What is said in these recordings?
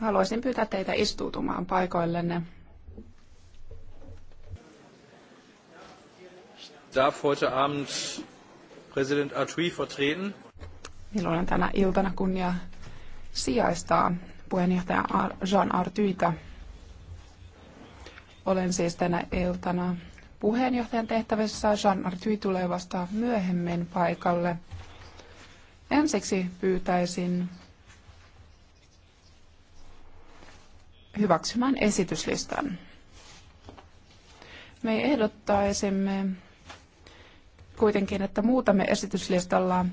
Haluaisin pyytää teitä istuutumaan paikoillenne. darf heute Abend Präsident Artui vertreten. Minulla on tänä iltana kunnia sijaistaa puheenjohtaja Jean Artuita. Olen siis tänä iltana puheenjohtajan tehtävässä. Jean Artui tulee vasta myöhemmin paikalle. Ensiksi pyytäisin hyväksymään esityslistan. Me ehdottaisimme kuitenkin, että muutamme esityslistalla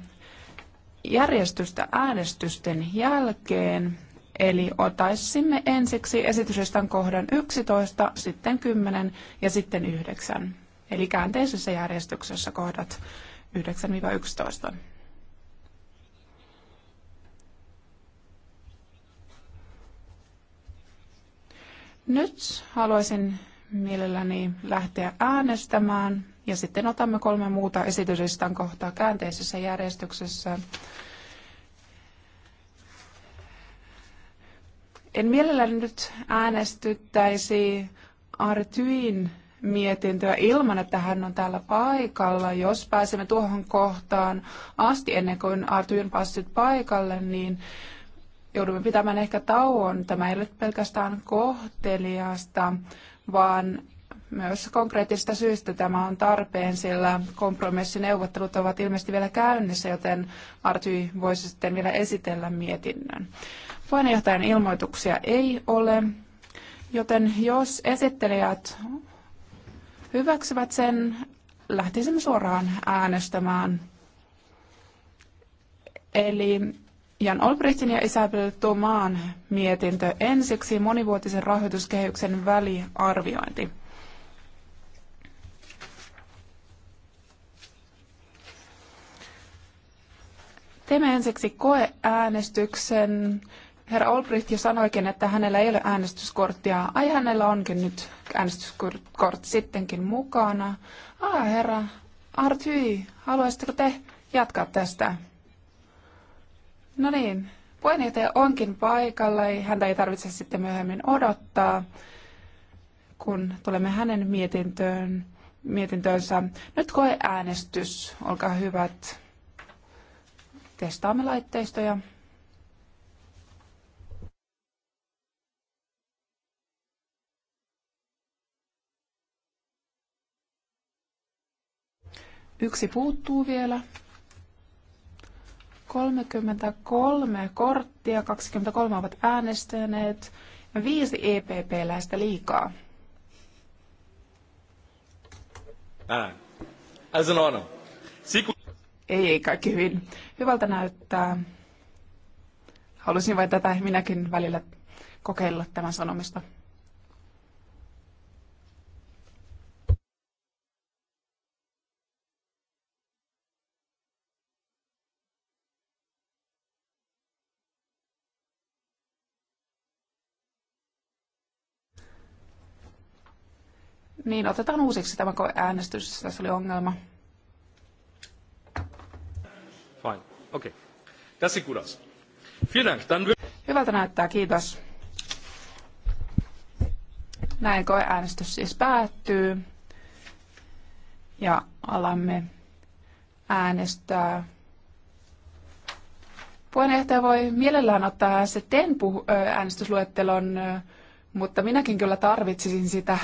järjestystä äänestysten jälkeen, eli otaisimme ensiksi esityslistan kohdan 11, sitten 10 ja sitten 9, eli käänteisessä järjestyksessä kohdat 9-11. Nyt haluaisin mielelläni lähteä äänestämään ja sitten otamme kolme muuta esityslistan kohtaa käänteisessä järjestyksessä. En mielelläni nyt äänestyttäisi Artyin mietintöä ilman, että hän on täällä paikalla. Jos pääsemme tuohon kohtaan asti ennen kuin Artyin passit paikalle, niin joudumme pitämään ehkä tauon. Tämä ei ole pelkästään kohteliasta, vaan myös konkreettista syistä tämä on tarpeen, sillä kompromissineuvottelut ovat ilmeisesti vielä käynnissä, joten Arty voisi sitten vielä esitellä mietinnön. Puheenjohtajan ilmoituksia ei ole, joten jos esittelijät hyväksyvät sen, lähtisimme suoraan äänestämään. Eli Jan Olbrichtin ja Isabel Tomaan mietintö ensiksi monivuotisen rahoituskehyksen väliarviointi. Teemme ensiksi koeäänestyksen. Herra Olbricht jo sanoikin, että hänellä ei ole äänestyskorttia. Ai hänellä onkin nyt äänestyskortti sittenkin mukana. Ah, herra Arthy, haluaisitteko te jatkaa tästä? No niin, puheenjohtaja onkin paikalla. Häntä ei tarvitse sitten myöhemmin odottaa, kun tulemme hänen mietintöön, mietintöönsä. Nyt koe äänestys. Olkaa hyvät. Testaamme laitteistoja. Yksi puuttuu vielä. 33 korttia, 23 ovat äänestäneet ja viisi EPP-läistä liikaa. Ään. Ainoana. Siku... Ei, ei, kaikki hyvin. Hyvältä näyttää. Haluaisin vain tätä minäkin välillä kokeilla tämän sanomista. Niin, otetaan uusiksi tämä äänestys. Tässä oli ongelma. Fine. Okei. Okay. Tässä kudas. Dank. Dann... Hyvältä näyttää, kiitos. Näin koeäänestys siis päättyy. Ja alamme äänestää. Puheenjohtaja voi mielellään ottaa se TEN äänestysluettelon, mutta minäkin kyllä tarvitsisin sitä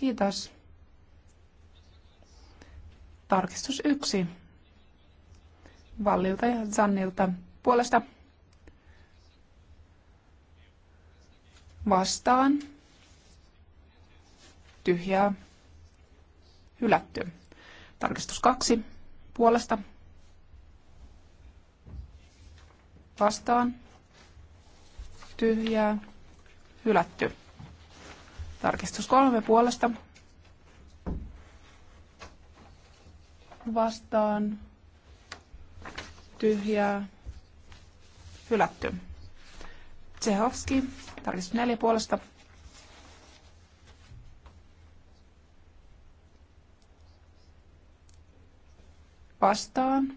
Kiitos. Tarkistus yksi. Vallilta ja Zannilta puolesta. Vastaan. Tyhjää. Hylätty. Tarkistus kaksi. Puolesta. Vastaan. Tyhjää. Hylätty. Tarkistus kolme puolesta. Vastaan. Tyhjää. Hylätty. Tsehovski. Tarkistus neljä puolesta. Vastaan.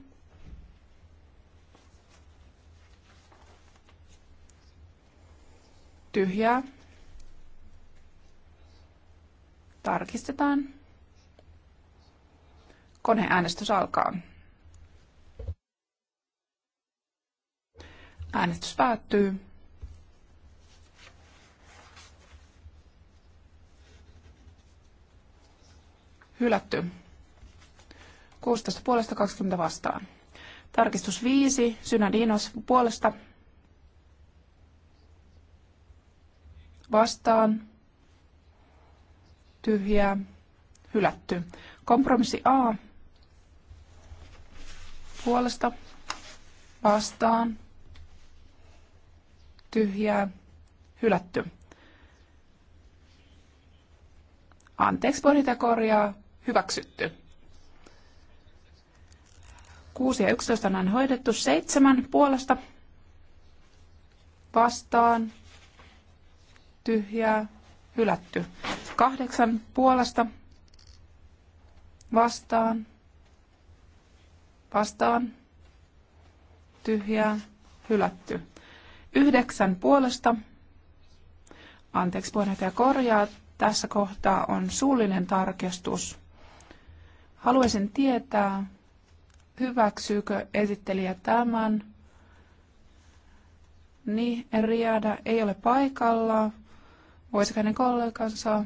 Tyhjää. Tarkistetaan. Koneäänestys alkaa. Äänestys päättyy. Hylätty. 16 puolesta 20 vastaan. Tarkistus 5. Synadinos puolesta. Vastaan tyhjää, hylätty. Kompromissi A puolesta vastaan tyhjää, hylätty. Anteeksi, pohdinta korjaa, hyväksytty. 6 ja 11 on näin hoidettu, 7 puolesta vastaan, tyhjää, hylätty. Kahdeksan puolesta vastaan, vastaan, tyhjää, hylätty. Yhdeksän puolesta, anteeksi puheenjohtaja korjaa, tässä kohtaa on suullinen tarkistus. Haluaisin tietää, hyväksyykö esittelijä tämän. Niin, Riada ei ole paikalla, voisiko hänen kollegansa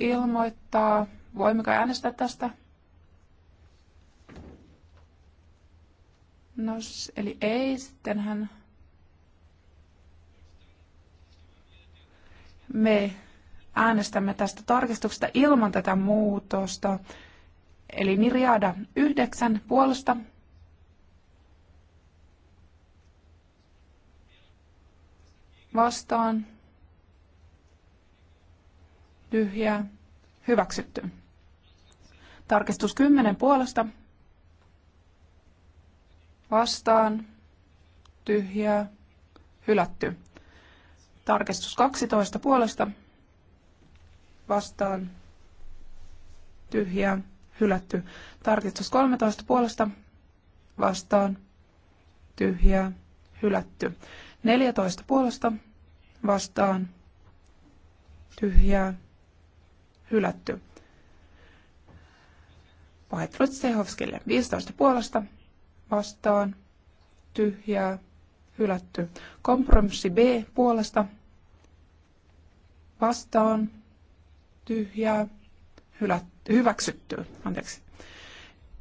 ilmoittaa, voimmeko äänestää tästä? No, eli ei, sitten hän... Me äänestämme tästä tarkistuksesta ilman tätä muutosta. Eli Niriada 9 puolesta vastaan, tyhjää, hyväksytty. Tarkistus 10 puolesta, vastaan, tyhjää, hylätty. Tarkistus 12 puolesta, vastaan, tyhjää, hylätty. Tarkistus 13 puolesta, vastaan, tyhjää, hylätty. 14 puolesta vastaan tyhjää hylätty. Vaihtelut Sehovskille 15 puolesta vastaan tyhjää hylätty. Kompromissi B puolesta vastaan tyhjää hylätty, hyväksytty. Anteeksi.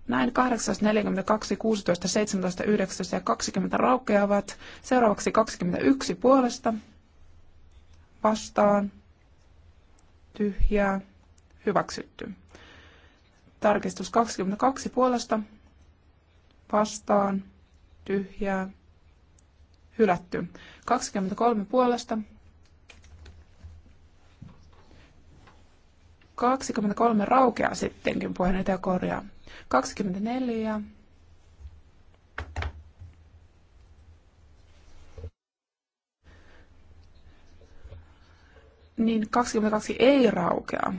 Näin 8, 42, 16, 17, 19 ja 20 raukeavat. Seuraavaksi 21 puolesta. Vastaan. Tyhjää. Hyväksytty. Tarkistus 22 puolesta. Vastaan. Tyhjää. Hylätty. 23 puolesta. 23 raukeaa sittenkin puheenjohtaja korjaa. 24. Niin 22 ei raukea.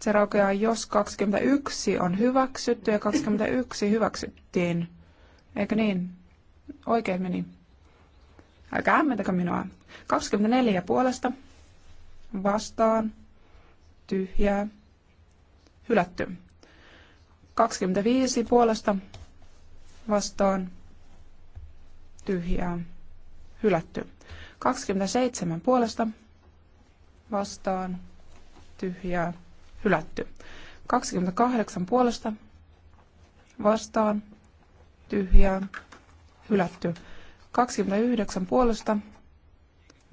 Se raukeaa, jos 21 on hyväksytty ja 21 hyväksyttiin. Eikö niin? Oikein meni. Älkää ämmentäkö minua. 24 puolesta vastaan, tyhjää, hylätty. 25 puolesta vastaan, tyhjää, hylätty. 27 puolesta vastaan, tyhjää, hylätty. 28 puolesta vastaan, tyhjää, hylätty. 29 puolesta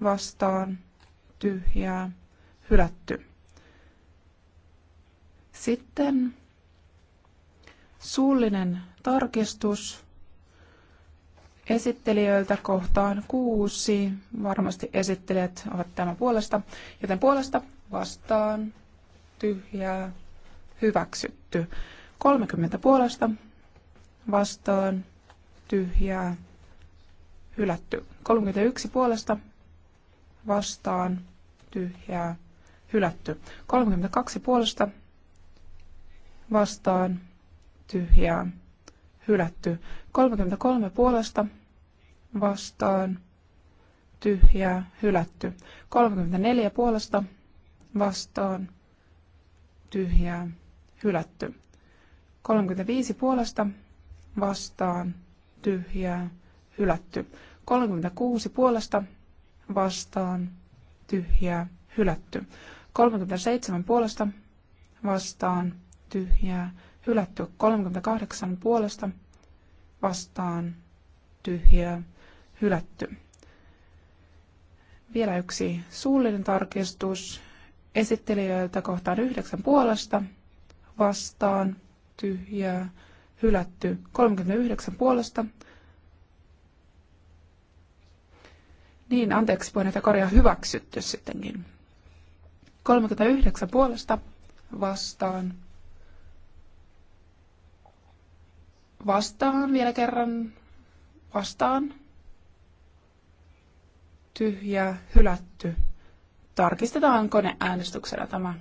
vastaan, tyhjää, hylätty. Sitten suullinen tarkistus esittelijöiltä kohtaan kuusi. Varmasti esittelijät ovat tämän puolesta, joten puolesta vastaan tyhjää hyväksytty. 30 puolesta vastaan tyhjää hylätty. 31 puolesta vastaan tyhjää hylätty. 32 puolesta vastaan tyhjää hylätty. 33 puolesta vastaan tyhjää hylätty. 34 puolesta vastaan tyhjää hylätty. 35 puolesta vastaan tyhjää hylätty. 36 puolesta vastaan tyhjää, hylätty. 37 puolesta vastaan, tyhjää, hylätty. 38 puolesta vastaan, tyhjää, hylätty. Vielä yksi suullinen tarkistus esittelijöiltä kohtaan yhdeksän puolesta vastaan, tyhjää, hylätty. 39 puolesta Niin, anteeksi, että korjaa hyväksytty sittenkin. 39 puolesta vastaan. Vastaan vielä kerran. Vastaan. Tyhjä, hylätty. Tarkistetaan koneäänestyksellä tämä.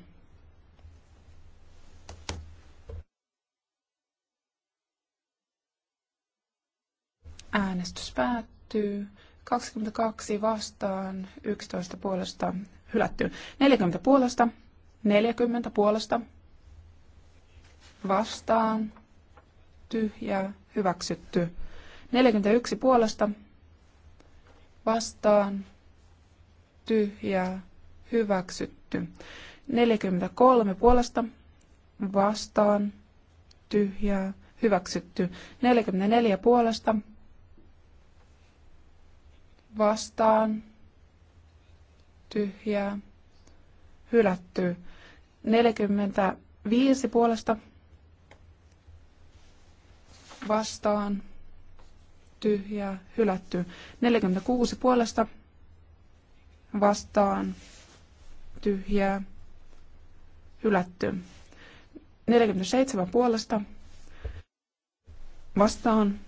Äänestys päättyy. 22 vastaan, 11 puolesta hylätty. 40 puolesta, 40 puolesta vastaan, tyhjä hyväksytty. 41 puolesta vastaan, tyhjä hyväksytty. 43 puolesta vastaan, tyhjä hyväksytty. 44 puolesta vastaan, tyhjää, hylätty. 45 puolesta vastaan, tyhjää, hylätty. 46 puolesta vastaan, tyhjää, hylätty. 47 puolesta vastaan,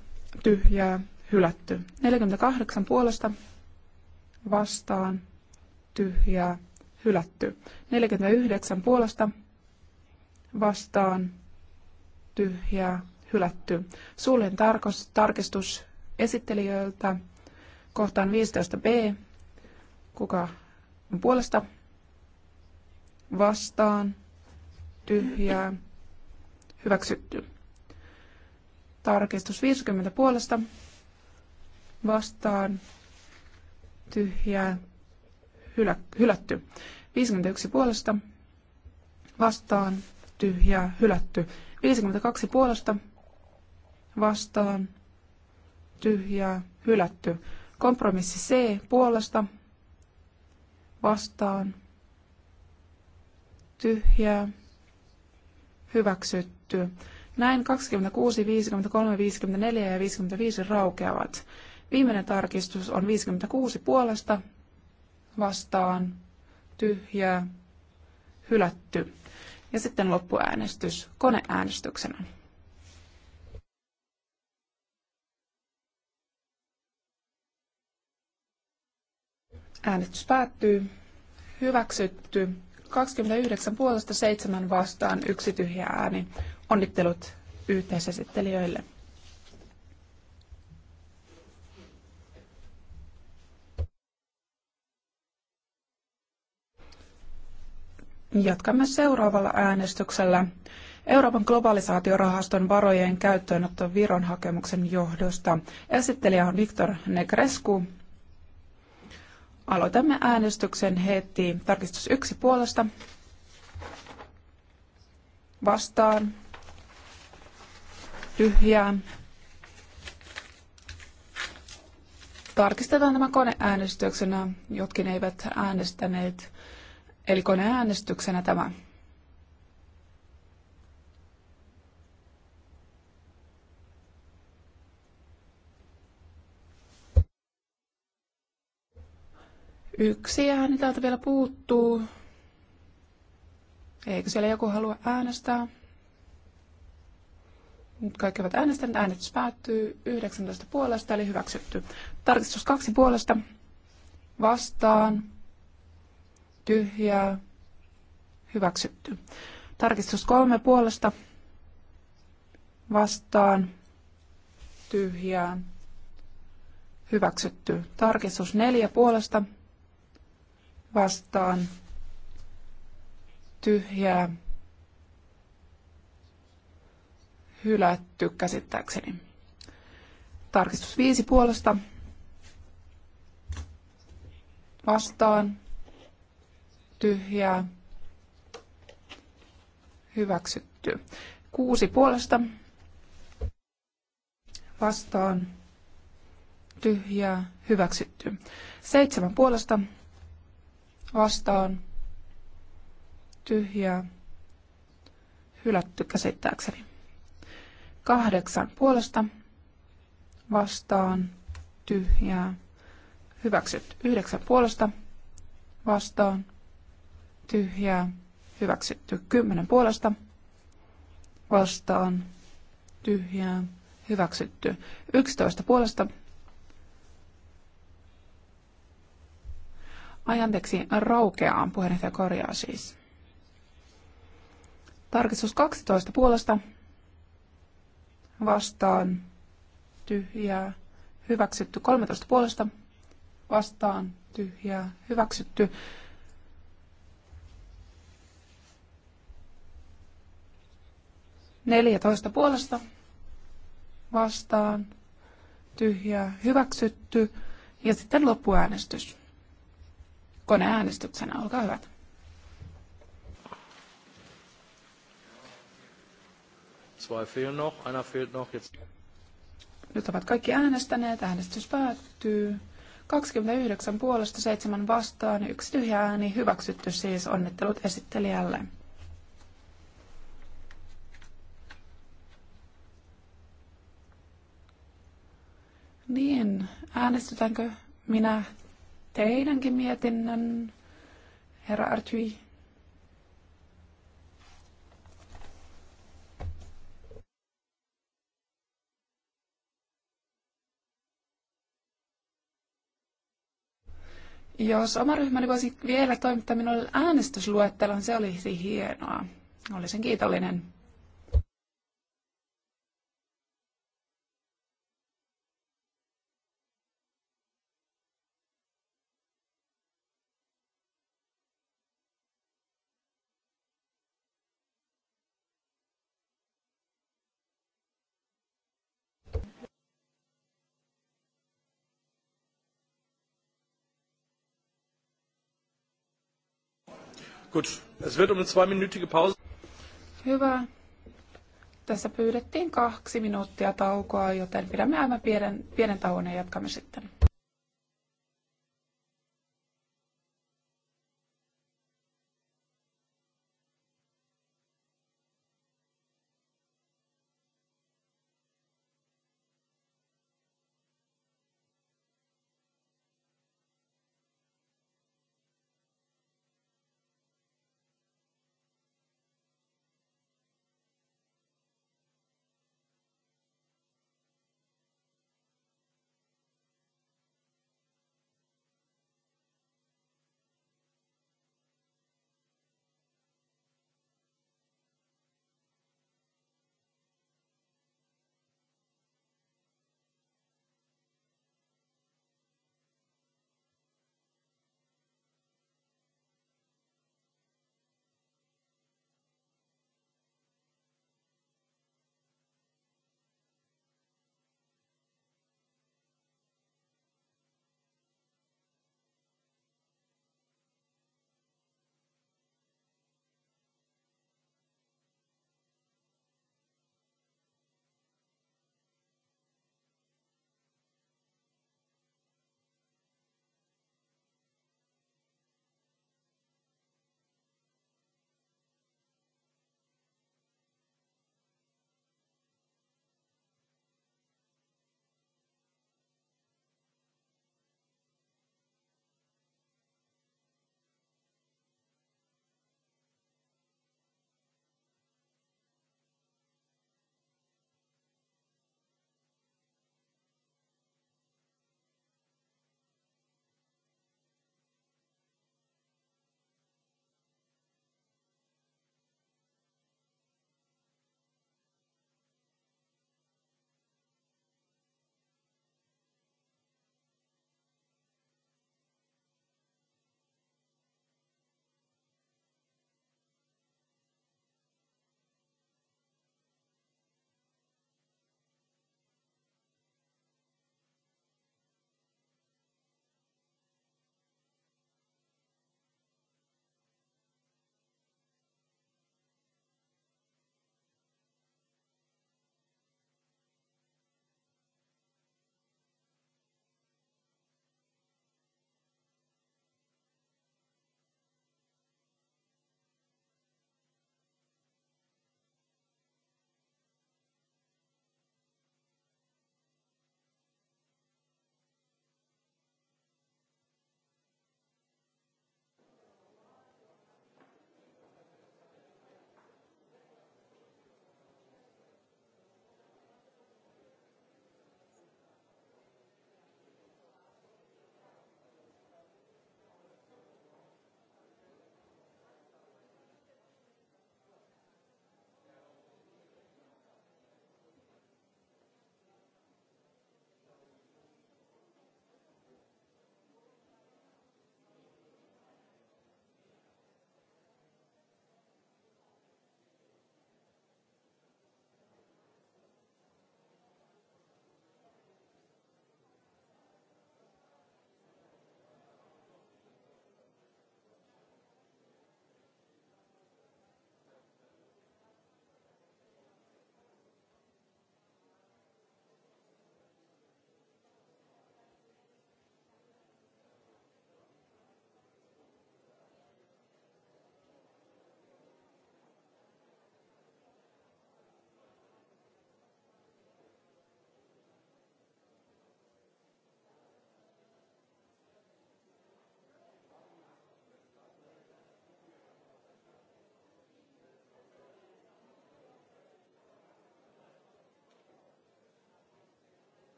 tyhjää, hylätty. 48 puolesta vastaan tyhjää hylätty. 49 puolesta vastaan tyhjää hylätty. Suullinen tarkistus esittelijöiltä kohtaan 15b. Kuka on puolesta? Vastaan tyhjää hyväksytty. Tarkistus 50 puolesta vastaan tyhjää hylä, hylätty. 51 puolesta vastaan tyhjää hylätty. 52 puolesta vastaan tyhjää hylätty. Kompromissi C puolesta vastaan tyhjää hyväksytty. Näin 26, 53, 54 ja 55 raukeavat. Viimeinen tarkistus on 56 puolesta vastaan tyhjää hylätty. Ja sitten loppuäänestys koneäänestyksenä. Äänestys päättyy. Hyväksytty. 29 puolesta 7 vastaan yksi tyhjä ääni. Onnittelut yhteisesittelijöille. Jatkamme seuraavalla äänestyksellä Euroopan globalisaatiorahaston varojen käyttöönotto Viron hakemuksen johdosta. Esittelijä on Viktor Negrescu. Aloitamme äänestyksen heti. Tarkistus yksi puolesta. Vastaan. Tyhjää. Tarkistetaan tämä koneäänestyksenä. Jotkin eivät äänestäneet. Eli äänestyksenä tämä. Yksi ääni täältä vielä puuttuu. Eikö siellä joku halua äänestää? Nyt kaikki ovat äänestäneet. Äänestys päättyy 19 puolesta, eli hyväksytty. Tarkistus kaksi puolesta. Vastaan tyhjää, hyväksytty. Tarkistus kolme puolesta vastaan, tyhjää, hyväksytty. Tarkistus neljä puolesta vastaan, tyhjää, hylätty käsittääkseni. Tarkistus viisi puolesta vastaan, tyhjää, hyväksytty. Kuusi puolesta vastaan, tyhjää, hyväksytty. Seitsemän puolesta vastaan, tyhjää, hylätty käsittääkseni. Kahdeksan puolesta vastaan, tyhjää, hyväksytty. Yhdeksän puolesta vastaan, tyhjää, hyväksytty. kymmenen puolesta vastaan, tyhjää, hyväksytty. yksitoista puolesta Ajanteksi raukeaa, puheenjohtaja korjaa siis. Tarkistus 12 puolesta vastaan tyhjää, hyväksytty 13 puolesta vastaan tyhjää, hyväksytty 14 puolesta vastaan, tyhjää, hyväksytty. Ja sitten loppuäänestys. Koneäänestyksenä, olkaa hyvät. Nyt ovat kaikki äänestäneet, äänestys päättyy. 29 puolesta, 7 vastaan, yksi tyhjä ääni, hyväksytty siis, onnittelut esittelijälle. Niin, äänestetäänkö minä teidänkin mietinnön, herra Artui? Jos oma ryhmäni voisi vielä toimittaa minulle äänestysluettelon, se olisi hienoa. Olisin kiitollinen. Gut, es wird um eine zweiminütige Pause. Hyvä. Tässä pyydettiin kaksi minuuttia taukoa, joten pidämme aivan pienen, pienen tauon ja jatkamme sitten.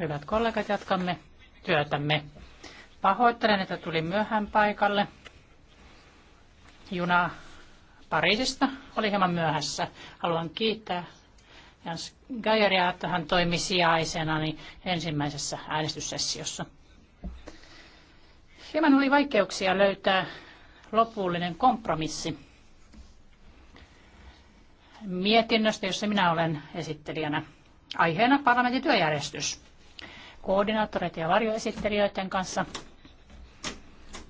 Hyvät kollegat, jatkamme työtämme. Pahoittelen, että tuli myöhään paikalle. Juna Pariisista oli hieman myöhässä. Haluan kiittää Jans Geyeria, että hän toimi sijaisena niin ensimmäisessä äänestyssessiossa. Hieman oli vaikeuksia löytää lopullinen kompromissi mietinnöstä, jossa minä olen esittelijänä. Aiheena parlamentin työjärjestys. Koordinaattoreiden ja varjoesittelijöiden kanssa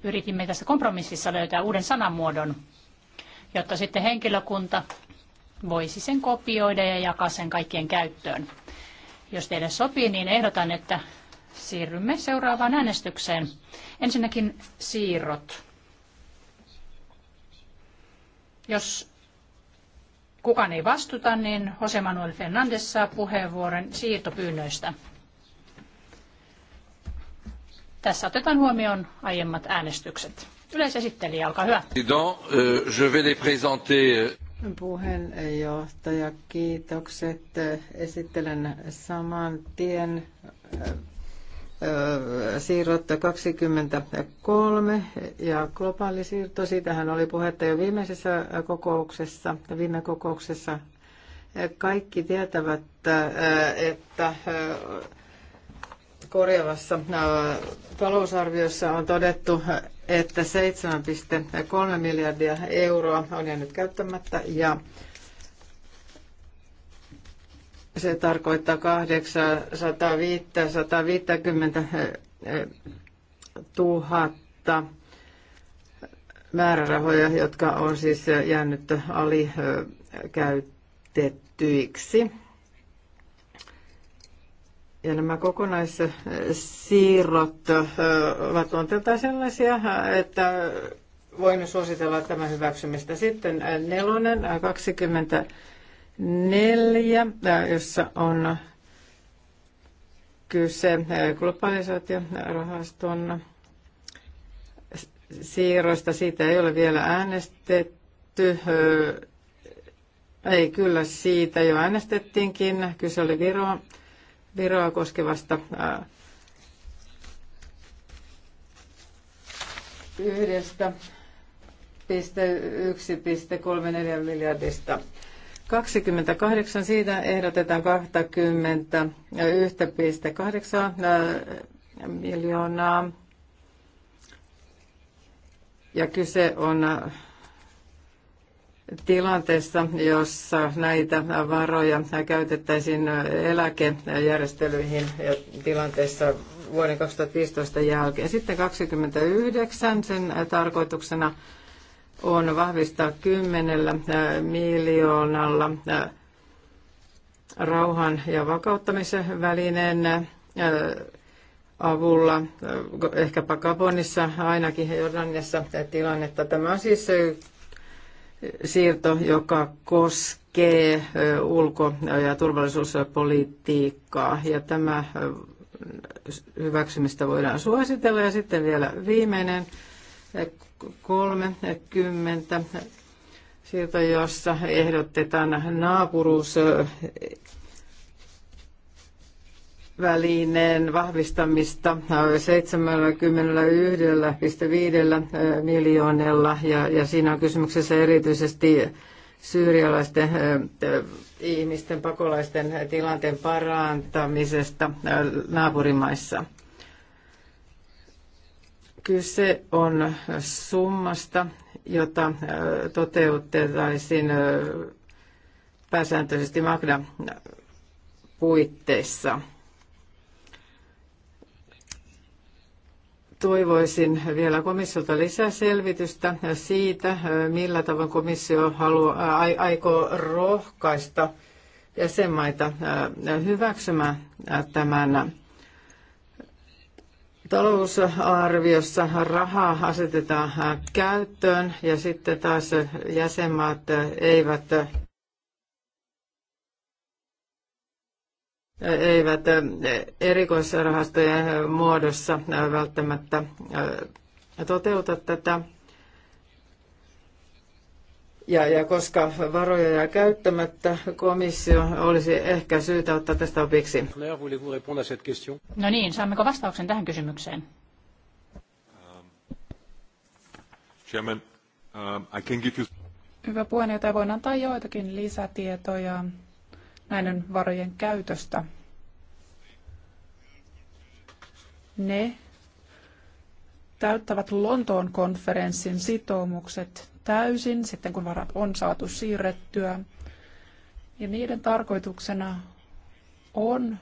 yritimme tässä kompromississa löytää uuden sanamuodon, jotta sitten henkilökunta voisi sen kopioida ja jakaa sen kaikkien käyttöön. Jos teille sopii, niin ehdotan, että siirrymme seuraavaan äänestykseen. Ensinnäkin siirrot. Jos kukaan ei vastuta, niin Jose Manuel Fernandes saa puheenvuoron siirtopyynnöistä. Tässä otetaan huomioon aiemmat äänestykset. Yleisesittelijä, olkaa hyvä. Euh, euh. Puheenjohtaja, kiitokset. Esittelen saman tien siirrot 23 ja globaali siirto. Siitähän oli puhetta jo viimeisessä kokouksessa, viime kokouksessa. Kaikki tietävät, että korjavassa talousarviossa on todettu, että 7,3 miljardia euroa on jäänyt käyttämättä ja se tarkoittaa 850 000 eh, määrärahoja, jotka on siis jäänyt alikäytettyiksi. Eh, ja nämä kokonaissiirrot eh, ovat luonteeltaan sellaisia, että voimme suositella tämän hyväksymistä. Sitten nelonen, 20 neljä, jossa on kyse globalisaatiorahaston siirroista. Siitä ei ole vielä äänestetty. Ei kyllä siitä jo äänestettiinkin. Kyse oli Viroa, Viroa koskevasta yhdestä 1,34 miljardista 28 siitä ehdotetaan 21,8 äh, miljoonaa. Ja kyse on äh, tilanteessa, jossa näitä varoja käytettäisiin eläkejärjestelyihin ja tilanteessa vuoden 2015 jälkeen. Sitten 29, sen tarkoituksena on vahvistaa kymmenellä äh, miljoonalla äh, rauhan ja vakauttamisen välinen äh, avulla, ehkäpä Gabonissa ainakin Jordaniassa tilannetta. Tämä on siis siirto, joka koskee ulko- ja turvallisuuspolitiikkaa ja tämä hyväksymistä voidaan suositella. Ja sitten vielä viimeinen 30 sieltä, jossa ehdotetaan naapuruus välineen vahvistamista 71,5 miljoonalla ja, ja siinä on kysymyksessä erityisesti syyrialaisten ihmisten pakolaisten tilanteen parantamisesta naapurimaissa. Kyse on summasta, jota äh, toteutettaisiin äh, pääsääntöisesti Magna puitteissa. Toivoisin vielä komissiolta lisäselvitystä siitä, äh, millä tavoin komissio haluaa, aikoo rohkaista jäsenmaita hyväksymään tämän talousarviossa rahaa asetetaan äh, käyttöön ja sitten taas jäsenmaat äh, eivät äh, eivät erikoisrahastojen muodossa välttämättä toteuta tätä ja, ja koska varoja jää käyttämättä, komissio olisi ehkä syytä ottaa tästä opiksi. No niin, saammeko vastauksen tähän kysymykseen? Um, Chairman, um, I can give you... Hyvä puheenjohtaja, voin antaa joitakin lisätietoja näiden varojen käytöstä. Ne täyttävät Lontoon konferenssin sitoumukset täysin, sitten kun varat on saatu siirrettyä. Ja niiden tarkoituksena on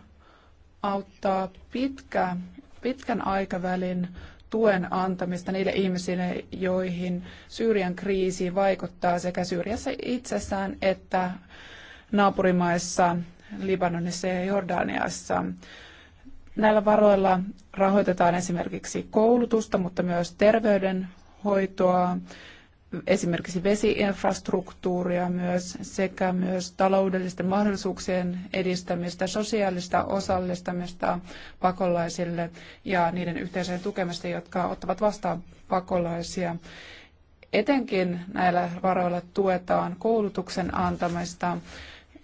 auttaa pitkä, pitkän aikavälin tuen antamista niille ihmisille, joihin Syyrian kriisi vaikuttaa sekä Syyriassa itsessään että naapurimaissa, Libanonissa ja Jordaniassa. Näillä varoilla rahoitetaan esimerkiksi koulutusta, mutta myös terveydenhoitoa, esimerkiksi vesiinfrastruktuuria myös sekä myös taloudellisten mahdollisuuksien edistämistä, sosiaalista osallistamista pakolaisille ja niiden yhteisöjen tukemista, jotka ottavat vastaan pakolaisia. Etenkin näillä varoilla tuetaan koulutuksen antamista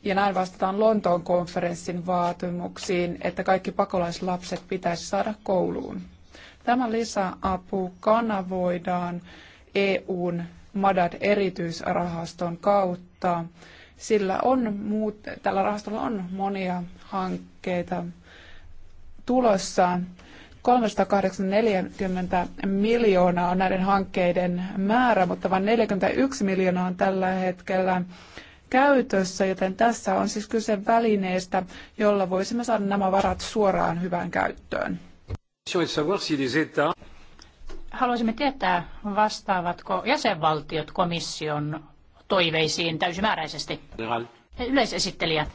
ja näin vastataan Lontoon konferenssin vaatimuksiin, että kaikki pakolaislapset pitäisi saada kouluun. Tämä lisäapu kanavoidaan EUn MADAD-erityisrahaston kautta. Sillä on muut, tällä rahastolla on monia hankkeita tulossa. 384 miljoonaa on näiden hankkeiden määrä, mutta vain 41 miljoonaa on tällä hetkellä käytössä, joten tässä on siis kyse välineestä, jolla voisimme saada nämä varat suoraan hyvään käyttöön haluaisimme tietää, vastaavatko jäsenvaltiot komission toiveisiin täysimääräisesti. Yleisesittelijä.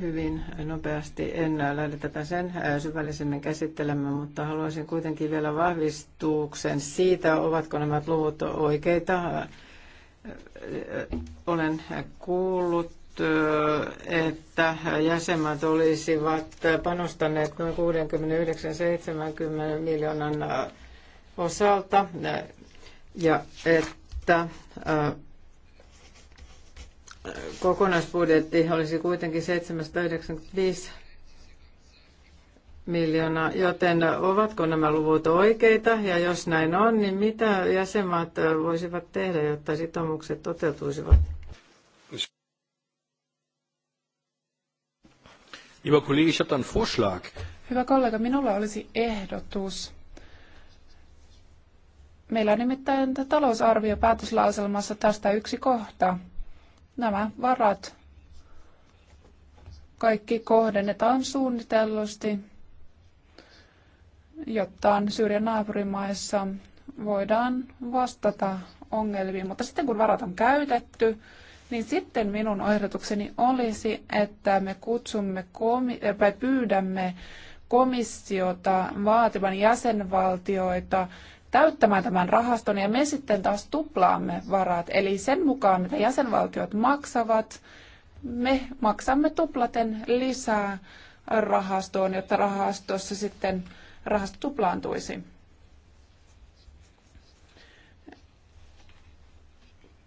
Hyvin nopeasti en lähde tätä sen äh, syvällisemmin käsittelemään, mutta haluaisin kuitenkin vielä vahvistuksen siitä, ovatko nämä luvut oikeita. Äh, äh, olen kuullut että jäsenmaat olisivat panostaneet noin 69-70 miljoonan osalta ja että äh, kokonaisbudjetti olisi kuitenkin 795 miljoonaa, joten ovatko nämä luvut oikeita ja jos näin on, niin mitä jäsenmaat voisivat tehdä, jotta sitoumukset toteutuisivat? Hyvä kollega, minulla olisi ehdotus. Meillä on nimittäin talousarvio päätöslauselmassa tästä yksi kohta. Nämä varat kaikki kohdennetaan suunnitellusti, jotta Syyrian naapurimaissa voidaan vastata ongelmiin. Mutta sitten kun varat on käytetty, niin sitten minun ehdotukseni olisi, että me kutsumme komi- äh, tai pyydämme komissiota vaativan jäsenvaltioita täyttämään tämän rahaston ja me sitten taas tuplaamme varat. Eli sen mukaan, mitä jäsenvaltiot maksavat, me maksamme tuplaten lisää rahastoon, jotta rahastossa sitten rahasto tuplaantuisi.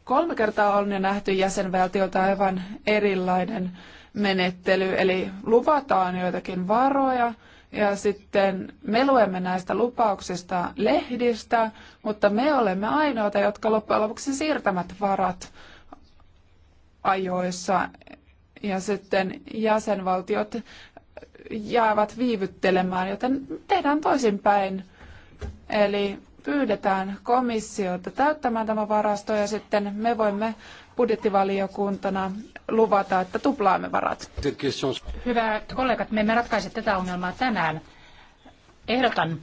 Kolme kertaa on jo nähty jäsenvaltiolta aivan erilainen menettely, eli luvataan joitakin varoja – ja sitten me luemme näistä lupauksista lehdistä, mutta me olemme ainoita, jotka loppujen lopuksi siirtämät varat ajoissa ja sitten jäsenvaltiot jäävät viivyttelemään, joten tehdään toisinpäin. Eli pyydetään komissiota täyttämään tämä varasto ja sitten me voimme budjettivaliokuntana luvata, että tuplaamme varat. Hyvät kollegat, me emme ratkaise tätä ongelmaa tänään. Ehdotan,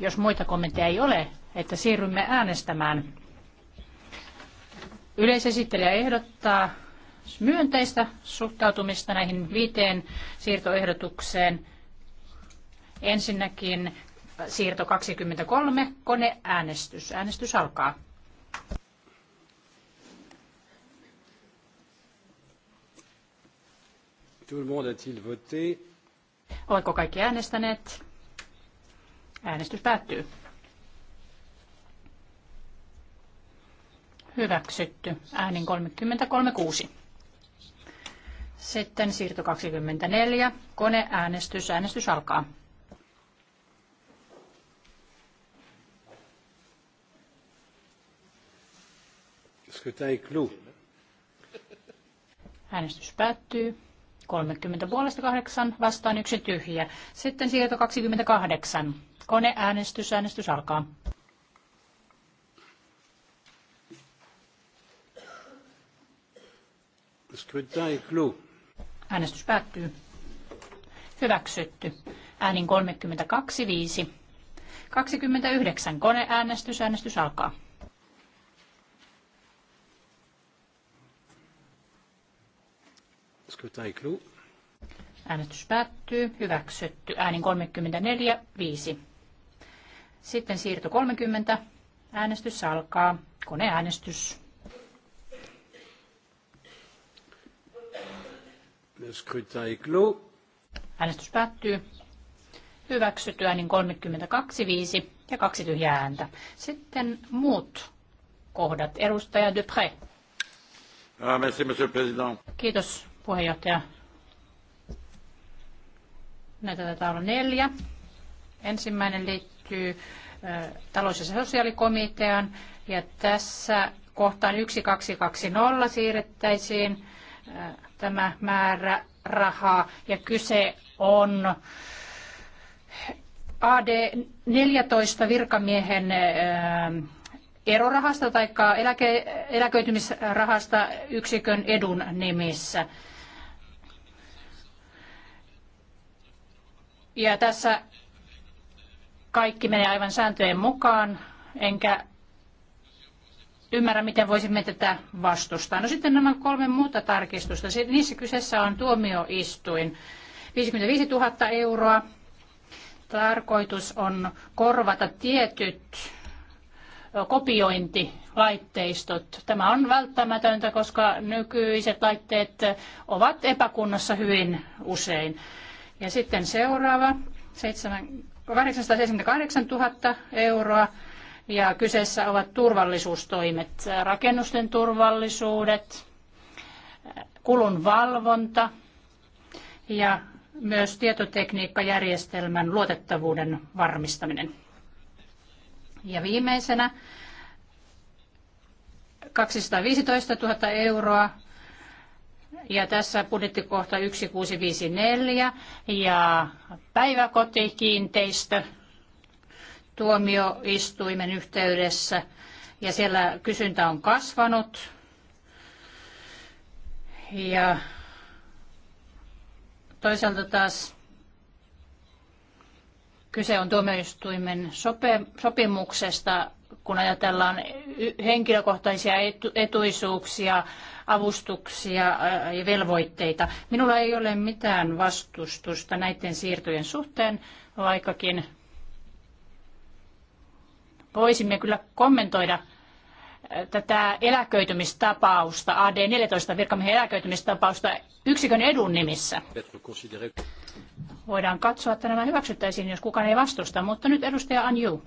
jos muita kommentteja ei ole, että siirrymme äänestämään. Yleisesittelijä ehdottaa myönteistä suhtautumista näihin viiteen siirtoehdotukseen. Ensinnäkin siirto 23, koneäänestys. Äänestys alkaa. Tout le monde a-t-il voté? Oletko kaikki äänestäneet? Äänestys päättyy. Hyväksytty. Äänin 33.6. Sitten siirto 24. Koneäänestys. Äänestys alkaa. Äänestys päättyy. 30 puolesta 8 vastaan yksi tyhjä. Sitten siirto 28. Koneäänestys. Äänestys alkaa. Äänestys päättyy. Hyväksytty. Äänin 32, 5. 29. Koneäänestys. Äänestys alkaa. Scrutin est clos. Äänestys päättyy. Hyväksytty. Äänin 34, 5. Sitten siirto 30. Äänestys alkaa. Koneäänestys. Le scrutin est clos. Äänestys päättyy. Hyväksytty äänin 32, 5 ja kaksi tyhjää ääntä. Sitten muut kohdat. Edustaja Dupré. Ah, merci, monsieur le président. Kiitos Puheenjohtaja. Näitä taitaa olla neljä. Ensimmäinen liittyy talous- ja sosiaalikomitean ja tässä kohtaan 1220 siirrettäisiin tämä määrä rahaa ja kyse on AD14 virkamiehen erorahasta tai eläke, eläköitymisrahasta yksikön edun nimissä. Ja tässä kaikki menee aivan sääntöjen mukaan, enkä ymmärrä, miten voisimme tätä vastustaa. No sitten nämä kolme muuta tarkistusta. Niissä kyseessä on tuomioistuin. 55 000 euroa. Tarkoitus on korvata tietyt kopiointilaitteistot. Tämä on välttämätöntä, koska nykyiset laitteet ovat epäkunnossa hyvin usein. Ja sitten seuraava, 878 000 euroa. Ja kyseessä ovat turvallisuustoimet, rakennusten turvallisuudet, kulun valvonta ja myös tietotekniikkajärjestelmän luotettavuuden varmistaminen. Ja viimeisenä 215 000 euroa ja tässä budjettikohta 1654 ja päiväkotikiinteistö tuomioistuimen yhteydessä ja siellä kysyntä on kasvanut ja toisaalta taas kyse on tuomioistuimen sopimuksesta, kun ajatellaan henkilökohtaisia etuisuuksia avustuksia ja velvoitteita. Minulla ei ole mitään vastustusta näiden siirtojen suhteen, vaikkakin voisimme kyllä kommentoida tätä eläköitymistapausta, AD14 virkamiehen eläköitymistapausta yksikön edun nimissä. Voidaan katsoa, että nämä hyväksyttäisiin, jos kukaan ei vastusta, mutta nyt edustaja Anju.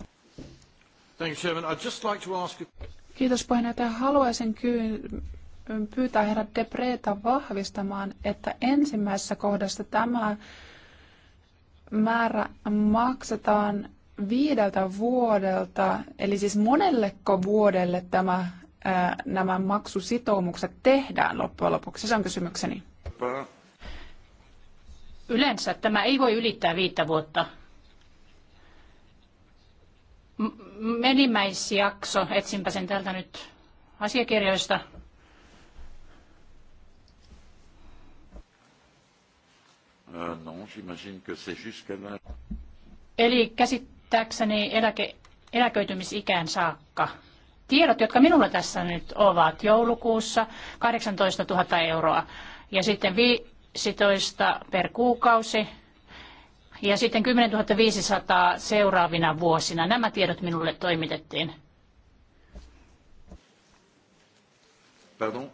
Kiitos puheenjohtaja. Haluaisin pyytää herra Debreta vahvistamaan, että ensimmäisessä kohdassa tämä määrä maksetaan viideltä vuodelta, eli siis monelleko vuodelle tämä, ää, nämä maksusitoumukset tehdään loppujen lopuksi? Se on kysymykseni. Yleensä tämä ei voi ylittää viittä vuotta. M- enimmäisjakso, etsinpä sen täältä nyt asiakirjoista, Euh, Eli käsittääkseni eläke, eläköitymisikään saakka. Tiedot, jotka minulla tässä nyt ovat, joulukuussa 18 000 euroa ja sitten 15 per kuukausi ja sitten 10 500 seuraavina vuosina. Nämä tiedot minulle toimitettiin. Pardon?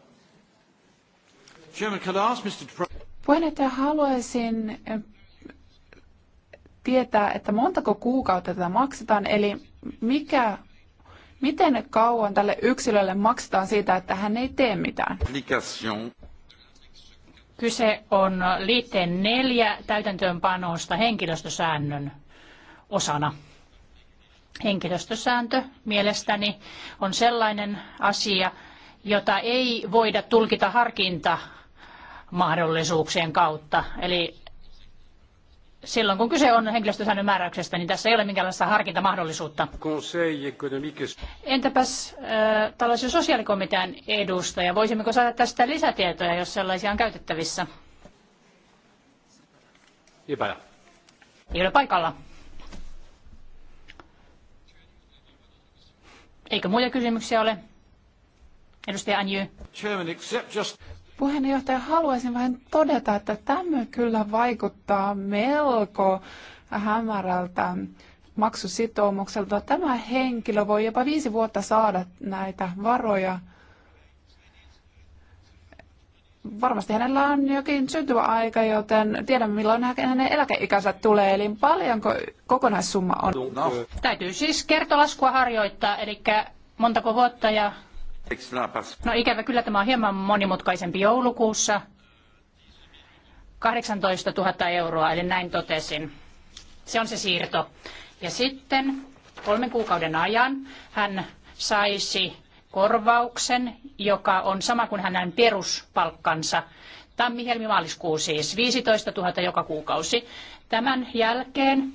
Chairman, can I ask Mr. Puheenjohtaja, haluaisin eh, tietää, että montako kuukautta tätä maksetaan, eli mikä, miten kauan tälle yksilölle maksetaan siitä, että hän ei tee mitään? Kyse on liitteen neljä täytäntöönpanosta henkilöstösäännön osana. Henkilöstösääntö mielestäni on sellainen asia, jota ei voida tulkita harkinta mahdollisuuksien kautta. Eli silloin kun kyse on henkilöstösäännön määräyksestä, niin tässä ei ole minkäänlaista harkintamahdollisuutta. Entäpäs äh, tällaisen sosiaalikomitean edustaja, voisimmeko saada tästä lisätietoja, jos sellaisia on käytettävissä? Ipälä. Ei ole paikalla. Eikö muita kysymyksiä ole? Edustaja Anjy. Puheenjohtaja, haluaisin vähän todeta, että tämä kyllä vaikuttaa melko hämärältä maksusitoumukselta. Tämä henkilö voi jopa viisi vuotta saada näitä varoja. Varmasti hänellä on jokin syntyvä aika, joten tiedämme milloin hänen eläkeikänsä tulee, eli paljonko kokonaissumma on. No. Täytyy siis kertolaskua harjoittaa, eli montako vuotta ja No ikävä kyllä tämä on hieman monimutkaisempi joulukuussa. 18 000 euroa, eli näin totesin. Se on se siirto. Ja sitten kolmen kuukauden ajan hän saisi korvauksen, joka on sama kuin hänen peruspalkkansa. Tammi, helmi, maaliskuu siis, 15 000 joka kuukausi. Tämän jälkeen,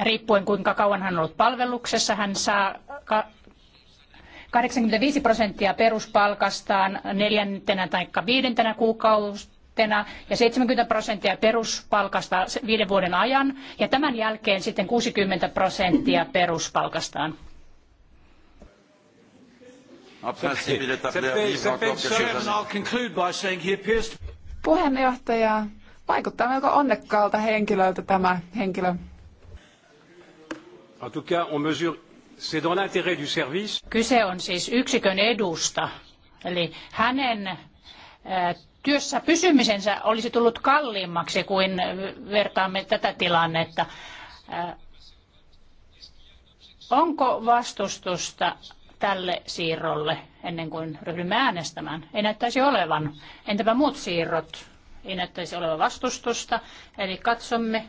riippuen kuinka kauan hän on ollut palveluksessa, hän saa 85 prosenttia peruspalkastaan neljäntenä tai viidentenä kuukautena ja 70 prosenttia peruspalkasta viiden vuoden ajan ja tämän jälkeen sitten 60 prosenttia peruspalkastaan. Puheenjohtaja, vaikuttaa melko onnekkaalta henkilöltä tämä henkilö. En tout cas, on mesure Kyse on siis yksikön edusta. Eli hänen työssä pysymisensä olisi tullut kalliimmaksi kuin vertaamme tätä tilannetta. Onko vastustusta tälle siirrolle ennen kuin ryhdymme äänestämään? Ei näyttäisi olevan. Entäpä muut siirrot? Ei näyttäisi olevan vastustusta. Eli katsomme,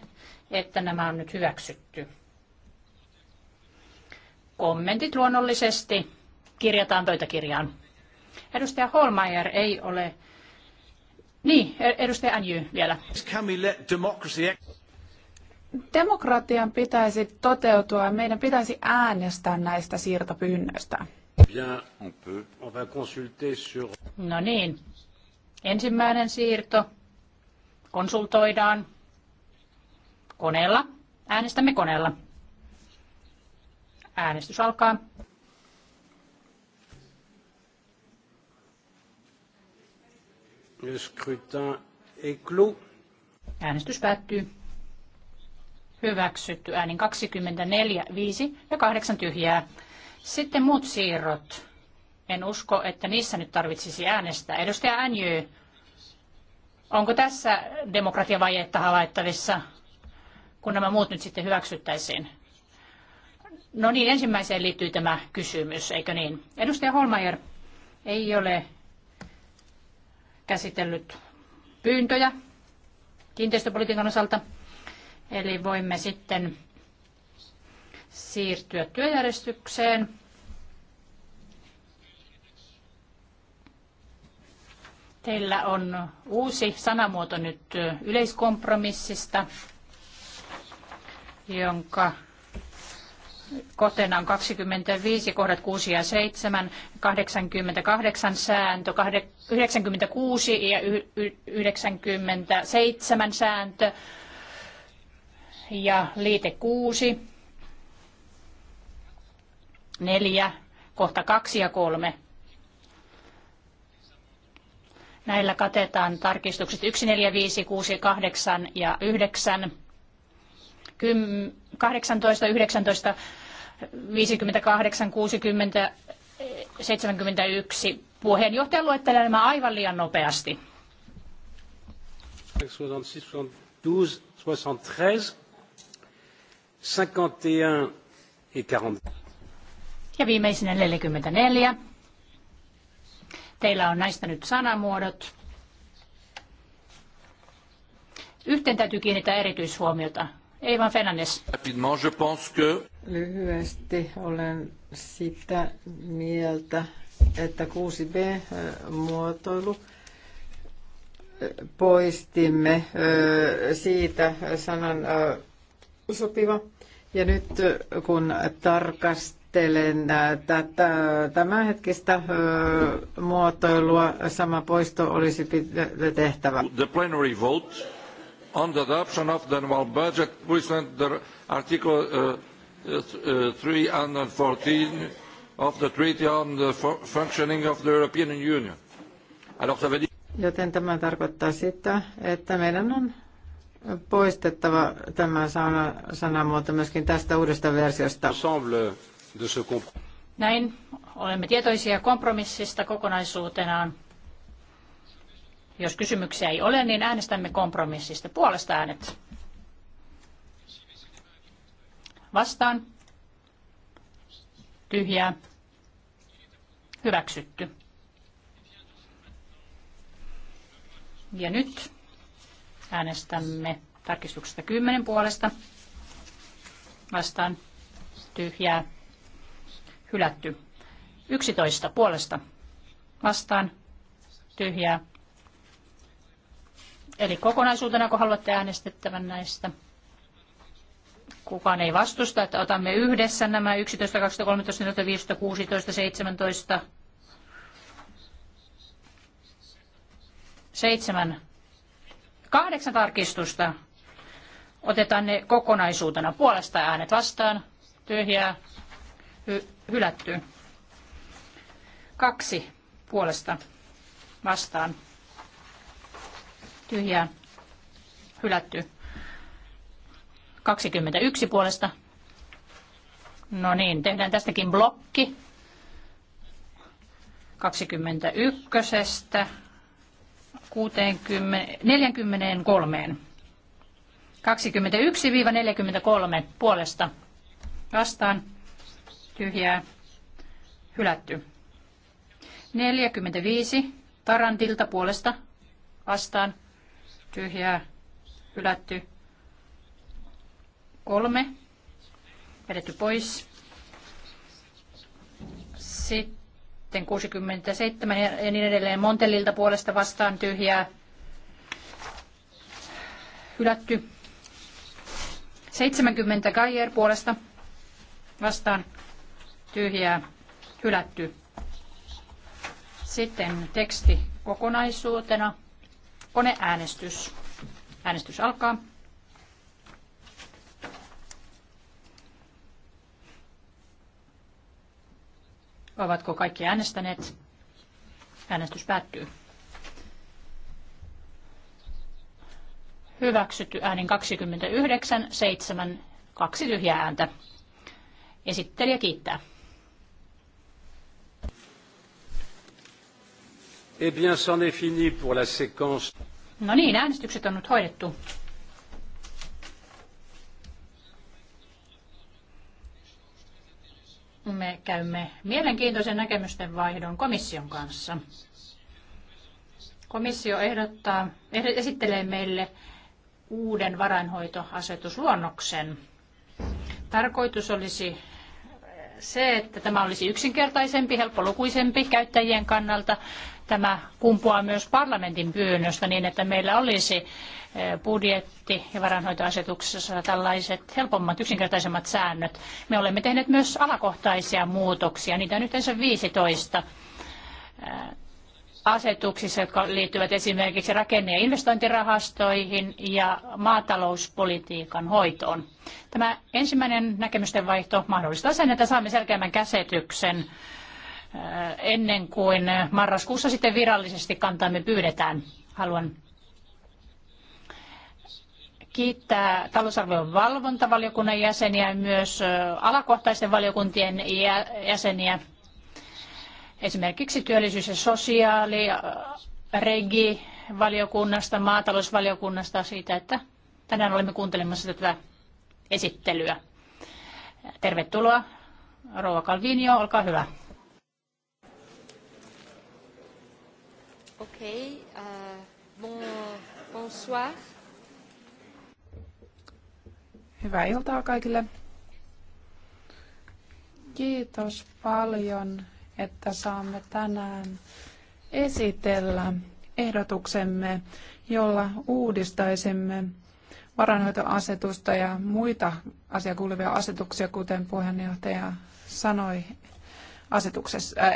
että nämä on nyt hyväksytty. Kommentit luonnollisesti kirjataan pöytäkirjaan. Edustaja Holmeier ei ole... Niin, e- edustaja Anjy vielä. Demokratian pitäisi toteutua ja meidän pitäisi äänestää näistä siirtopyynnöistä. No niin, ensimmäinen siirto konsultoidaan koneella. Äänestämme koneella. Äänestys alkaa. Le scrutin est clos. Äänestys päättyy. Hyväksytty äänin 24, 5 ja 8 tyhjää. Sitten muut siirrot. En usko, että niissä nyt tarvitsisi äänestää. Edustaja Änjö, onko tässä demokratiavajetta havaittavissa, kun nämä muut nyt sitten hyväksyttäisiin? No niin, ensimmäiseen liittyy tämä kysymys, eikö niin? Edustaja Holmajer ei ole käsitellyt pyyntöjä kiinteistöpolitiikan osalta, eli voimme sitten siirtyä työjärjestykseen. Teillä on uusi sanamuoto nyt yleiskompromissista, jonka Kohteena on 25, kohdat 6 ja 7, 88 sääntö, 96 ja 97 sääntö ja liite 6, 4, kohta 2 ja 3. Näillä katetaan tarkistukset 1, 4, 5, 6, 8 ja 9, 10, 18, 19, 58, 60, 71. Puheenjohtaja luettelee nämä aivan liian nopeasti. 66, 72, 73, 51 et 40. Ja viimeisenä 44. Teillä on näistä nyt sanamuodot. Yhteen täytyy kiinnittää erityishuomiota. Eivan Fernandes. Lyhyesti olen sitä mieltä, että 6b-muotoilu poistimme siitä sanan sopiva. Ja nyt kun tarkastelen tätä tämänhetkistä muotoilua, sama poisto olisi tehtävä. The plenary vote on the adoption of the annual budget pursuant to Article uh, uh, 314 of the Treaty on the Functioning of the European Union. Joten tämä tarkoittaa sitä, että meidän on poistettava tämä sana, sanamuoto myöskin tästä uudesta versiosta. Näin olemme tietoisia kompromissista kokonaisuutenaan. Jos kysymyksiä ei ole, niin äänestämme kompromissista. Puolesta äänet. Vastaan. Tyhjää. Hyväksytty. Ja nyt äänestämme tarkistuksesta 10 puolesta. Vastaan tyhjää. Hylätty. 11 puolesta. Vastaan tyhjää. Eli kokonaisuutena, kun haluatte äänestettävän näistä. Kukaan ei vastusta, että otamme yhdessä nämä 11, 12, 13, 14, 15, 16, 17, seitsemän, kahdeksan tarkistusta. Otetaan ne kokonaisuutena. Puolesta äänet vastaan, tyhjää, hy- hylätty. Kaksi puolesta vastaan, tyhjää hylätty. 21 puolesta. No niin, tehdään tästäkin blokki. 21. 60, 43. 21-43 puolesta vastaan tyhjää hylätty. 45 Tarantilta puolesta vastaan tyhjää, hylätty. Kolme, vedetty pois. Sitten 67 ja niin edelleen Montellilta puolesta vastaan tyhjää, hylätty. 70 Gaier puolesta vastaan tyhjää, hylätty. Sitten teksti kokonaisuutena Koneäänestys. Äänestys alkaa. Ovatko kaikki äänestäneet? Äänestys päättyy. Hyväksytty äänin 29, 7, 2 tyhjää ääntä. Esittelijä kiittää. Eh bien, c'en est fini pour la séquence. No niin, äänestykset on nyt hoidettu. Me käymme mielenkiintoisen näkemysten vaihdon komission kanssa. Komissio ehdottaa, eh, esittelee meille uuden varainhoitoasetusluonnoksen. Tarkoitus olisi eh, se, että tämä olisi yksinkertaisempi, helppolukuisempi käyttäjien kannalta tämä kumpuaa myös parlamentin pyynnöstä niin, että meillä olisi eh, budjetti- ja varainhoitoasetuksessa tällaiset helpommat, yksinkertaisemmat säännöt. Me olemme tehneet myös alakohtaisia muutoksia, niitä on yhteensä 15 eh, asetuksissa, jotka liittyvät esimerkiksi rakenne- ja investointirahastoihin ja maatalouspolitiikan hoitoon. Tämä ensimmäinen näkemysten vaihto mahdollistaa sen, että saamme selkeämmän käsityksen ennen kuin marraskuussa sitten virallisesti kantaamme pyydetään. Haluan kiittää talousarvion valvontavaliokunnan jäseniä ja myös alakohtaisten valiokuntien jäseniä. Esimerkiksi työllisyys- ja sosiaali, regi, valiokunnasta, maatalousvaliokunnasta siitä, että tänään olemme kuuntelemassa tätä esittelyä. Tervetuloa, Rouva Calvinio, olkaa hyvä. Ok. Euh, bon, bonsoir. Hyvää iltaa kaikille. Kiitos paljon, että saamme tänään esitellä ehdotuksemme, jolla uudistaisimme varanhoitoasetusta ja muita asiakuuluvia asetuksia, kuten puheenjohtaja sanoi asetuksessa, äh,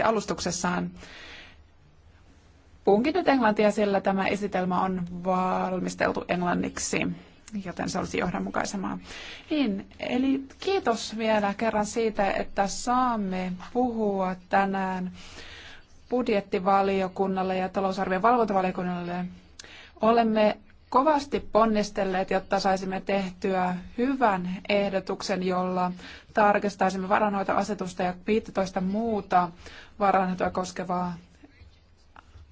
äh alustuksessaan. Puhunkin nyt englantia, sillä tämä esitelmä on valmisteltu englanniksi, joten se olisi johdonmukaisemaa. Niin, eli kiitos vielä kerran siitä, että saamme puhua tänään budjettivaliokunnalle ja talousarvion valvontavaliokunnalle. Olemme kovasti ponnistelleet, jotta saisimme tehtyä hyvän ehdotuksen, jolla tarkistaisimme varanhoitoasetusta ja 15 muuta varanhoitoa koskevaa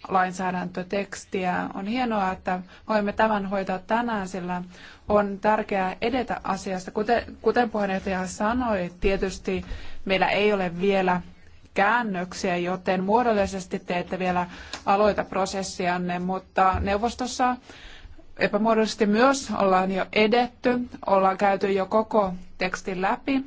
lainsäädäntötekstiä. On hienoa, että voimme tämän hoitaa tänään, sillä on tärkeää edetä asiasta. Kuten, kuten puheenjohtaja sanoi, tietysti meillä ei ole vielä käännöksiä, joten muodollisesti te ette vielä aloita prosessianne, mutta neuvostossa epämuodollisesti myös ollaan jo edetty, ollaan käyty jo koko tekstin läpi.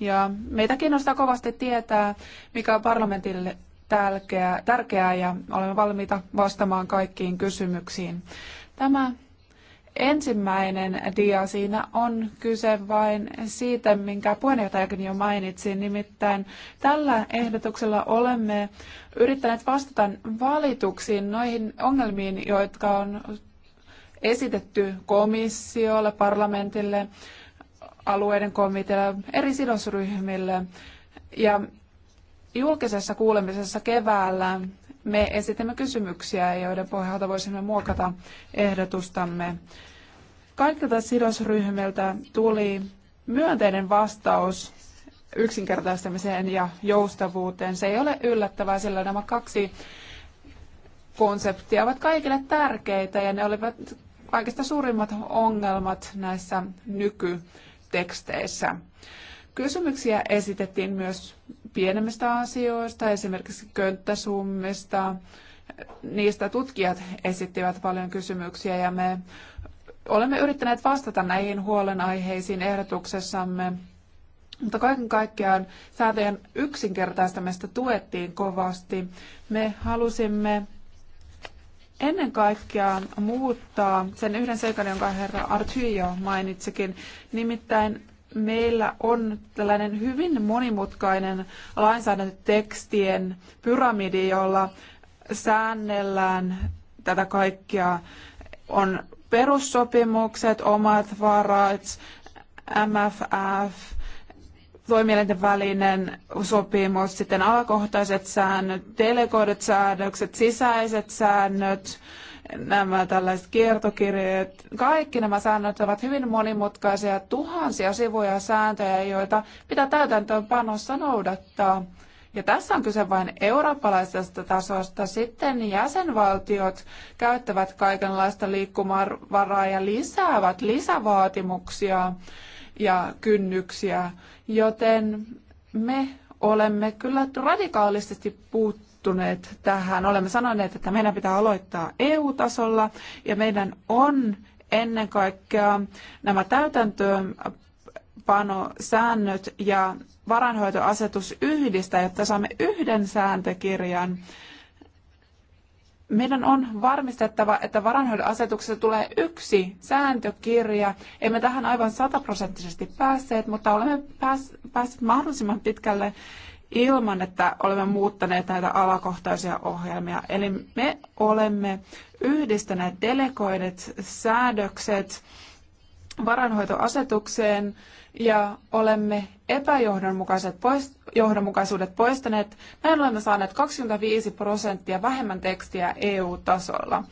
Ja meitä kiinnostaa kovasti tietää, mikä on parlamentille tärkeää, tärkeää ja olemme valmiita vastaamaan kaikkiin kysymyksiin. Tämä ensimmäinen dia siinä on kyse vain siitä, minkä puheenjohtajakin jo mainitsi. Nimittäin tällä ehdotuksella olemme yrittäneet vastata valituksiin noihin ongelmiin, jotka on esitetty komissiolle, parlamentille, alueiden komitealle, eri sidosryhmille. Ja julkisessa kuulemisessa keväällä me esitimme kysymyksiä, joiden pohjalta voisimme muokata ehdotustamme. Kaikilta sidosryhmiltä tuli myönteinen vastaus yksinkertaistamiseen ja joustavuuteen. Se ei ole yllättävää, sillä nämä kaksi konseptia ovat kaikille tärkeitä ja ne olivat kaikista suurimmat ongelmat näissä nykyteksteissä. Kysymyksiä esitettiin myös pienemmistä asioista, esimerkiksi könttäsummista. Niistä tutkijat esittivät paljon kysymyksiä ja me olemme yrittäneet vastata näihin huolenaiheisiin ehdotuksessamme. Mutta kaiken kaikkiaan säätöjen yksinkertaistamista tuettiin kovasti. Me halusimme ennen kaikkea muuttaa sen yhden seikan, jonka herra Artyjo mainitsikin, nimittäin meillä on tällainen hyvin monimutkainen lainsäädäntötekstien pyramidi, jolla säännellään tätä kaikkea. On perussopimukset, omat varat, MFF, toimielinten välinen sopimus, sitten alakohtaiset säännöt, delegoidut säädökset, sisäiset säännöt, nämä tällaiset kiertokirjeet, kaikki nämä säännöt ovat hyvin monimutkaisia, tuhansia sivuja sääntöjä, joita pitää täytäntöönpanossa noudattaa. Ja tässä on kyse vain eurooppalaisesta tasosta. Sitten jäsenvaltiot käyttävät kaikenlaista liikkumavaraa ja lisäävät lisävaatimuksia ja kynnyksiä, joten me olemme kyllä radikaalisesti puuttuneet tarttuneet tähän. Olemme sanoneet, että meidän pitää aloittaa EU-tasolla ja meidän on ennen kaikkea nämä täytäntöönpanosäännöt ja varainhoitoasetus yhdistää, jotta saamme yhden sääntökirjan. Meidän on varmistettava, että varainhoitoasetuksesta tulee yksi sääntökirja. Emme tähän aivan sataprosenttisesti päässeet, mutta olemme päässeet mahdollisimman pitkälle ilman, että olemme muuttaneet näitä alakohtaisia ohjelmia. Eli me olemme yhdistäneet delegoidet säädökset varanhoitoasetukseen ja olemme epäjohdonmukaiset pois, johdonmukaisuudet poistaneet. Näin olemme saaneet 25 prosenttia vähemmän tekstiä EU-tasolla.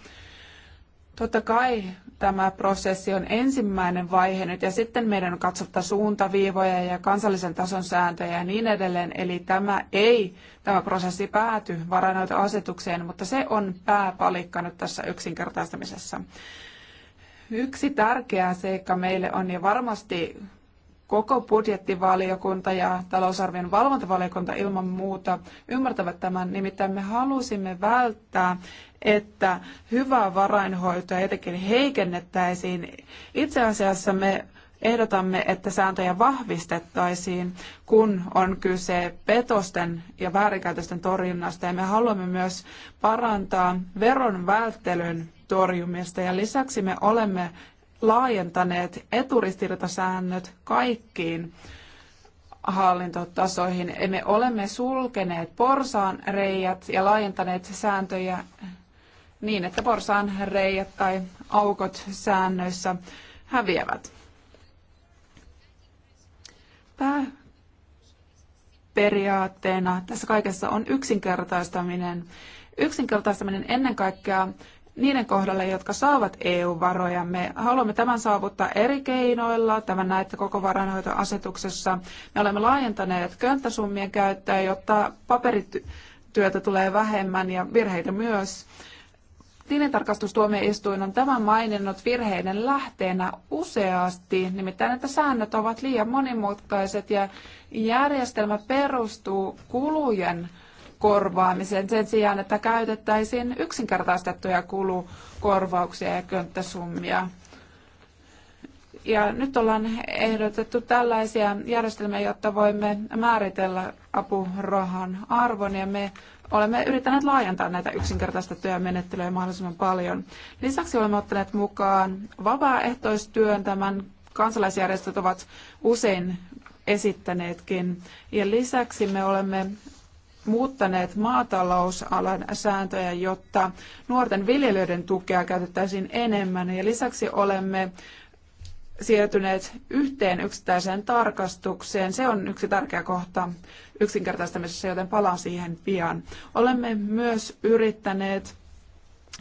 Totta kai tämä prosessi on ensimmäinen vaihe nyt ja sitten meidän on katsottava suuntaviivoja ja kansallisen tason sääntöjä ja niin edelleen. Eli tämä ei, tämä prosessi pääty varainhoitoasetukseen, mutta se on pääpalikka nyt tässä yksinkertaistamisessa. Yksi tärkeä seikka meille on ja varmasti koko budjettivaliokunta ja talousarvion valvontavaliokunta ilman muuta ymmärtävät tämän. Nimittäin me halusimme välttää, että hyvää varainhoitoa jotenkin heikennettäisiin. Itse asiassa me ehdotamme, että sääntöjä vahvistettaisiin, kun on kyse petosten ja väärinkäytösten torjunnasta. Ja me haluamme myös parantaa veron välttelyn torjumista. Ja lisäksi me olemme laajentaneet eturistiriitasäännöt kaikkiin hallintotasoihin. Me olemme sulkeneet porsaan reijät ja laajentaneet sääntöjä niin, että porsaan reijät tai aukot säännöissä häviävät. Pääperiaatteena tässä kaikessa on yksinkertaistaminen. Yksinkertaistaminen ennen kaikkea niiden kohdalle, jotka saavat EU-varoja. Me haluamme tämän saavuttaa eri keinoilla, tämän näette koko varainhoitoasetuksessa. Me olemme laajentaneet könttäsummien käyttöä, jotta paperityötä tulee vähemmän ja virheitä myös. Tilintarkastustuomioistuin on tämän maininnut virheiden lähteenä useasti, nimittäin että säännöt ovat liian monimutkaiset ja järjestelmä perustuu kulujen korvaamiseen sen sijaan, että käytettäisiin yksinkertaistettuja kulukorvauksia ja könttäsummia. Ja nyt ollaan ehdotettu tällaisia järjestelmiä, jotta voimme määritellä apurahan arvon ja me olemme yrittäneet laajentaa näitä yksinkertaistettuja menettelyjä mahdollisimman paljon. Lisäksi olemme ottaneet mukaan vapaaehtoistyön. Tämän kansalaisjärjestöt ovat usein esittäneetkin. Ja lisäksi me olemme muuttaneet maatalousalan sääntöjä, jotta nuorten viljelijöiden tukea käytettäisiin enemmän. Ja lisäksi olemme siirtyneet yhteen yksittäiseen tarkastukseen. Se on yksi tärkeä kohta yksinkertaistamisessa, joten palaan siihen pian. Olemme myös yrittäneet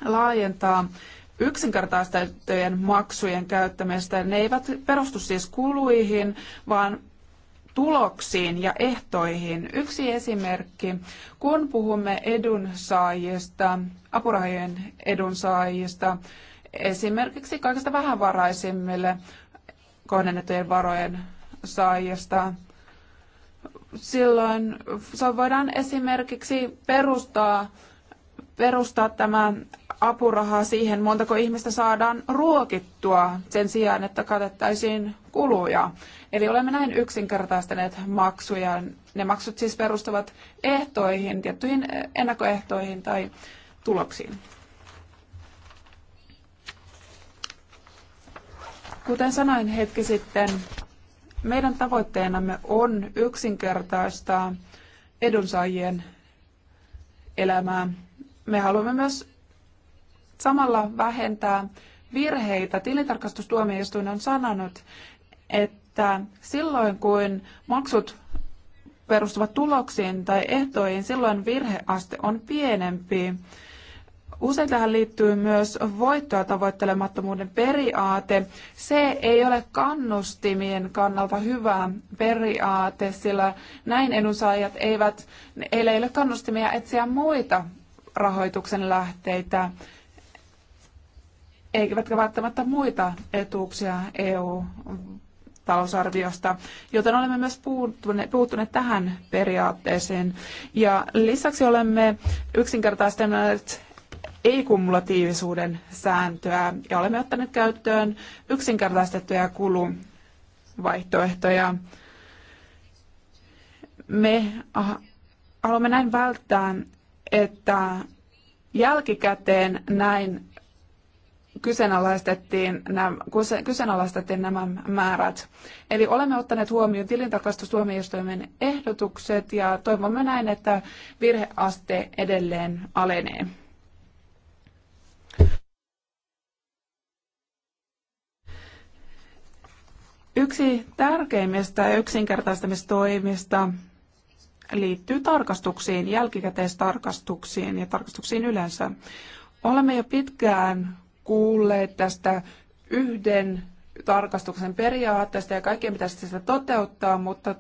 laajentaa yksinkertaistettujen maksujen käyttämistä. Ne eivät perustu siis kuluihin, vaan tuloksiin ja ehtoihin. Yksi esimerkki, kun puhumme edunsaajista, apurahojen edunsaajista, esimerkiksi kaikista vähävaraisimmille kohdennettujen varojen saajista. Silloin voidaan esimerkiksi perustaa, perustaa tämä apuraha siihen, montako ihmistä saadaan ruokittua sen sijaan, että katettaisiin kuluja. Eli olemme näin yksinkertaistaneet maksuja. Ne maksut siis perustuvat ehtoihin, tiettyihin ennakkoehtoihin tai tuloksiin. Kuten sanoin hetki sitten, meidän tavoitteenamme on yksinkertaistaa edunsaajien elämää. Me haluamme myös samalla vähentää virheitä. Tilintarkastustuomioistuin on sanonut, että silloin kun maksut perustuvat tuloksiin tai ehtoihin, silloin virheaste on pienempi. Usein tähän liittyy myös voittoa tavoittelemattomuuden periaate. Se ei ole kannustimien kannalta hyvä periaate, sillä näin edunsaajat eivät, ei ole kannustimia etsiä muita rahoituksen lähteitä, eivätkä välttämättä muita etuuksia EU talousarviosta, joten olemme myös puuttuneet, puuttuneet tähän periaatteeseen. Ja lisäksi olemme yksinkertaistaneet ei-kumulatiivisuuden sääntöä ja olemme ottaneet käyttöön yksinkertaistettuja kuluvaihtoehtoja. Me ah, haluamme näin välttää, että jälkikäteen näin kyseenalaistettiin nämä, kyseenalaistettiin nämä määrät. Eli olemme ottaneet huomioon tilintarkastustuomioistuimen ehdotukset ja toivomme näin, että virheaste edelleen alenee. Yksi tärkeimmistä yksinkertaistamistoimista liittyy tarkastuksiin, jälkikäteistarkastuksiin ja tarkastuksiin yleensä. Olemme jo pitkään kuulleet tästä yhden tarkastuksen periaatteesta ja kaikkien pitäisi sitä toteuttaa, mutta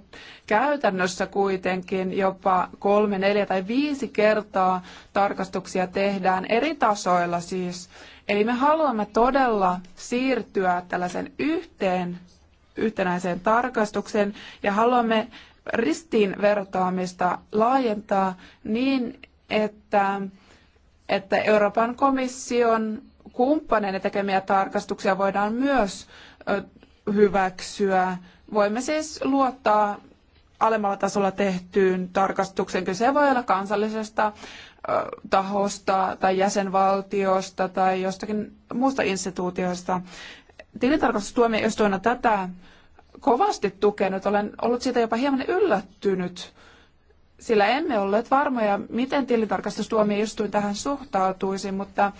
käytännössä kuitenkin jopa kolme, neljä tai viisi kertaa tarkastuksia tehdään eri tasoilla siis. Eli me haluamme todella siirtyä tällaisen yhteen yhtenäiseen tarkastukseen ja haluamme ristiin vertaamista laajentaa niin, että, että Euroopan komission kumppaneiden tekemiä tarkastuksia voidaan myös hyväksyä. Voimme siis luottaa alemmalla tasolla tehtyyn tarkastuksen. Kyse voi olla kansallisesta tahosta tai jäsenvaltiosta tai jostakin muusta instituutiosta tilintarkastustuomioistuin on tätä kovasti tukenut. Olen ollut siitä jopa hieman yllättynyt, sillä emme olleet varmoja, miten tilintarkastustuomioistuin tähän suhtautuisi, mutta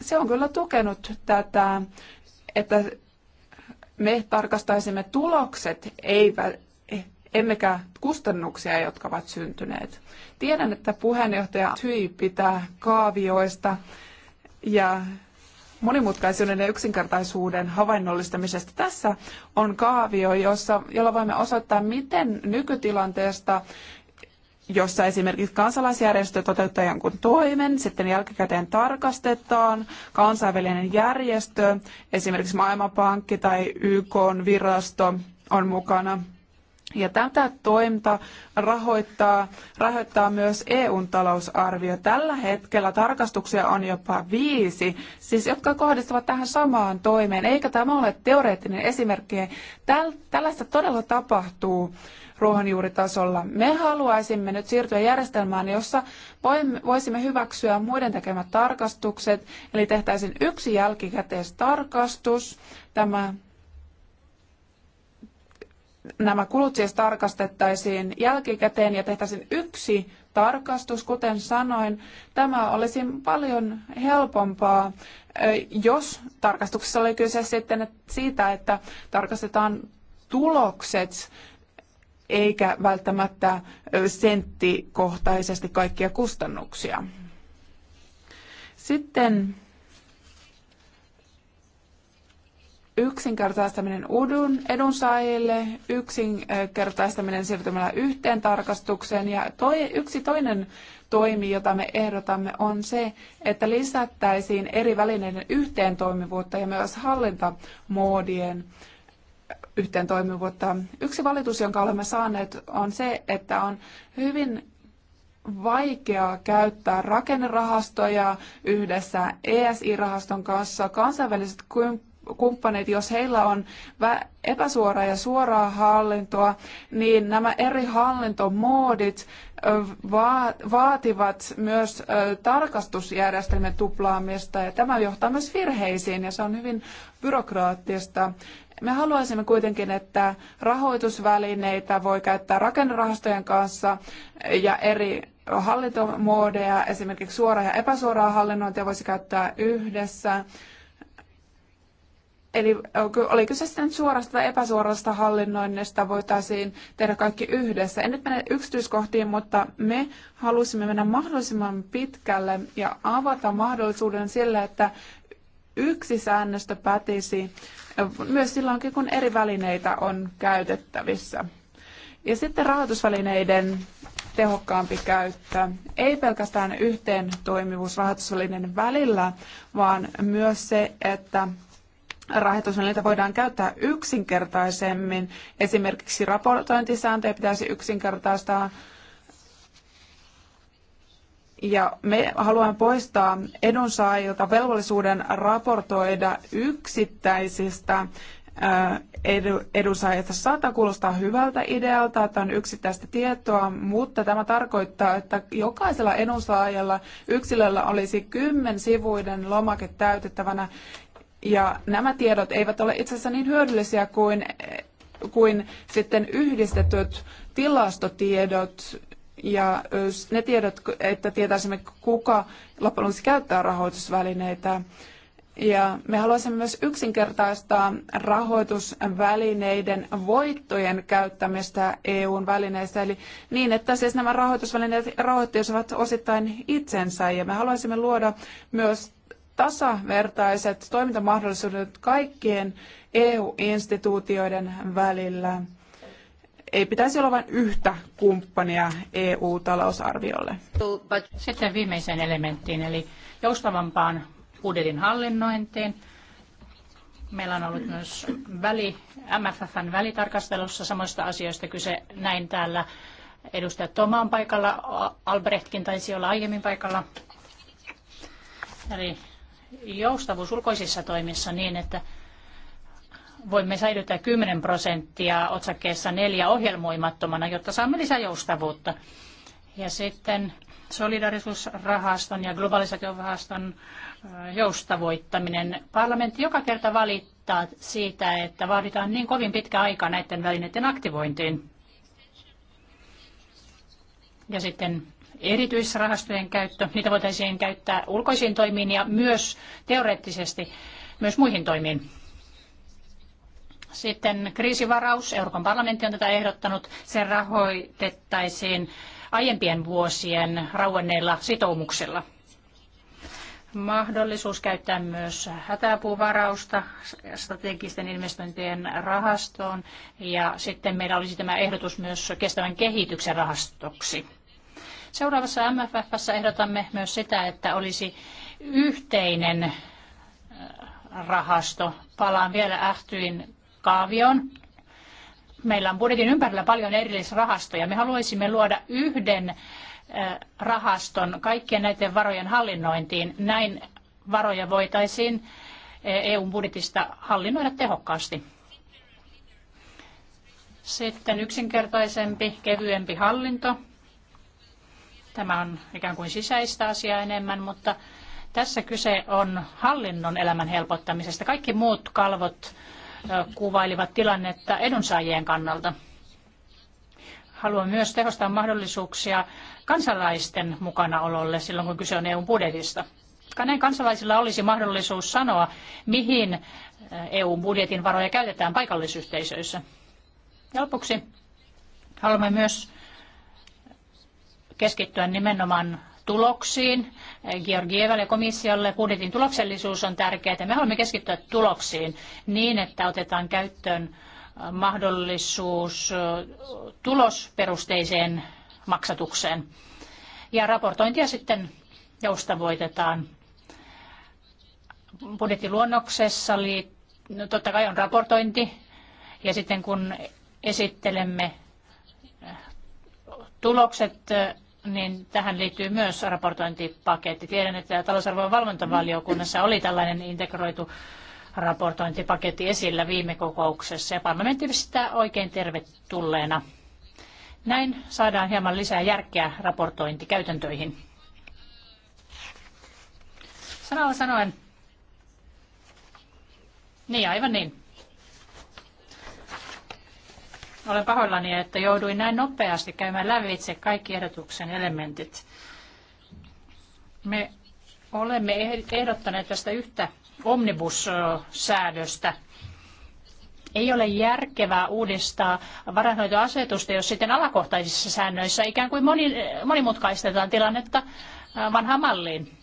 se on kyllä tukenut tätä, että me tarkastaisimme tulokset, eivät, emmekä kustannuksia, jotka ovat syntyneet. Tiedän, että puheenjohtaja Tyi pitää kaavioista ja monimutkaisuuden ja yksinkertaisuuden havainnollistamisesta. Tässä on kaavio, jossa, jolla voimme osoittaa, miten nykytilanteesta jossa esimerkiksi kansalaisjärjestö toteuttaa jonkun toimen, sitten jälkikäteen tarkastetaan kansainvälinen järjestö, esimerkiksi Maailmanpankki tai YK virasto on mukana. Ja tätä tointa rahoittaa, rahoittaa myös EUn talousarvio. Tällä hetkellä tarkastuksia on jopa viisi, siis jotka kohdistuvat tähän samaan toimeen. Eikä tämä ole teoreettinen esimerkki. Täl, tällaista todella tapahtuu ruohonjuuritasolla. Me haluaisimme nyt siirtyä järjestelmään, jossa voisimme hyväksyä muiden tekemät tarkastukset, eli tehtäisiin yksi jälkikäteistarkastus. Tämä nämä kulut siis tarkastettaisiin jälkikäteen ja tehtäisiin yksi tarkastus, kuten sanoin. Tämä olisi paljon helpompaa, jos tarkastuksessa oli kyse sitten siitä, että tarkastetaan tulokset eikä välttämättä senttikohtaisesti kaikkia kustannuksia. Sitten yksinkertaistaminen edunsaajille, yksinkertaistaminen siirtymällä yhteen tarkastukseen ja toi, yksi toinen toimi, jota me ehdotamme, on se, että lisättäisiin eri välineiden yhteen toimivuutta ja myös hallintamoodien yhteen toimivuutta. Yksi valitus, jonka olemme saaneet, on se, että on hyvin vaikeaa käyttää rakennerahastoja yhdessä ESI-rahaston kanssa. Kansainväliset kumppanit, jos heillä on epäsuoraa ja suoraa hallintoa, niin nämä eri hallintomoodit vaativat myös tarkastusjärjestelmien tuplaamista ja tämä johtaa myös virheisiin ja se on hyvin byrokraattista. Me haluaisimme kuitenkin, että rahoitusvälineitä voi käyttää rakennerahastojen kanssa ja eri hallintomoodeja, esimerkiksi suoraa ja epäsuoraa hallinnointia voisi käyttää yhdessä Eli oli kyse sitten suorasta tai epäsuorasta hallinnoinnista, voitaisiin tehdä kaikki yhdessä. En nyt mene yksityiskohtiin, mutta me halusimme mennä mahdollisimman pitkälle ja avata mahdollisuuden sille, että yksi säännöstä pätisi myös silloinkin, kun eri välineitä on käytettävissä. Ja sitten rahoitusvälineiden tehokkaampi käyttö. Ei pelkästään yhteen toimivuus rahoitusvälineiden välillä, vaan myös se, että rahoitusvälineitä voidaan käyttää yksinkertaisemmin. Esimerkiksi raportointisääntöjä pitäisi yksinkertaistaa. Ja me haluamme poistaa edunsaajilta velvollisuuden raportoida yksittäisistä edunsaajista. Saattaa kuulostaa hyvältä idealta, että on yksittäistä tietoa, mutta tämä tarkoittaa, että jokaisella edunsaajalla yksilöllä olisi kymmen sivuiden lomake täytettävänä ja nämä tiedot eivät ole itse asiassa niin hyödyllisiä kuin, kuin sitten yhdistetyt tilastotiedot ja ne tiedot, että tietäisimme kuka loppujen lopuksi käyttää rahoitusvälineitä. Ja me haluaisimme myös yksinkertaistaa rahoitusvälineiden voittojen käyttämistä EUn välineistä, eli niin, että siis nämä rahoitusvälineet rahoittaisivat osittain itsensä, ja me haluaisimme luoda myös tasavertaiset toimintamahdollisuudet kaikkien EU-instituutioiden välillä. Ei pitäisi olla vain yhtä kumppania EU-talousarviolle. Sitten viimeiseen elementtiin, eli joustavampaan budjetin hallinnointiin. Meillä on ollut myös väli, MFFn välitarkastelussa samoista asioista kyse näin täällä. Edustaja Toma on paikalla, Albrechtkin taisi olla aiemmin paikalla. Eli joustavuus ulkoisissa toimissa niin, että voimme säilyttää 10 prosenttia otsakkeessa neljä ohjelmoimattomana, jotta saamme lisää joustavuutta. Ja sitten solidarisuusrahaston ja globalisaatiorahaston äh, joustavoittaminen. Parlamentti joka kerta valittaa siitä, että vaaditaan niin kovin pitkä aika näiden välineiden aktivointiin. Ja sitten erityisrahastojen käyttö. Niitä voitaisiin käyttää ulkoisiin toimiin ja myös teoreettisesti myös muihin toimiin. Sitten kriisivaraus, Euroopan parlamentti on tätä ehdottanut, sen rahoitettaisiin aiempien vuosien rauenneilla sitoumuksilla. Mahdollisuus käyttää myös hätäapuvarausta strategisten investointien rahastoon ja sitten meillä olisi tämä ehdotus myös kestävän kehityksen rahastoksi. Seuraavassa MFFssä ehdotamme myös sitä, että olisi yhteinen äh, rahasto. Palaan vielä ähtyin kaavion. Meillä on budjetin ympärillä paljon erillisrahastoja. Me haluaisimme luoda yhden äh, rahaston kaikkien näiden varojen hallinnointiin. Näin varoja voitaisiin äh, EUn budjetista hallinnoida tehokkaasti. Sitten yksinkertaisempi, kevyempi hallinto. Tämä on ikään kuin sisäistä asiaa enemmän, mutta tässä kyse on hallinnon elämän helpottamisesta. Kaikki muut kalvot kuvailivat tilannetta edunsaajien kannalta. Haluan myös tehostaa mahdollisuuksia kansalaisten mukanaololle silloin, kun kyse on eu budjetista. Näin kansalaisilla olisi mahdollisuus sanoa, mihin eu budjetin varoja käytetään paikallisyhteisöissä. Ja lopuksi haluamme myös keskittyä nimenomaan tuloksiin. Georgievalle komissiolle budjetin tuloksellisuus on tärkeää. Me haluamme keskittyä tuloksiin niin, että otetaan käyttöön mahdollisuus tulosperusteiseen maksatukseen. Ja raportointia sitten joustavoitetaan. Budjettiluonnoksessa oli, no totta kai on raportointi, ja sitten kun esittelemme tulokset niin tähän liittyy myös raportointipaketti. Tiedän, että talousarvojen valvontavaliokunnassa oli tällainen integroitu raportointipaketti esillä viime kokouksessa ja parlamentti sitä oikein tervetulleena. Näin saadaan hieman lisää järkeä raportointikäytäntöihin. Sanalla sanoen. Niin, aivan niin. Olen pahoillani, että jouduin näin nopeasti käymään lävitse kaikki ehdotuksen elementit. Me olemme ehdottaneet tästä yhtä omnibussäädöstä. Ei ole järkevää uudistaa varainhoitoasetusta, jos sitten alakohtaisissa säännöissä ikään kuin monimutkaistetaan tilannetta vanhaan malliin.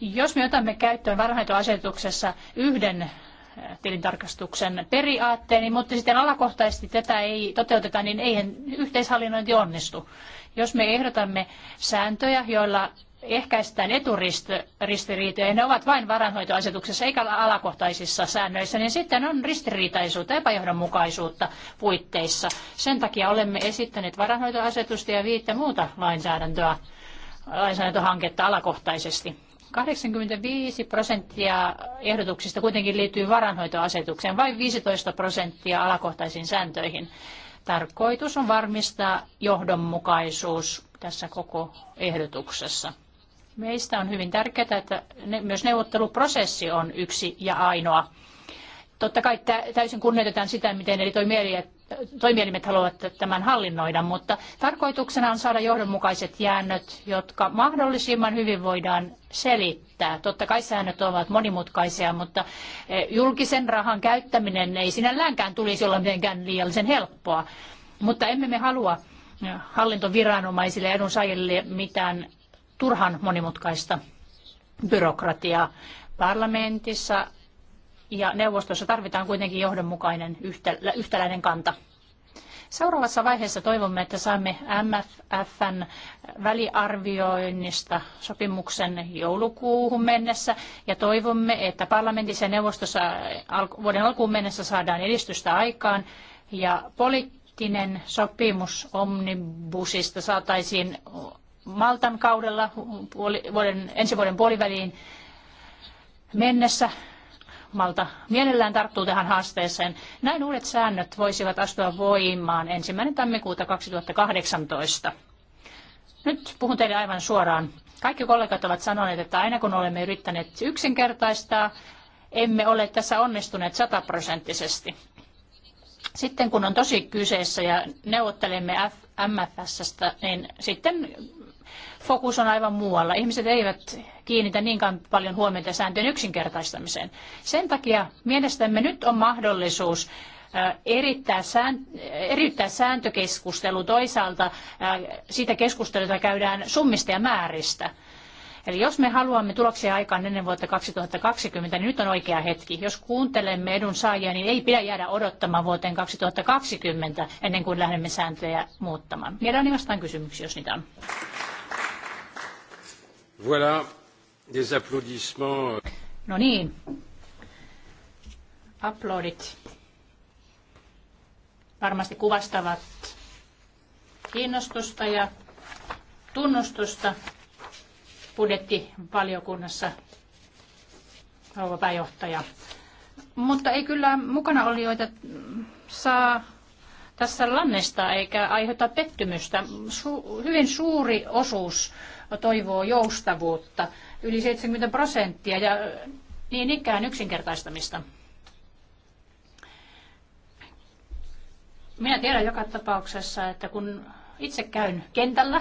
Jos me otamme käyttöön varainhoitoasetuksessa yhden tilintarkastuksen periaatteen, mutta sitten alakohtaisesti tätä ei toteuteta, niin eihän yhteishallinnointi onnistu. Jos me ehdotamme sääntöjä, joilla ehkäistään eturistiriitoja, ja ne ovat vain varanhoitoasetuksessa eikä alakohtaisissa säännöissä, niin sitten on ristiriitaisuutta, epäjohdonmukaisuutta puitteissa. Sen takia olemme esittäneet varanhoitoasetusta ja viittä muuta lainsäädäntöä, lainsäädäntöhanketta alakohtaisesti. 85 prosenttia ehdotuksista kuitenkin liittyy varanhoitoasetukseen, vain 15 prosenttia alakohtaisiin sääntöihin. Tarkoitus on varmistaa johdonmukaisuus tässä koko ehdotuksessa. Meistä on hyvin tärkeää, että myös neuvotteluprosessi on yksi ja ainoa. Totta kai täysin kunnioitetaan sitä, miten eri toimielijät toimielimet haluavat tämän hallinnoida, mutta tarkoituksena on saada johdonmukaiset jäännöt, jotka mahdollisimman hyvin voidaan selittää. Totta kai säännöt ovat monimutkaisia, mutta eh, julkisen rahan käyttäminen ei sinälläänkään tulisi olla mitenkään liiallisen helppoa. Mutta emme me halua eh, hallintoviranomaisille ja edunsaajille mitään turhan monimutkaista byrokratiaa. Parlamentissa ja neuvostossa tarvitaan kuitenkin johdonmukainen yhtäläinen kanta. Seuraavassa vaiheessa toivomme, että saamme MFFn väliarvioinnista sopimuksen joulukuuhun mennessä ja toivomme, että parlamentissa ja neuvostossa vuoden alkuun mennessä saadaan edistystä aikaan ja poliittinen sopimus omnibusista saataisiin Maltan kaudella vuoden, ensi vuoden puoliväliin mennessä Malta mielellään tarttuu tähän haasteeseen. Näin uudet säännöt voisivat astua voimaan ensimmäinen tammikuuta 2018. Nyt puhun teille aivan suoraan. Kaikki kollegat ovat sanoneet, että aina kun olemme yrittäneet yksinkertaistaa, emme ole tässä onnistuneet sataprosenttisesti. Sitten kun on tosi kyseessä ja neuvottelemme MFSstä, niin sitten fokus on aivan muualla. Ihmiset eivät kiinnitä niinkään paljon huomiota sääntöjen yksinkertaistamiseen. Sen takia mielestämme nyt on mahdollisuus erittää, sään, sääntökeskustelu toisaalta siitä keskustelua, jota käydään summista ja määristä. Eli jos me haluamme tuloksia aikaan ennen vuotta 2020, niin nyt on oikea hetki. Jos kuuntelemme edun saajia, niin ei pidä jäädä odottamaan vuoteen 2020 ennen kuin lähdemme sääntöjä muuttamaan. Mielelläni niin vastaan kysymyksiä, jos niitä on. Voilà, des applaudissements. No niin. Uploadit varmasti kuvastavat kiinnostusta ja tunnustusta budjettivaliokunnassa, rouva pääjohtaja. Mutta ei kyllä mukana olijoita saa tässä lannesta eikä aiheuttaa pettymystä. Su- hyvin suuri osuus toivoo joustavuutta, yli 70 prosenttia ja äh, niin ikään yksinkertaistamista. Minä tiedän joka tapauksessa, että kun itse käyn kentällä,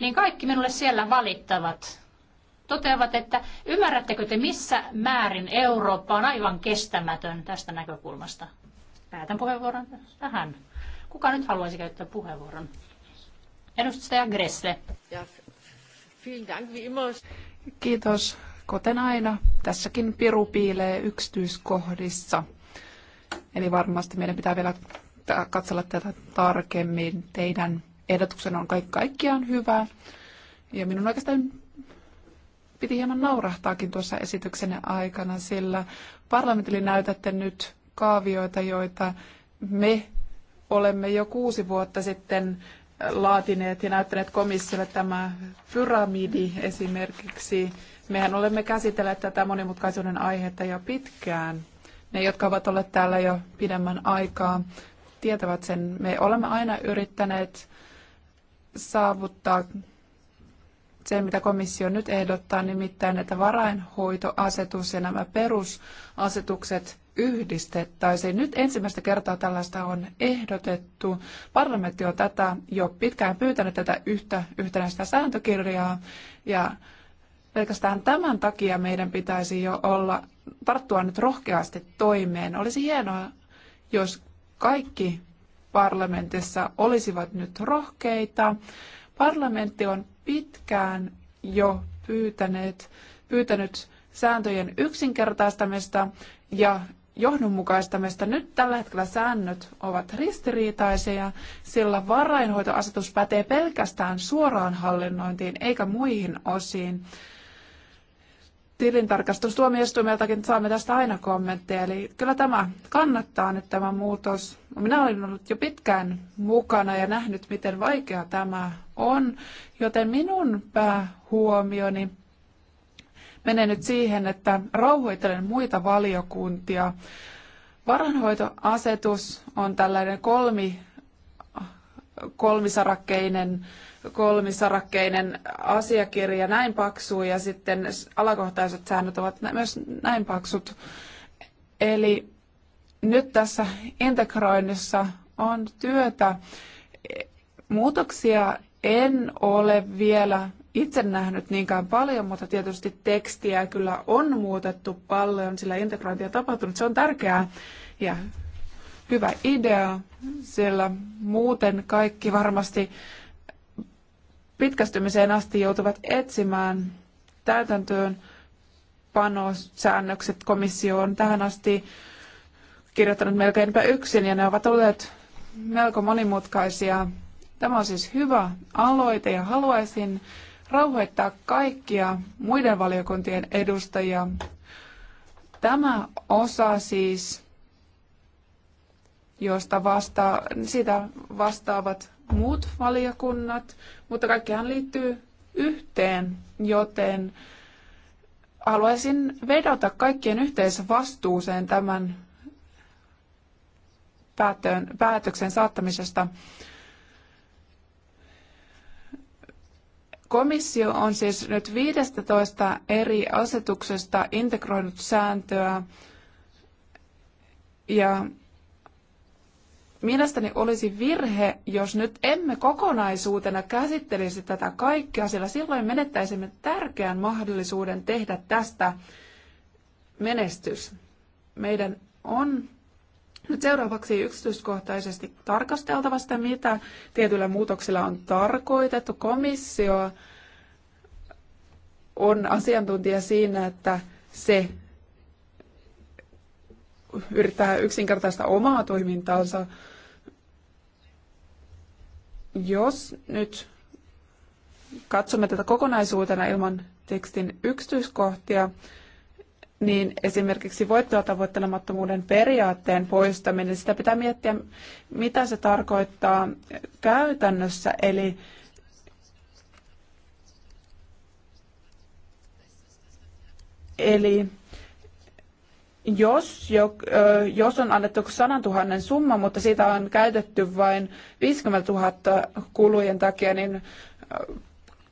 niin kaikki minulle siellä valittavat. Toteavat, että ymmärrättekö te missä määrin Eurooppa on aivan kestämätön tästä näkökulmasta. Päätän puheenvuoron tähän. Kuka nyt haluaisi käyttää puheenvuoron? Edustaja Gressle. Kiitos. Kuten aina, tässäkin piru piilee yksityiskohdissa. Eli varmasti meidän pitää vielä katsella tätä tarkemmin. Teidän ehdotuksen on kaikki kaikkiaan hyvä. Ja minun oikeastaan piti hieman naurahtaakin tuossa esityksen aikana, sillä parlamentille näytätte nyt kaavioita, joita me olemme jo kuusi vuotta sitten laatineet ja näyttäneet komissiolle tämä pyramidi esimerkiksi. Mehän olemme käsitelleet tätä monimutkaisuuden aihetta jo pitkään. Ne, jotka ovat olleet täällä jo pidemmän aikaa, tietävät sen. Me olemme aina yrittäneet saavuttaa sen, mitä komissio nyt ehdottaa, nimittäin, että varainhoitoasetus ja nämä perusasetukset yhdistettäisiin. Nyt ensimmäistä kertaa tällaista on ehdotettu. Parlamentti on tätä jo pitkään pyytänyt tätä yhtä yhtenäistä sääntökirjaa ja pelkästään tämän takia meidän pitäisi jo olla tarttua nyt rohkeasti toimeen. Olisi hienoa, jos kaikki parlamentissa olisivat nyt rohkeita. Parlamentti on pitkään jo pyytänyt pyytänyt sääntöjen yksinkertaistamista ja johdonmukaistamista. Nyt tällä hetkellä säännöt ovat ristiriitaisia, sillä varainhoitoasetus pätee pelkästään suoraan hallinnointiin eikä muihin osiin. Tilintarkastustuomioistuimeltakin saamme tästä aina kommentteja, eli kyllä tämä kannattaa nyt tämä muutos. Minä olin ollut jo pitkään mukana ja nähnyt, miten vaikea tämä on, joten minun päähuomioni menee nyt siihen, että rauhoitelen muita valiokuntia. Varanhoitoasetus on tällainen kolmi, kolmisarakkeinen, kolmisarakkeinen asiakirja näin paksu ja sitten alakohtaiset säännöt ovat myös näin paksut. Eli nyt tässä integroinnissa on työtä. Muutoksia en ole vielä itse nähnyt niinkään paljon, mutta tietysti tekstiä kyllä on muutettu paljon, sillä integrointia on tapahtunut. Se on tärkeää ja hyvä idea, sillä muuten kaikki varmasti pitkästymiseen asti joutuvat etsimään täytäntöön panosäännökset komissioon. tähän asti kirjoittanut melkeinpä yksin ja ne ovat olleet melko monimutkaisia. Tämä on siis hyvä aloite ja haluaisin rauhoittaa kaikkia muiden valiokuntien edustajia. Tämä osa siis, josta vastaa, sitä vastaavat muut valiokunnat, mutta kaikkihan liittyy yhteen, joten haluaisin vedota kaikkien yhteisvastuuseen tämän päätöksen saattamisesta. Komissio on siis nyt 15 eri asetuksesta integroinut sääntöä ja mielestäni olisi virhe, jos nyt emme kokonaisuutena käsittelisi tätä kaikkea, sillä silloin menettäisimme tärkeän mahdollisuuden tehdä tästä menestys. Meidän on nyt seuraavaksi yksityiskohtaisesti tarkasteltava sitä, mitä tietyillä muutoksilla on tarkoitettu. Komissio on asiantuntija siinä, että se yrittää yksinkertaista omaa toimintaansa. Jos nyt katsomme tätä kokonaisuutena ilman tekstin yksityiskohtia, niin esimerkiksi voittoa tavoittelemattomuuden periaatteen poistaminen, sitä pitää miettiä, mitä se tarkoittaa käytännössä. Eli Eli jos, jo, jos on annettu 100 000 summa, mutta siitä on käytetty vain 50 000 kulujen takia, niin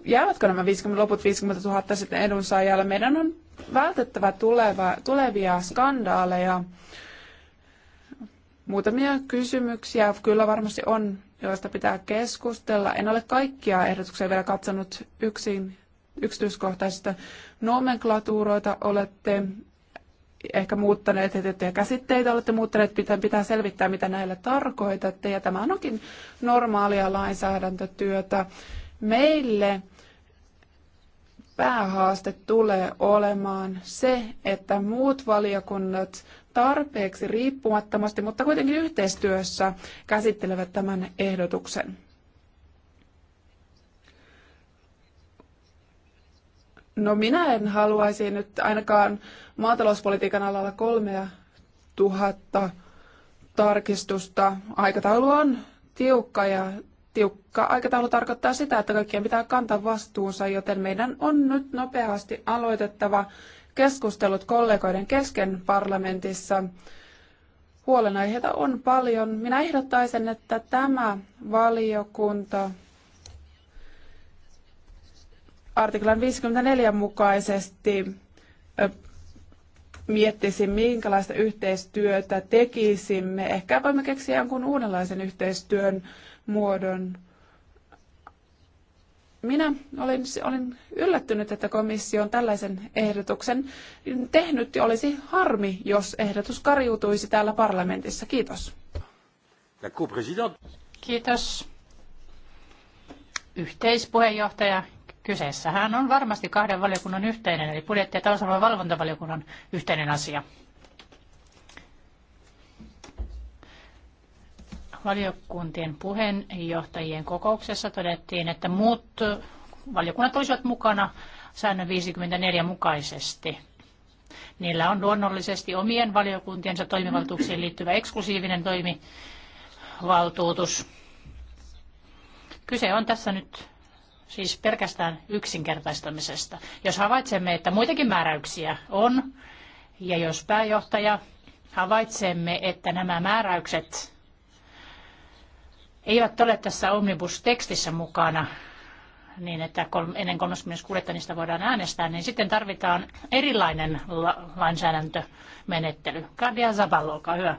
jäävätkö nämä 50, loput 50 000 sitten edunsaajalle? Meidän on vältettävä tuleva, tulevia skandaaleja. Muutamia kysymyksiä kyllä varmasti on, joista pitää keskustella. En ole kaikkia ehdotuksia vielä katsonut yksin yksityiskohtaisista nomenklatuuroita olette ehkä muuttaneet, että käsitteitä olette muuttaneet, pitää, pitää selvittää, mitä näillä tarkoitatte, ja tämä onkin normaalia lainsäädäntötyötä. Meille päähaaste tulee olemaan se, että muut valiokunnat tarpeeksi riippumattomasti, mutta kuitenkin yhteistyössä käsittelevät tämän ehdotuksen. No minä en haluaisi nyt ainakaan maatalouspolitiikan alalla kolmea tuhatta tarkistusta. Aikataulu on tiukka ja tiukka aikataulu tarkoittaa sitä, että kaikkien pitää kantaa vastuunsa, joten meidän on nyt nopeasti aloitettava keskustelut kollegoiden kesken parlamentissa. Huolenaiheita on paljon. Minä ehdottaisin, että tämä valiokunta artiklan 54 mukaisesti miettisi, minkälaista yhteistyötä tekisimme. Ehkä voimme keksiä jonkun uudenlaisen yhteistyön muodon. Minä olin, olin yllättynyt, että komissio on tällaisen ehdotuksen tehnyt ja olisi harmi, jos ehdotus kariutuisi täällä parlamentissa. Kiitos. Kiitos. Yhteispuheenjohtaja Kyseessähän Hän on varmasti kahden valiokunnan yhteinen, eli budjetti- ja talousarvon valvontavaliokunnan yhteinen asia. valiokuntien puheenjohtajien kokouksessa todettiin, että muut valiokunnat olisivat mukana säännön 54 mukaisesti. Niillä on luonnollisesti omien valiokuntiensa toimivaltuuksiin liittyvä eksklusiivinen toimivaltuutus. Kyse on tässä nyt siis pelkästään yksinkertaistamisesta. Jos havaitsemme, että muitakin määräyksiä on, ja jos pääjohtaja havaitsemme, että nämä määräykset eivät ole tässä omnibus-tekstissä mukana niin, että ennen 36. niistä voidaan äänestää, niin sitten tarvitaan erilainen la- lainsäädäntömenettely. Kadia Zaballo, olkaa hyvä.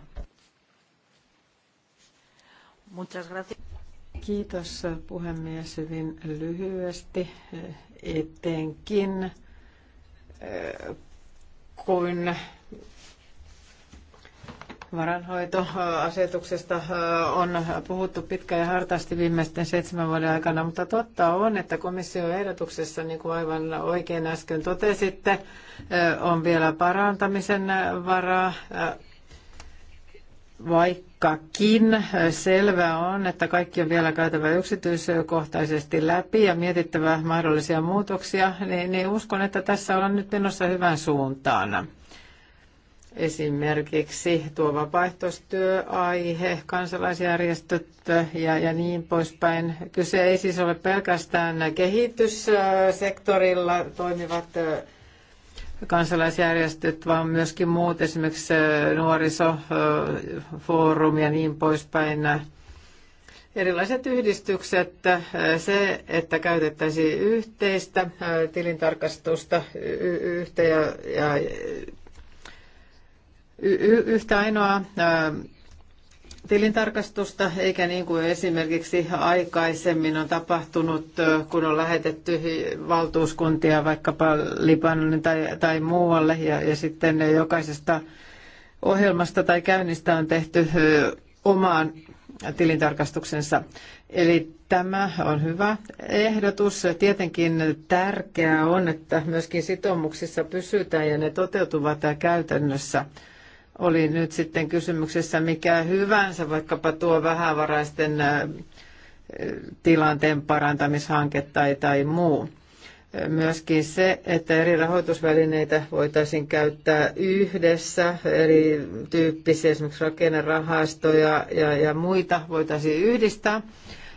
Kiitos puhemies hyvin lyhyesti etenkin, eh, kun varanhoitoasetuksesta on puhuttu pitkään ja hartaasti viimeisten seitsemän vuoden aikana, mutta totta on, että komission ehdotuksessa, niin kuin aivan oikein äsken totesitte, on vielä parantamisen varaa, vaikkakin selvää on, että kaikki on vielä käytävä yksityiskohtaisesti läpi ja mietittävä mahdollisia muutoksia, niin, niin uskon, että tässä ollaan nyt menossa hyvän suuntaan. Esimerkiksi tuo vapaaehtoistyöaihe, kansalaisjärjestöt ja, ja niin poispäin. Kyse ei siis ole pelkästään kehityssektorilla toimivat äh, kansalaisjärjestöt, vaan myöskin muut, esimerkiksi äh, nuorisofoorumi äh, ja niin poispäin. Erilaiset yhdistykset, se, että käytettäisiin yhteistä tilintarkastusta yhteen ja, ja yhtä ainoa tilintarkastusta, eikä niin kuin esimerkiksi aikaisemmin on tapahtunut, kun on lähetetty valtuuskuntia vaikkapa Libanonin tai, tai muualle, ja, ja sitten jokaisesta ohjelmasta tai käynnistä on tehty omaan tilintarkastuksensa. Eli tämä on hyvä ehdotus. Tietenkin tärkeää on, että myöskin sitoumuksissa pysytään ja ne toteutuvat käytännössä oli nyt sitten kysymyksessä mikä hyvänsä, vaikkapa tuo vähävaraisten tilanteen parantamishanke tai, tai muu. Myöskin se, että eri rahoitusvälineitä voitaisiin käyttää yhdessä, eri tyyppisiä esimerkiksi rakennerahastoja ja, ja muita voitaisiin yhdistää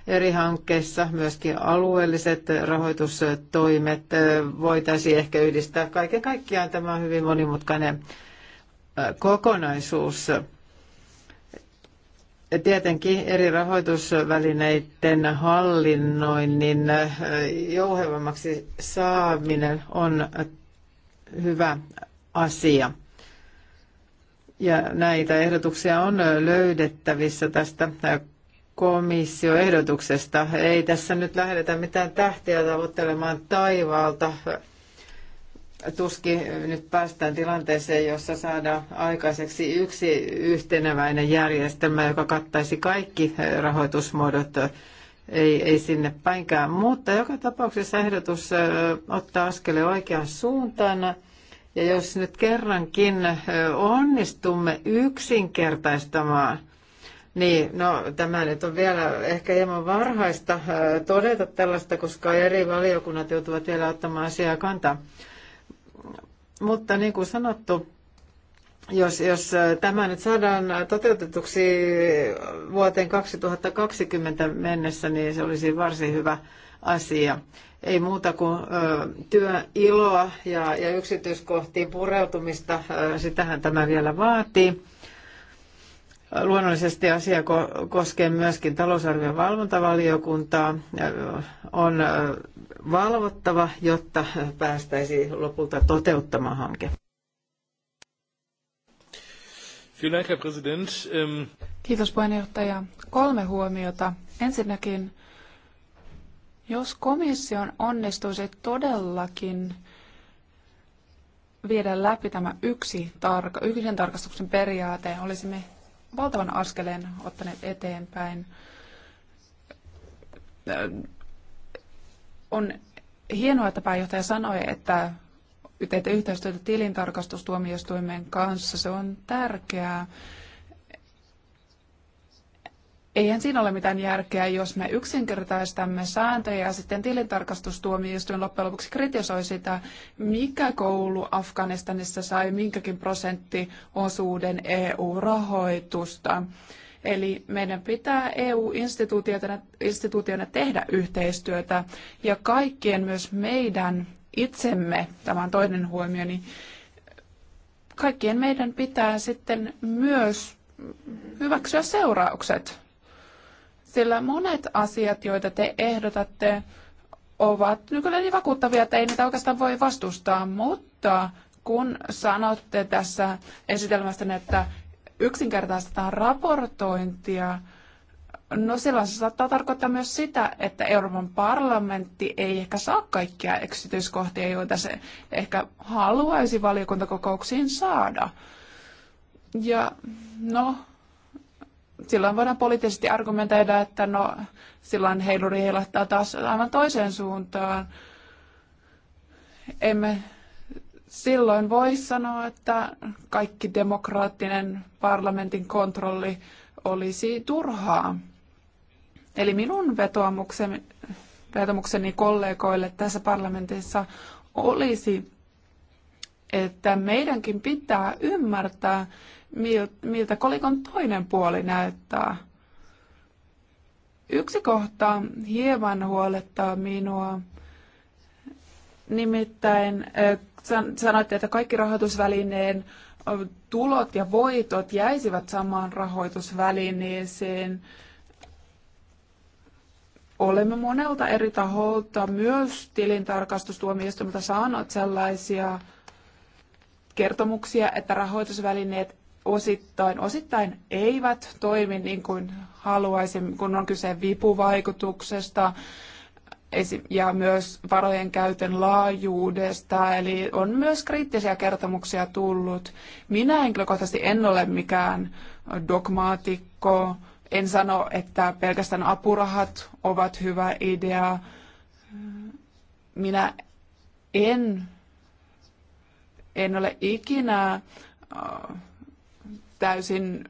eri hankkeissa. Myöskin alueelliset rahoitustoimet voitaisiin ehkä yhdistää. Kaiken kaikkiaan tämä on hyvin monimutkainen kokonaisuus. Tietenkin eri rahoitusvälineiden hallinnoinnin jouhevammaksi saaminen on hyvä asia. Ja näitä ehdotuksia on löydettävissä tästä komissioehdotuksesta. Ei tässä nyt lähdetä mitään tähtiä tavoittelemaan taivaalta, tuskin nyt päästään tilanteeseen, jossa saadaan aikaiseksi yksi yhteneväinen järjestelmä, joka kattaisi kaikki eh, rahoitusmuodot. Eh, ei, ei sinne päinkään, mutta joka tapauksessa ehdotus eh, ottaa askeleen oikeaan suuntaan. Ja jos nyt kerrankin onnistumme yksinkertaistamaan, niin no, tämä nyt on vielä ehkä hieman varhaista todeta tällaista, koska eri valiokunnat joutuvat vielä ottamaan asiaa kantaa. Mutta niin kuin sanottu, jos, jos äh, tämä nyt saadaan toteutetuksi vuoteen 2020 mennessä, niin se olisi varsin hyvä asia. Ei muuta kuin äh, työiloa ja, ja yksityiskohtiin pureutumista, äh, sitähän tämä vielä vaatii. Luonnollisesti asia koskee myöskin talousarvion valvontavaliokuntaa. On valvottava, jotta päästäisiin lopulta toteuttamaan hanke. Ähm, Kiitos puheenjohtaja. Kolme huomiota. Ensinnäkin, jos komission onnistuisi todellakin viedä läpi tämä yksi tarka, yhden tarkastuksen periaate, olisimme valtavan askeleen ottaneet eteenpäin äh, on hienoa, että pääjohtaja sanoi, että teette yhteistyötä tilintarkastustuomioistuimen kanssa. Se on tärkeää. Eihän siinä ole mitään järkeä, jos me yksinkertaistamme sääntöjä ja sitten tilintarkastustuomioistuin loppujen lopuksi kritisoi sitä, mikä koulu Afganistanissa sai minkäkin prosenttiosuuden EU-rahoitusta. Eli meidän pitää eu instituutioina tehdä yhteistyötä ja kaikkien myös meidän itsemme, tämä on toinen huomio niin kaikkien meidän pitää sitten myös hyväksyä seuraukset. Sillä monet asiat, joita te ehdotatte, ovat nykyään niin vakuuttavia, että ei niitä oikeastaan voi vastustaa, mutta kun sanotte tässä esitelmästä, että yksinkertaistetaan raportointia, no silloin se saattaa tarkoittaa myös sitä, että Euroopan parlamentti ei ehkä saa kaikkia yksityiskohtia, joita se ehkä haluaisi valiokuntakokouksiin saada. Ja no, silloin voidaan poliittisesti argumentoida, että no silloin heiluri heilahtaa taas aivan toiseen suuntaan. Emme silloin voi sanoa, että kaikki demokraattinen parlamentin kontrolli olisi turhaa. Eli minun vetoamukseni, vetoamukseni kollegoille tässä parlamentissa olisi, että meidänkin pitää ymmärtää, miltä kolikon toinen puoli näyttää. Yksi kohta hieman huolettaa minua, nimittäin Sanoitte, että kaikki rahoitusvälineen tulot ja voitot jäisivät samaan rahoitusvälineeseen. Olemme monelta eri taholta, myös tilintarkastustuomioistumilta saaneet sellaisia kertomuksia, että rahoitusvälineet osittain, osittain eivät toimi niin kuin haluaisin, kun on kyse vipuvaikutuksesta, ja myös varojen käytön laajuudesta, eli on myös kriittisiä kertomuksia tullut. Minä henkilökohtaisesti en ole mikään dogmaatikko, en sano, että pelkästään apurahat ovat hyvä idea. Minä en, en ole ikinä äh, täysin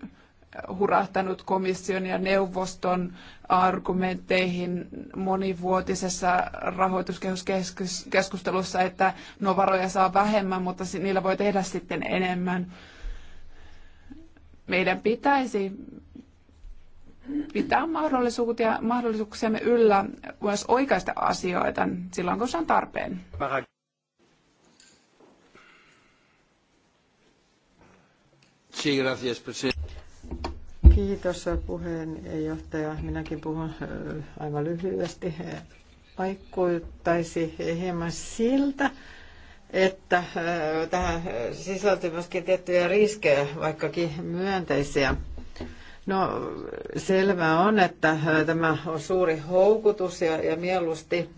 hurahtanut komission ja neuvoston argumentteihin monivuotisessa rahoituskehyskeskustelussa, että nuo varoja saa vähemmän, mutta niillä voi tehdä sitten enemmän. Meidän pitäisi pitää mahdollisuuksia, mahdollisuuksiamme yllä myös oikaista asioita silloin, kun se on tarpeen. Sí, gracias, presidente. Kiitos puheenjohtaja. Minäkin puhun aivan lyhyesti. Vaikuttaisi hieman siltä, että tähän sisältyy myöskin tiettyjä riskejä, vaikkakin myönteisiä. No selvää on, että tämä on suuri houkutus ja, ja mieluusti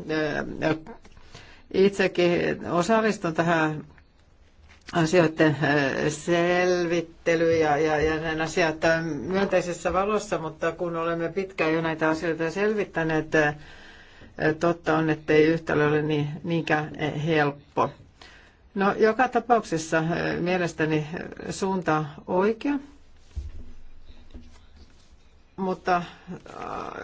itsekin osallistun tähän asioiden äh, selvittely ja, ja, ja näin asiat äh, myönteisessä valossa, mutta kun olemme pitkään jo näitä asioita selvittäneet, äh, totta on, että ei yhtälö ole niin, niinkään helppo. No, joka tapauksessa mielestäni suunta oikea, mutta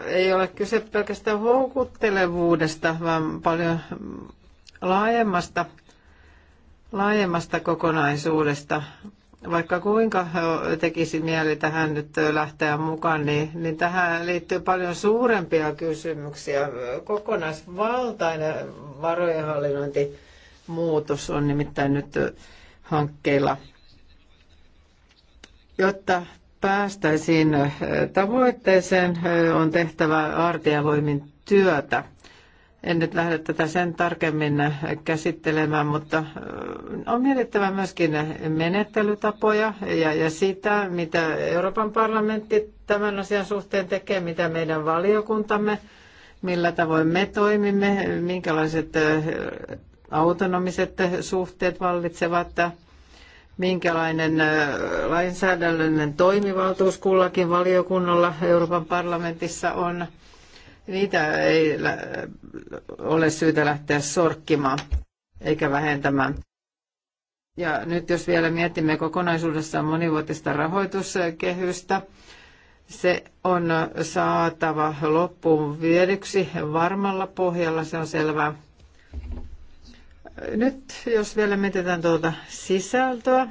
ei ole kyse pelkästään houkuttelevuudesta, vaan paljon laajemmasta laajemmasta kokonaisuudesta. Vaikka kuinka tekisi mieli tähän nyt lähteä mukaan, niin, niin tähän liittyy paljon suurempia kysymyksiä. Kokonaisvaltainen varojenhallinnointi muutos on nimittäin nyt hankkeilla. Jotta päästäisiin tavoitteeseen, on tehtävä artiavoimin työtä. En nyt lähde tätä sen tarkemmin käsittelemään, mutta on mietittävä myöskin menettelytapoja ja, ja sitä, mitä Euroopan parlamentti tämän asian suhteen tekee, mitä meidän valiokuntamme, millä tavoin me toimimme, minkälaiset autonomiset suhteet vallitsevat, minkälainen lainsäädännöllinen toimivaltuus kullakin valiokunnalla Euroopan parlamentissa on – niitä ei ole syytä lähteä sorkkimaan eikä vähentämään. Ja nyt jos vielä mietimme kokonaisuudessaan monivuotista rahoituskehystä, se on saatava loppuun viedyksi varmalla pohjalla, se on selvää. Nyt jos vielä mietitään tuota sisältöä,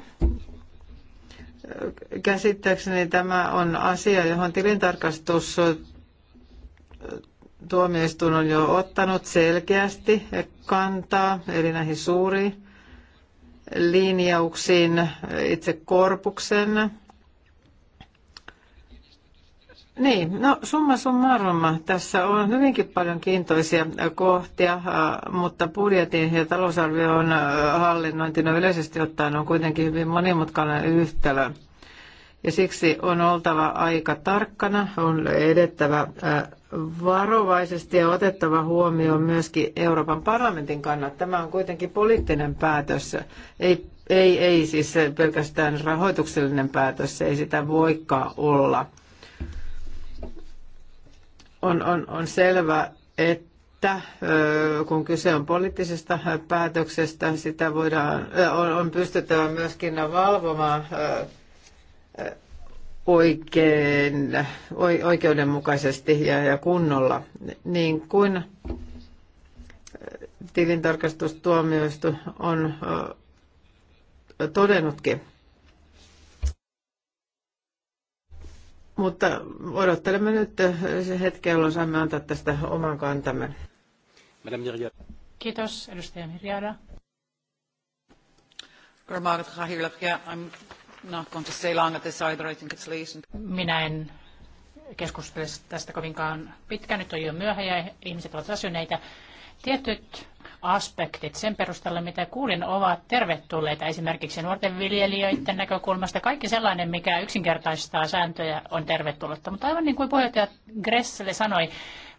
käsittääkseni tämä on asia, johon tilintarkastus tuomioistuin on jo ottanut selkeästi kantaa, eli näihin suuriin linjauksiin itse korpuksen. Niin, no summa summarum. Tässä on hyvinkin paljon kiintoisia kohtia, äh, mutta budjetin ja talousarvion äh, hallinnointi no yleisesti ottaen on kuitenkin hyvin monimutkainen yhtälö. Ja siksi on oltava aika tarkkana, on edettävä äh, varovaisesti ja otettava huomioon myöskin Euroopan parlamentin kannat. Tämä on kuitenkin poliittinen päätös, ei, ei, ei siis pelkästään rahoituksellinen päätös, ei sitä voikaan olla. On, on, on selvä, että kun kyse on poliittisesta päätöksestä, sitä voidaan, on, on pystyttävä myöskin valvomaan oikein, oikeudenmukaisesti ja, ja kunnolla. Niin kuin äh, tilintarkastustuomioistu on äh, todennutkin. Mutta odottelemme nyt äh, se hetki, jolloin saamme antaa tästä oman kantamme. Kiitos, edustaja Mirjada. Minä en keskustele tästä kovinkaan pitkään. Nyt on jo myöhä ja ihmiset ovat väsyneitä. Tietyt aspektit sen perusteella, mitä kuulin, ovat tervetulleita esimerkiksi nuorten viljelijöiden näkökulmasta. Kaikki sellainen, mikä yksinkertaistaa sääntöjä, on tervetullutta. Mutta aivan niin kuin puheenjohtaja Gresselle sanoi,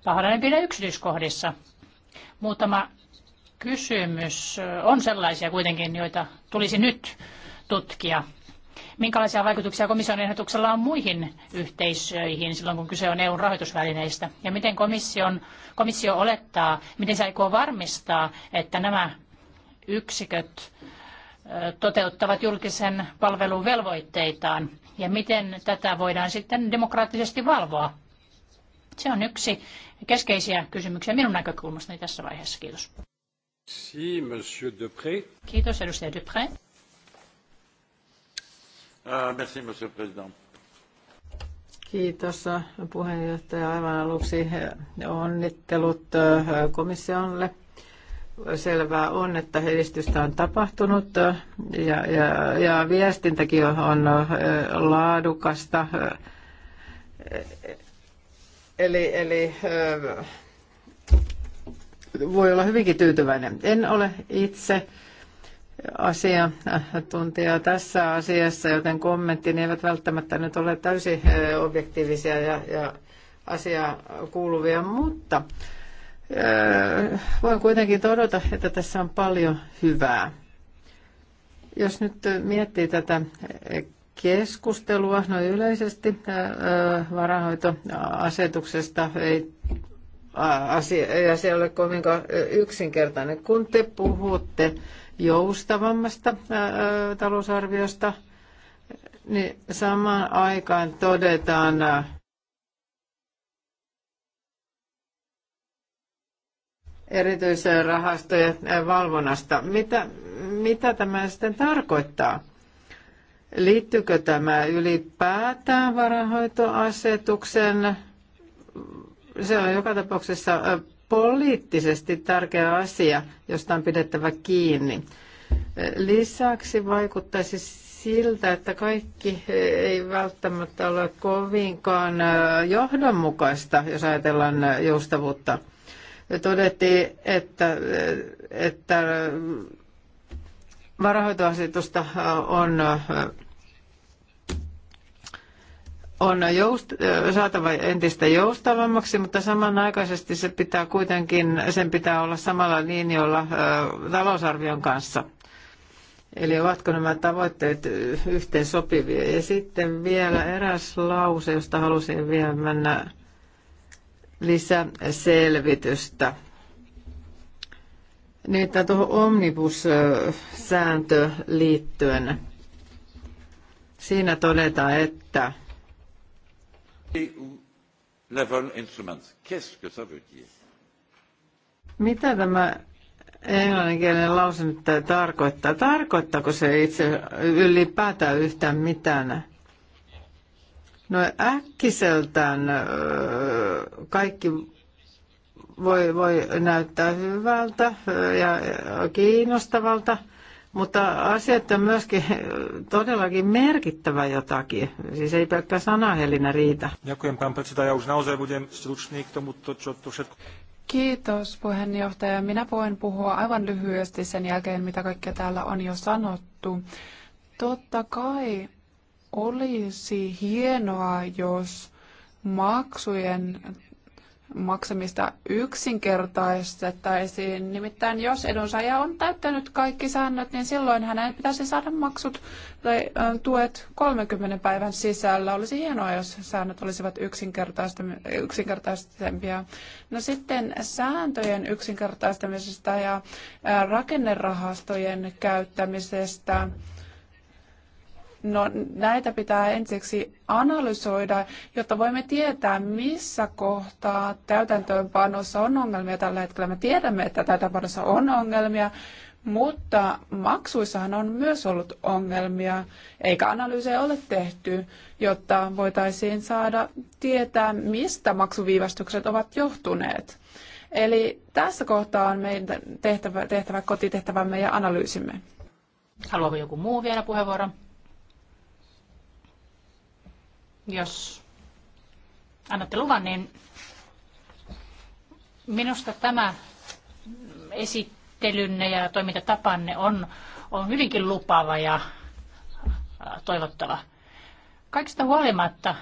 pahoillani pidä yksityiskohdissa. Muutama kysymys on sellaisia kuitenkin, joita tulisi nyt tutkia minkälaisia vaikutuksia komission ehdotuksella on muihin yhteisöihin silloin, kun kyse on EUn rahoitusvälineistä? Ja miten komission, komissio olettaa, miten se aikoo varmistaa, että nämä yksiköt toteuttavat julkisen palvelun velvoitteitaan ja miten tätä voidaan sitten demokraattisesti valvoa? Se on yksi keskeisiä kysymyksiä minun näkökulmastani tässä vaiheessa. Kiitos. Si, Kiitos, edustaja Dupré. Euh, merci, monsieur president. Kiitos puheenjohtaja. Aivan aluksi eh, onnittelut eh, komissiolle. Selvää on, että edistystä on tapahtunut eh, ja, ja, ja viestintäkin on laadukasta. Eli, eli voi olla hyvinkin tyytyväinen. En ole itse asiantuntija tässä asiassa, joten kommenttini eivät välttämättä nyt ole täysin objektiivisia ja, ja asiaa kuuluvia, mutta voin kuitenkin todeta, että tässä on paljon hyvää. Jos nyt miettii tätä keskustelua noin yleisesti varahoitoasetuksesta, ei asia, ei asia ole kovinkaan yksinkertainen. Kun te puhutte joustavammasta talousarviosta, niin samaan aikaan todetaan, rahastojen valvonnasta. Mitä, mitä tämä sitten tarkoittaa? Liittyykö tämä ylipäätään varahoitoasetuksen? Se on joka tapauksessa poliittisesti tärkeä asia, josta on pidettävä kiinni. Lisäksi vaikuttaisi siltä, että kaikki ei välttämättä ole kovinkaan johdonmukaista, jos ajatellaan joustavuutta. Todettiin, että, että varahoitoasetusta on on joust- saatava entistä joustavammaksi, mutta samanaikaisesti se pitää kuitenkin, sen pitää olla samalla linjoilla talousarvion kanssa. Eli ovatko nämä tavoitteet yhteen sopivia? Ja sitten vielä eräs lause, josta halusin vielä mennä lisäselvitystä. Niin tuohon omnibus-sääntöön liittyen. Siinä todetaan, että Level instruments. Qu'est-ce que ça veut dire? Mitä tämä englanninkielinen lause nyt tarkoittaa? Tarkoittaako se itse ylipäätään yhtään mitään? No äkkiseltään kaikki voi, voi näyttää hyvältä ja kiinnostavalta – mutta asiat on myöskin todellakin merkittävä jotakin. Siis ei pelkkä sanahelinä riitä. Kiitos puheenjohtaja. Minä voin puhua aivan lyhyesti sen jälkeen, mitä kaikkea täällä on jo sanottu. Totta kai olisi hienoa, jos maksujen maksamista yksinkertaistettaisiin. Nimittäin jos edunsaaja on täyttänyt kaikki säännöt, niin silloin hänen pitäisi saada maksut tai tuet 30 päivän sisällä. Olisi hienoa, jos säännöt olisivat yksinkertaistempia. No sitten sääntöjen yksinkertaistamisesta ja rakennerahastojen käyttämisestä. No näitä pitää ensiksi analysoida, jotta voimme tietää, missä kohtaa täytäntöönpanossa on ongelmia tällä hetkellä. Me tiedämme, että täytäntöönpanossa on ongelmia, mutta maksuissahan on myös ollut ongelmia, eikä analyysejä ole tehty, jotta voitaisiin saada tietää, mistä maksuviivästykset ovat johtuneet. Eli tässä kohtaa on meidän tehtävä, tehtävä kotitehtävämme ja analyysimme. Haluaako joku muu vielä puheenvuoron? Jos annatte luvan, niin minusta tämä esittelynne ja toimintatapanne on, on hyvinkin lupaava ja toivottava. Kaikista huolimatta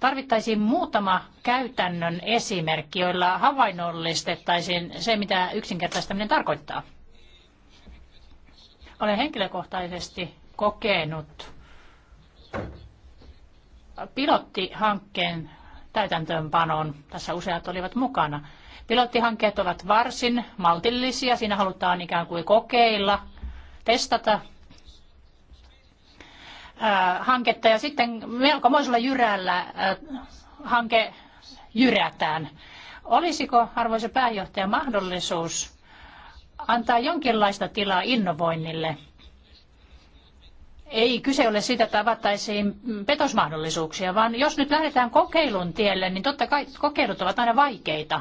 tarvittaisiin muutama käytännön esimerkki, joilla havainnollistettaisiin se, mitä yksinkertaistaminen tarkoittaa. Olen henkilökohtaisesti kokenut pilottihankkeen täytäntöönpanon. Tässä useat olivat mukana. Pilottihankkeet ovat varsin maltillisia. Siinä halutaan ikään kuin kokeilla, testata hanketta ja sitten melkomoisella jyrällä hanke jyrätään. Olisiko, arvoisa pääjohtaja, mahdollisuus antaa jonkinlaista tilaa innovoinnille – ei kyse ole siitä, että avattaisiin petosmahdollisuuksia, vaan jos nyt lähdetään kokeilun tielle, niin totta kai kokeilut ovat aina vaikeita.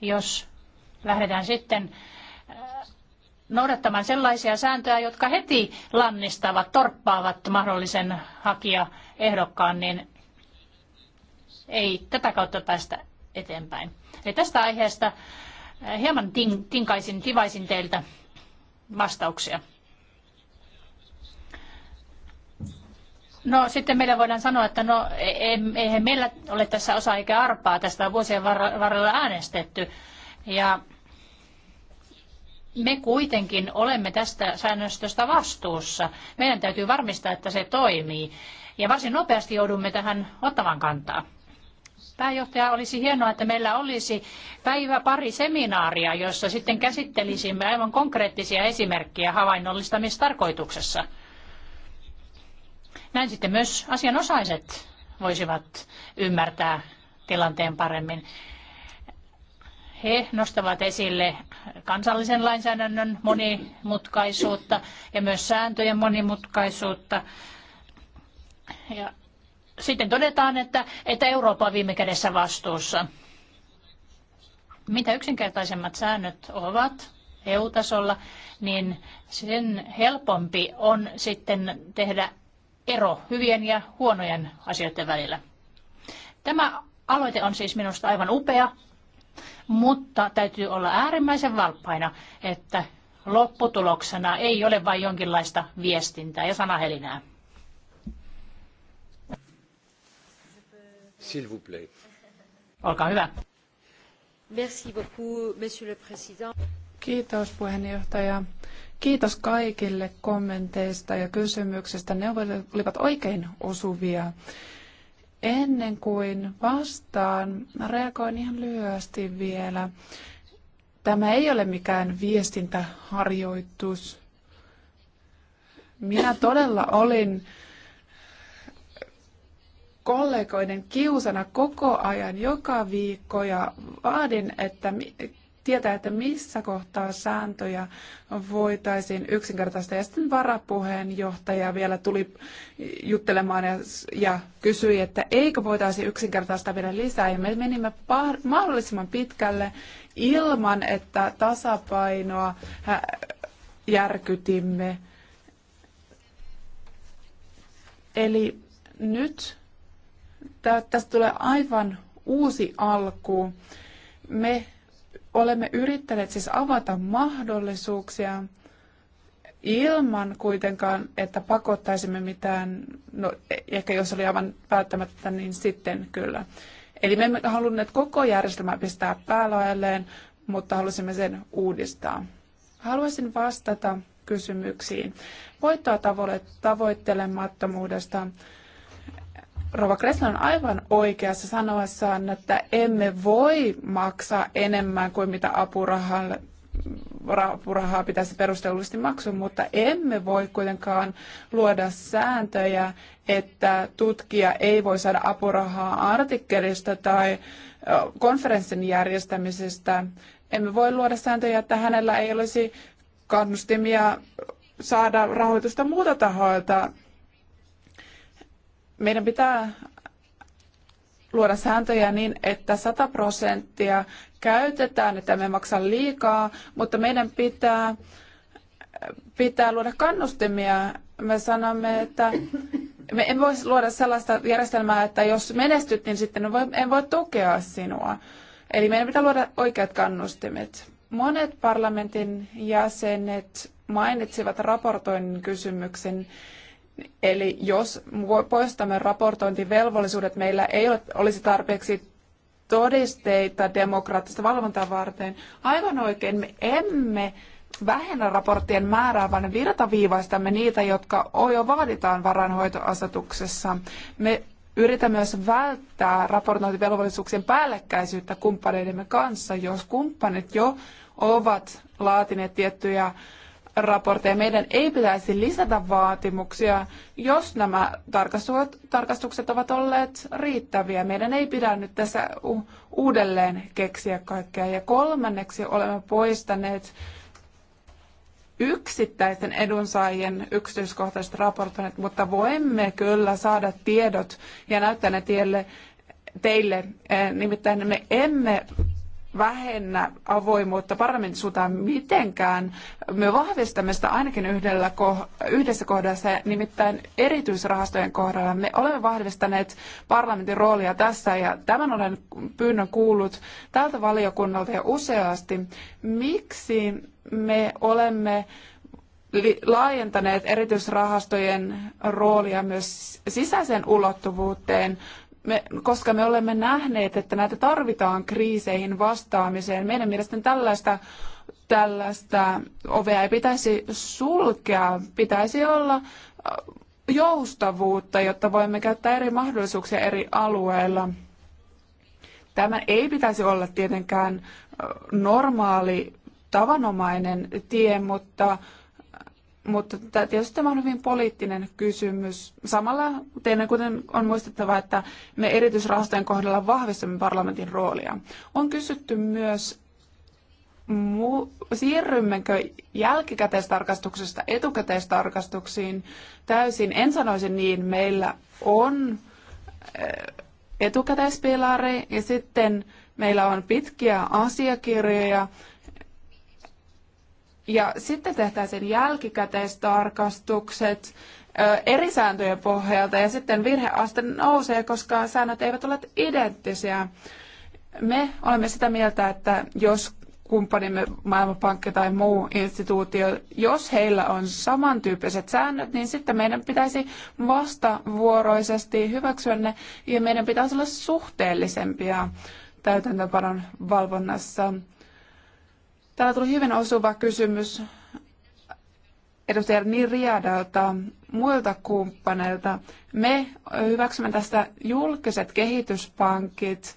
Jos lähdetään sitten äh, noudattamaan sellaisia sääntöjä, jotka heti lannistavat, torppaavat mahdollisen hakijaehdokkaan, niin ei tätä kautta päästä eteenpäin. Eli tästä aiheesta äh, hieman tinkaisin, tivaisin teiltä vastauksia. No sitten meillä voidaan sanoa, että no e- eihän meillä ole tässä osa eikä arpaa, tästä on vuosien varrella äänestetty. Ja me kuitenkin olemme tästä säännöstöstä vastuussa. Meidän täytyy varmistaa, että se toimii. Ja varsin nopeasti joudumme tähän ottavan kantaa. Pääjohtaja, olisi hienoa, että meillä olisi päivä pari seminaaria, jossa sitten käsittelisimme aivan konkreettisia esimerkkejä havainnollistamistarkoituksessa. Näin sitten myös asianosaiset voisivat ymmärtää tilanteen paremmin. He nostavat esille kansallisen lainsäädännön monimutkaisuutta ja myös sääntöjen monimutkaisuutta. Ja sitten todetaan, että, että Eurooppa on viime kädessä vastuussa. Mitä yksinkertaisemmat säännöt ovat EU-tasolla, niin sen helpompi on sitten tehdä ero hyvien ja huonojen asioiden välillä. Tämä aloite on siis minusta aivan upea, mutta täytyy olla äärimmäisen valppaina, että lopputuloksena ei ole vain jonkinlaista viestintää ja sanahelinää. S'il vous plaît. Olkaa hyvä. Merci beaucoup, monsieur le président. Kiitos puheenjohtaja. Kiitos kaikille kommenteista ja kysymyksistä. Ne olivat oikein osuvia. Ennen kuin vastaan, reagoin ihan lyhyesti vielä. Tämä ei ole mikään viestintäharjoitus. Minä todella olin kollegoiden kiusana koko ajan, joka viikko ja vaadin, että tietää, että missä kohtaa sääntöjä voitaisiin yksinkertaista. Ja sitten varapuheenjohtaja vielä tuli juttelemaan ja, ja kysyi, että eikö voitaisiin yksinkertaista vielä lisää. Ja me menimme mahdollisimman pitkälle ilman, että tasapainoa järkytimme. Eli nyt tästä tulee aivan uusi alku. Me olemme yrittäneet siis avata mahdollisuuksia ilman kuitenkaan, että pakottaisimme mitään, no e, ehkä jos oli aivan päättämättä, niin sitten kyllä. Eli me emme halunneet koko järjestelmää pistää päälaelleen, mutta halusimme sen uudistaa. Haluaisin vastata kysymyksiin. Voittoa tavoittelemattomuudesta. Rova Kressler on aivan oikeassa sanoessaan, että emme voi maksaa enemmän kuin mitä apurahalle apurahaa pitäisi perustellusti maksua, mutta emme voi kuitenkaan luoda sääntöjä, että tutkija ei voi saada apurahaa artikkelista tai konferenssin järjestämisestä. Emme voi luoda sääntöjä, että hänellä ei olisi kannustimia saada rahoitusta muuta tahoilta meidän pitää luoda sääntöjä niin, että 100 prosenttia käytetään, että me maksa liikaa, mutta meidän pitää, pitää luoda kannustimia. Me sanomme, että me en voi luoda sellaista järjestelmää, että jos menestyt, niin sitten en voi tukea sinua. Eli meidän pitää luoda oikeat kannustimet. Monet parlamentin jäsenet mainitsivat raportoinnin kysymyksen. Eli jos poistamme raportointivelvollisuudet, meillä ei ole, olisi tarpeeksi todisteita demokraattista valvontaa varten. Aivan oikein, me emme vähennä raporttien määrää, vaan virtaviivaistamme niitä, jotka jo vaaditaan varainhoitoasetuksessa. Me yritämme myös välttää raportointivelvollisuuksien päällekkäisyyttä kumppaneidemme kanssa, jos kumppanit jo ovat laatineet tiettyjä raportteja. Meidän ei pitäisi lisätä vaatimuksia, jos nämä tarkastukset ovat olleet riittäviä. Meidän ei pidä nyt tässä uudelleen keksiä kaikkea. Ja kolmanneksi olemme poistaneet yksittäisten edunsaajien yksityiskohtaiset raportoinnit, mutta voimme kyllä saada tiedot ja näyttää ne tielle, teille. Eh, nimittäin me emme vähennä avoimuutta parlamentin suuntaan mitenkään. Me vahvistamme sitä ainakin yhdellä yhdessä kohdassa, nimittäin erityisrahastojen kohdalla. Me olemme vahvistaneet parlamentin roolia tässä ja tämän olen pyynnön kuullut tältä valiokunnalta jo useasti. Miksi me olemme laajentaneet erityisrahastojen roolia myös sisäiseen ulottuvuuteen me, koska me olemme nähneet, että näitä tarvitaan kriiseihin vastaamiseen. Meidän mielestäni tällaista, tällaista ovea ei pitäisi sulkea, pitäisi olla joustavuutta, jotta voimme käyttää eri mahdollisuuksia eri alueilla. Tämä ei pitäisi olla tietenkään normaali, tavanomainen tie, mutta mutta tietysti tämä on hyvin poliittinen kysymys. Samalla teidän kuten on muistettava, että me erityisrahastojen kohdalla vahvistamme parlamentin roolia. On kysytty myös, siirrymmekö jälkikäteistarkastuksesta etukäteistarkastuksiin täysin. En sanoisi niin, meillä on eh, etukäteispilari ja sitten meillä on pitkiä asiakirjoja, ja sitten tehtäisiin jälkikäteistarkastukset eri sääntöjen pohjalta ja sitten virheaste nousee, koska säännöt eivät ole identtisiä. Me olemme sitä mieltä, että jos kumppanimme Maailmanpankki tai muu instituutio, jos heillä on samantyyppiset säännöt, niin sitten meidän pitäisi vastavuoroisesti hyväksyä ne ja meidän pitäisi olla suhteellisempia täytäntöpanon valvonnassa. Täällä tuli hyvin osuva kysymys edustaja Niriadalta muilta kumppaneilta. Me hyväksymme tästä julkiset kehityspankit.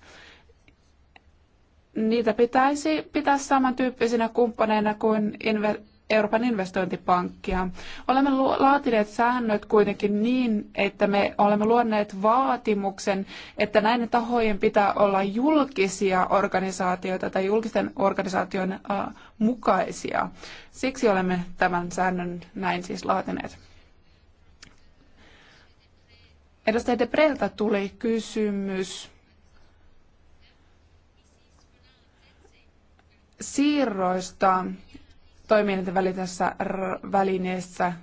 Niitä pitäisi pitää samantyyppisinä kumppaneina kuin inve- Euroopan investointipankkia. Olemme laatineet säännöt kuitenkin niin, että me olemme luonneet vaatimuksen, että näiden tahojen pitää olla julkisia organisaatioita tai julkisten organisaation äh, mukaisia. Siksi olemme tämän säännön näin siis laatineet. Edustaja Debreltä tuli kysymys siirroista toimijoiden välisessä välineessä.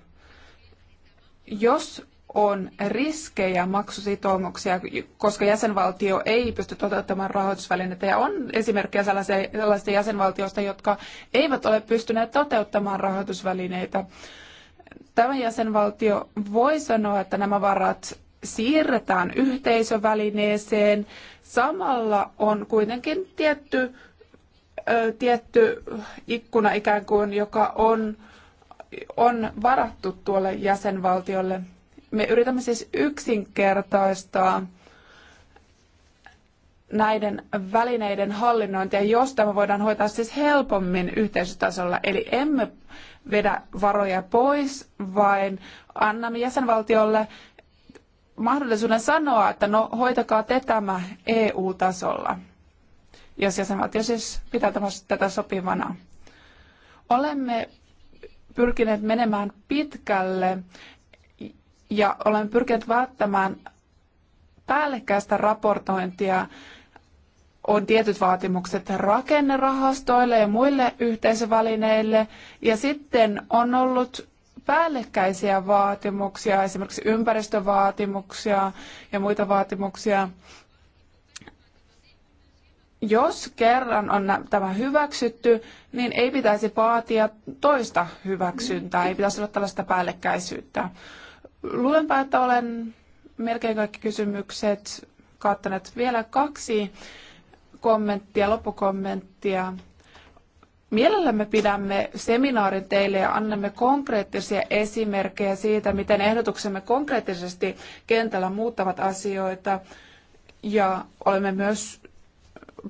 Jos on riskejä maksusitoumuksia, koska jäsenvaltio ei pysty toteuttamaan rahoitusvälinettä. Ja on esimerkkejä sellaisista jäsenvaltioista, jotka eivät ole pystyneet toteuttamaan rahoitusvälineitä. Tämä jäsenvaltio voi sanoa, että nämä varat siirretään yhteisövälineeseen. Samalla on kuitenkin tietty tietty ikkuna ikään kuin, joka on, on varattu tuolle jäsenvaltiolle. Me yritämme siis yksinkertaistaa näiden välineiden hallinnointia, jos tämä voidaan hoitaa siis helpommin yhteisötasolla. Eli emme vedä varoja pois, vaan annamme jäsenvaltiolle mahdollisuuden sanoa, että no hoitakaa te tämä EU-tasolla jos jäsenvaltio siis pitää tätä sopivana. Olemme pyrkineet menemään pitkälle ja olemme pyrkineet välttämään päällekkäistä raportointia. On tietyt vaatimukset rakennerahastoille ja muille yhteisövälineille. Ja sitten on ollut päällekkäisiä vaatimuksia, esimerkiksi ympäristövaatimuksia ja muita vaatimuksia. Jos kerran on tämä hyväksytty, niin ei pitäisi vaatia toista hyväksyntää, ei pitäisi olla tällaista päällekkäisyyttä. Luulenpa, että olen melkein kaikki kysymykset kattanut. Vielä kaksi kommenttia, loppukommenttia. Mielellämme pidämme seminaarin teille ja annamme konkreettisia esimerkkejä siitä, miten ehdotuksemme konkreettisesti kentällä muuttavat asioita. Ja olemme myös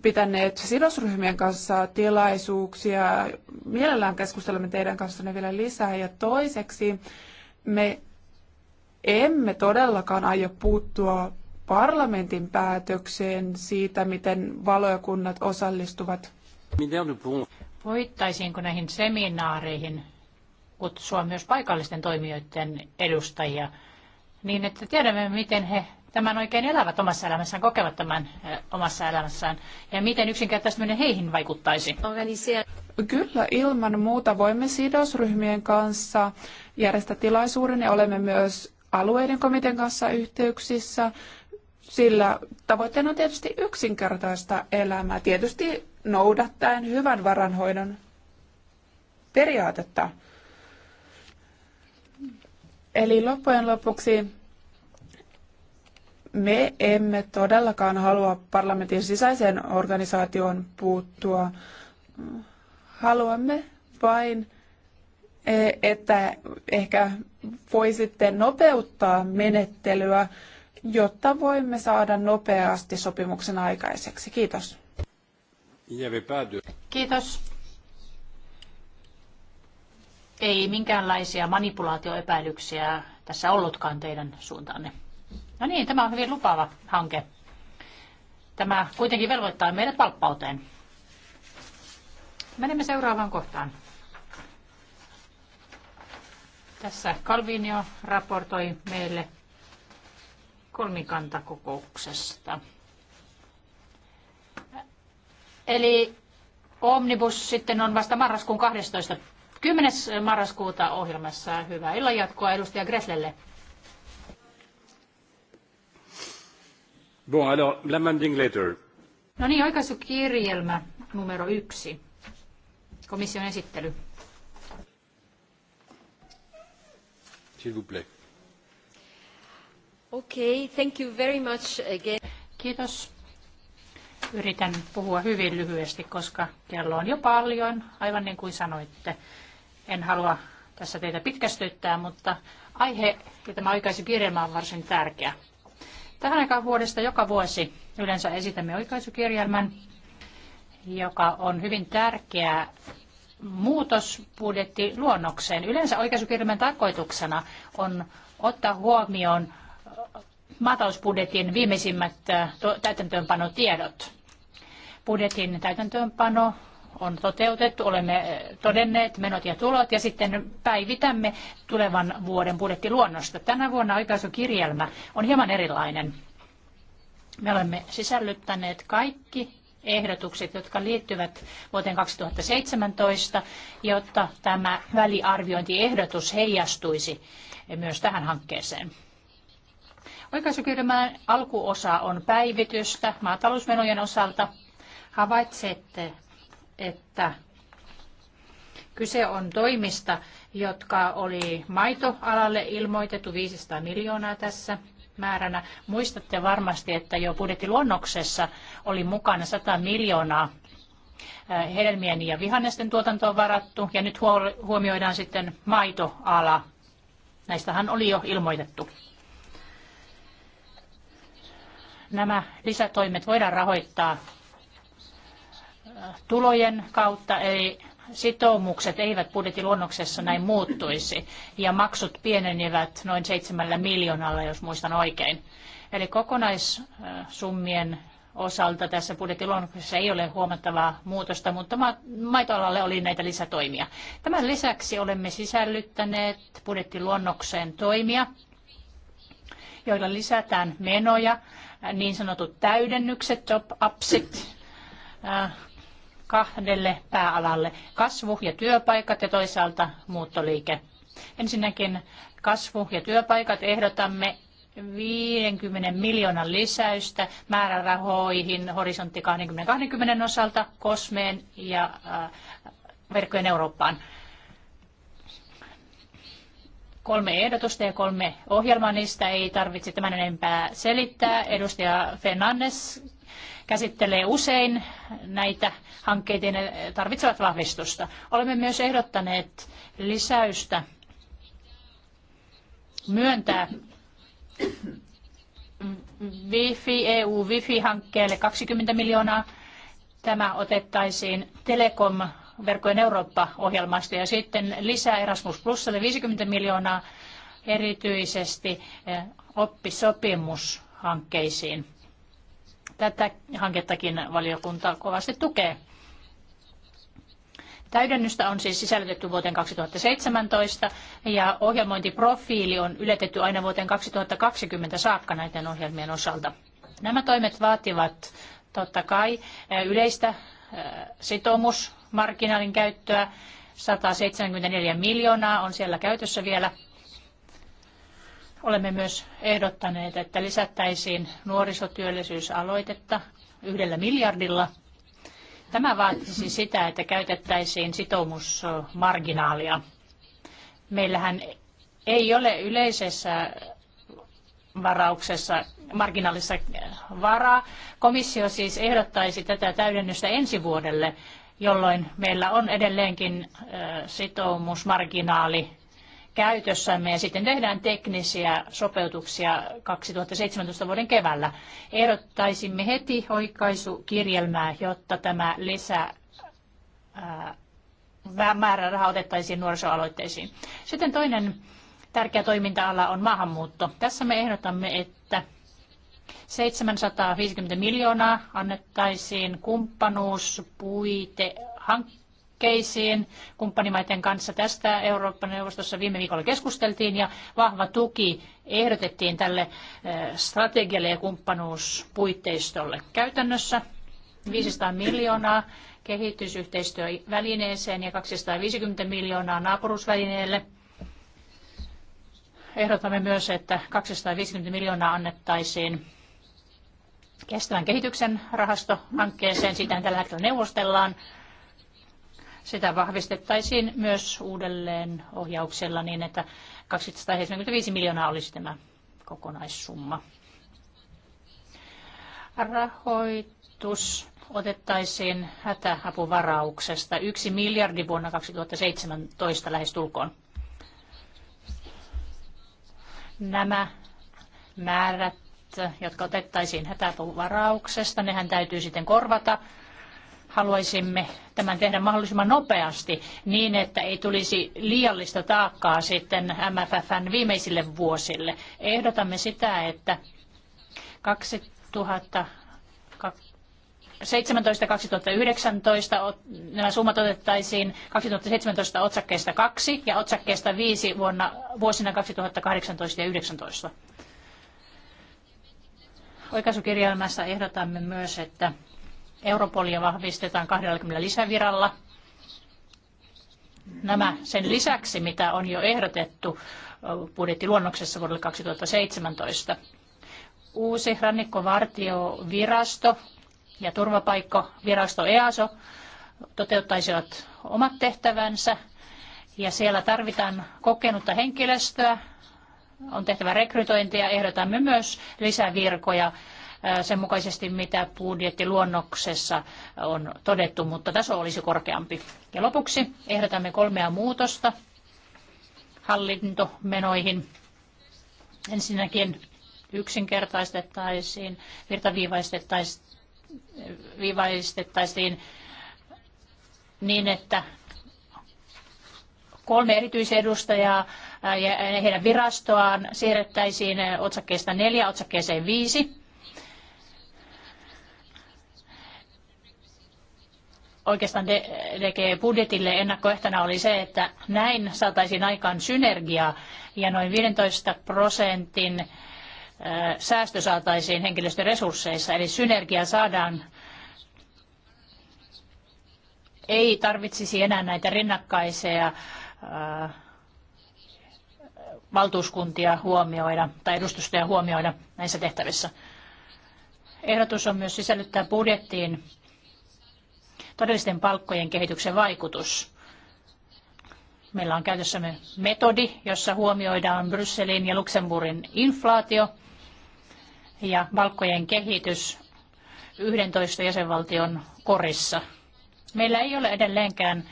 pitäneet sidosryhmien kanssa tilaisuuksia. Mielellään keskustelemme teidän kanssanne vielä lisää. Ja toiseksi me emme todellakaan aio puuttua parlamentin päätökseen siitä, miten valokunnat osallistuvat. Voittaisiinko näihin seminaareihin kutsua myös paikallisten toimijoiden edustajia niin, että tiedämme, miten he tämän oikein elävät omassa elämässään, kokevat tämän omassa elämässään ja miten yksinkertaistaminen heihin vaikuttaisi? Kyllä, ilman muuta voimme sidosryhmien kanssa järjestää tilaisuuden ja olemme myös alueiden komitean kanssa yhteyksissä, sillä tavoitteena on tietysti yksinkertaista elämää, tietysti noudattaen hyvän varanhoidon periaatetta. Eli loppujen lopuksi me emme todellakaan halua parlamentin sisäiseen organisaatioon puuttua. Haluamme vain, e, että ehkä voisitte nopeuttaa menettelyä, jotta voimme saada nopeasti sopimuksen aikaiseksi. Kiitos. Kiitos. Ei minkäänlaisia manipulaatioepäilyksiä tässä ollutkaan teidän suuntaanne. No niin, tämä on hyvin lupaava hanke. Tämä kuitenkin velvoittaa meidät valppauteen. Menemme seuraavaan kohtaan. Tässä Calvinio raportoi meille kolmikantakokouksesta. Eli Omnibus sitten on vasta marraskuun 12. 10. marraskuuta ohjelmassa. Hyvää illan jatkoa edustaja Greslelle. Bon, alors, l'amending letter. No niin, oikaisukirjelmä numero yksi. Komission esittely. S'il vous plaît. Okay, thank you very much again. Kiitos. Yritän puhua hyvin lyhyesti, koska kello on jo paljon, aivan niin kuin sanoitte. En halua tässä teitä pitkästyttää, mutta aihe ja tämä oikaisu kirjelmä on varsin tärkeä. Tähän aikaan vuodesta joka vuosi yleensä esitämme oikaisukirjelmän, joka on hyvin tärkeä muutosbudjetti luonnokseen. Yleensä oikaisukirjelmän tarkoituksena on ottaa huomioon maatalousbudjetin viimeisimmät täytäntöönpanotiedot. Budjetin täytäntöönpano on toteutettu, olemme eh, todenneet menot ja tulot ja sitten päivitämme tulevan vuoden budjettiluonnosta. Tänä vuonna oikaisukirjelmä on hieman erilainen. Me olemme sisällyttäneet kaikki ehdotukset, jotka liittyvät vuoteen 2017, jotta tämä väliarviointiehdotus heijastuisi myös tähän hankkeeseen. Oikaisukirjelmän alkuosa on päivitystä maatalousmenojen osalta. Havaitsette että kyse on toimista, jotka oli maitoalalle ilmoitettu 500 miljoonaa tässä määränä. Muistatte varmasti, että jo budjettiluonnoksessa oli mukana 100 miljoonaa eh, hedelmien ja vihannesten tuotantoon varattu, ja nyt huomioidaan sitten maitoala. Näistähän oli jo ilmoitettu. Nämä lisätoimet voidaan rahoittaa tulojen kautta, eli sitoumukset eivät budjettiluonnoksessa näin muuttuisi ja maksut pienenivät noin seitsemällä miljoonalla, jos muistan oikein. Eli kokonaissummien osalta tässä budjettiluonnoksessa ei ole huomattavaa muutosta, mutta maitoalalle oli näitä lisätoimia. Tämän lisäksi olemme sisällyttäneet budjettiluonnokseen toimia, joilla lisätään menoja, niin sanotut täydennykset, top-upsit, kahdelle pääalalle. Kasvu ja työpaikat ja toisaalta muuttoliike. Ensinnäkin kasvu ja työpaikat ehdotamme 50 miljoonan lisäystä määrärahoihin horisontti 2020 osalta Kosmeen ja äh, verkkojen Eurooppaan. Kolme ehdotusta ja kolme ohjelmaa, niistä ei tarvitse tämän enempää selittää. Edustaja Fernandes käsittelee usein näitä hankkeita ja ne tarvitsevat vahvistusta. Olemme myös ehdottaneet lisäystä myöntää Wifi EU Wifi-hankkeelle 20 miljoonaa. Tämä otettaisiin Telekom verkkojen Eurooppa-ohjelmasta ja sitten lisää Erasmus Plusalle 50 miljoonaa erityisesti eh, oppisopimushankkeisiin. Tätä hankettakin valiokunta kovasti tukee. Täydennystä on siis sisällytetty vuoteen 2017 ja ohjelmointiprofiili on yletetty aina vuoteen 2020 saakka näiden ohjelmien osalta. Nämä toimet vaativat totta kai eh, yleistä eh, sitoumusmarginaalin käyttöä. 174 miljoonaa on siellä käytössä vielä Olemme myös ehdottaneet, että lisättäisiin nuorisotyöllisyysaloitetta yhdellä miljardilla. Tämä vaatisi sitä, että käytettäisiin sitoumusmarginaalia. Meillähän ei ole yleisessä varauksessa marginaalissa varaa. Komissio siis ehdottaisi tätä täydennystä ensi vuodelle, jolloin meillä on edelleenkin sitoumusmarginaali käytössämme ja sitten tehdään teknisiä sopeutuksia 2017 vuoden keväällä. Ehdottaisimme heti oikaisukirjelmää, jotta tämä lisä määräraha otettaisiin nuorisoaloitteisiin. Sitten toinen tärkeä toiminta-ala on maahanmuutto. Tässä me ehdotamme, että 750 miljoonaa annettaisiin kumppanuuspuite hankkeisiin kumppanimaiden kanssa. Tästä Euroopan neuvostossa viime viikolla keskusteltiin ja vahva tuki ehdotettiin tälle eh, strategialle ja kumppanuuspuitteistolle. Käytännössä 500 miljoonaa kehitysyhteistyövälineeseen ja 250 miljoonaa naapuruusvälineelle. Ehdotamme myös, että 250 miljoonaa annettaisiin kestävän kehityksen rahastohankkeeseen. Sitä tällä hetkellä neuvostellaan. Sitä vahvistettaisiin myös uudelleen ohjauksella niin, että 275 miljoonaa olisi tämä kokonaissumma. Rahoitus otettaisiin hätäapuvarauksesta yksi miljardi vuonna 2017 lähestulkoon. Nämä määrät, jotka otettaisiin hätäapuvarauksesta, nehän täytyy sitten korvata haluaisimme tämän tehdä mahdollisimman nopeasti niin, että ei tulisi liiallista taakkaa sitten MFFn viimeisille vuosille. Ehdotamme sitä, että 2017-2019 nämä summat otettaisiin 2017 otsakkeesta 2 ja otsakkeesta 5 vuonna, vuosina 2018 ja 2019. Oikaisukirjelmässä ehdotamme myös, että Europolia vahvistetaan 20 lisäviralla. Nämä sen lisäksi, mitä on jo ehdotettu budjettiluonnoksessa vuodelle 2017. Uusi rannikkovartiovirasto ja turvapaikkavirasto EASO toteuttaisivat omat tehtävänsä ja siellä tarvitaan kokenutta henkilöstöä, on tehtävä rekrytointia, ehdotamme myös lisävirkoja sen mukaisesti, mitä budjettiluonnoksessa on todettu, mutta taso olisi korkeampi. Ja lopuksi ehdotamme kolmea muutosta hallintomenoihin. Ensinnäkin yksinkertaistettaisiin, virtaviivaistettaisiin niin, että kolme erityisedustajaa ja heidän virastoaan siirrettäisiin otsakkeesta neljä otsakkeeseen viisi. Oikeastaan DG-budjetille ennakkoehtona oli se, että näin saataisiin aikaan synergiaa ja noin 15 prosentin säästö saataisiin henkilöstöresursseissa, eli synergia saadaan ei tarvitsisi enää näitä rinnakkaisia valtuuskuntia huomioida tai edustustoja huomioida näissä tehtävissä. Ehdotus on myös sisällyttää budjettiin todellisten palkkojen kehityksen vaikutus. Meillä on käytössämme metodi, jossa huomioidaan Brysselin ja Luxemburgin inflaatio ja palkkojen kehitys 11 jäsenvaltion korissa. Meillä ei ole edelleenkään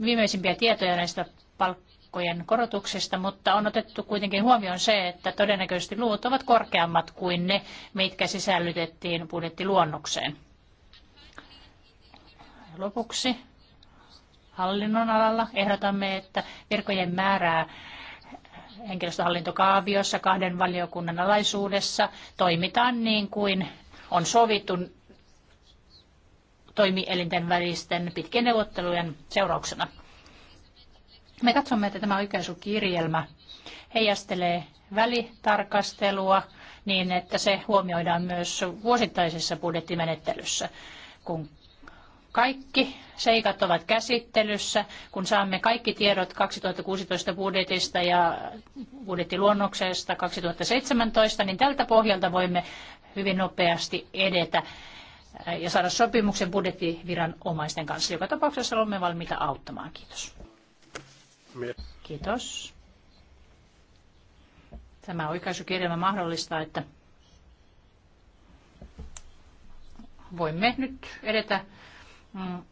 viimeisimpiä tietoja näistä palkkojen korotuksista, mutta on otettu kuitenkin huomioon se, että todennäköisesti luvut ovat korkeammat kuin ne, mitkä sisällytettiin budjettiluonnokseen lopuksi hallinnon alalla ehdotamme, että virkojen määrää henkilöstöhallintokaaviossa kahden valiokunnan alaisuudessa toimitaan niin kuin on sovittu toimielinten välisten pitkien neuvottelujen seurauksena. Me katsomme, että tämä oikaisukirjelmä heijastelee välitarkastelua niin, että se huomioidaan myös vuosittaisessa budjettimenettelyssä, kun kaikki seikat ovat käsittelyssä, kun saamme kaikki tiedot 2016 budjetista ja budjettiluonnoksesta 2017, niin tältä pohjalta voimme hyvin nopeasti edetä ja saada sopimuksen budjettiviranomaisten kanssa. Joka tapauksessa olemme valmiita auttamaan. Kiitos. Kiitos. Tämä oikaisukirjelmä mahdollistaa, että voimme nyt edetä Mm.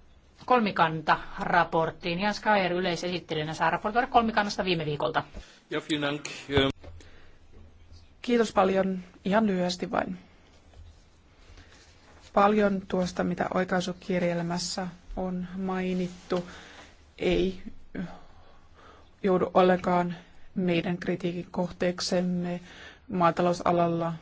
kolmikanta-raporttiin. Jans Kajer yleisesittelijänä saa raportoida kolmikannasta viime viikolta. Ja Kiitos paljon. Ihan lyhyesti vain. Paljon tuosta, mitä oikaisukirjelmässä on mainittu, ei joudu ollenkaan meidän kritiikin kohteeksemme maatalousalalla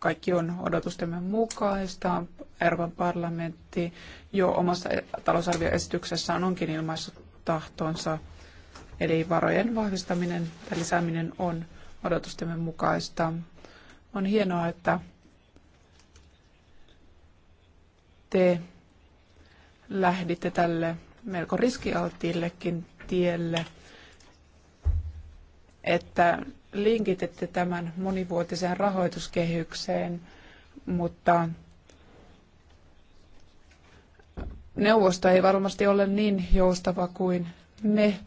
kaikki on odotustemme mukaista. Euroopan parlamentti jo omassa talousarvioesityksessään onkin ilmaissut tahtonsa. Eli varojen vahvistaminen ja lisääminen on odotustemme mukaista. On hienoa, että te lähditte tälle melko riskialttiillekin tielle, että linkitette tämän monivuotiseen rahoituskehykseen, mutta neuvosto ei varmasti ole niin joustava kuin me.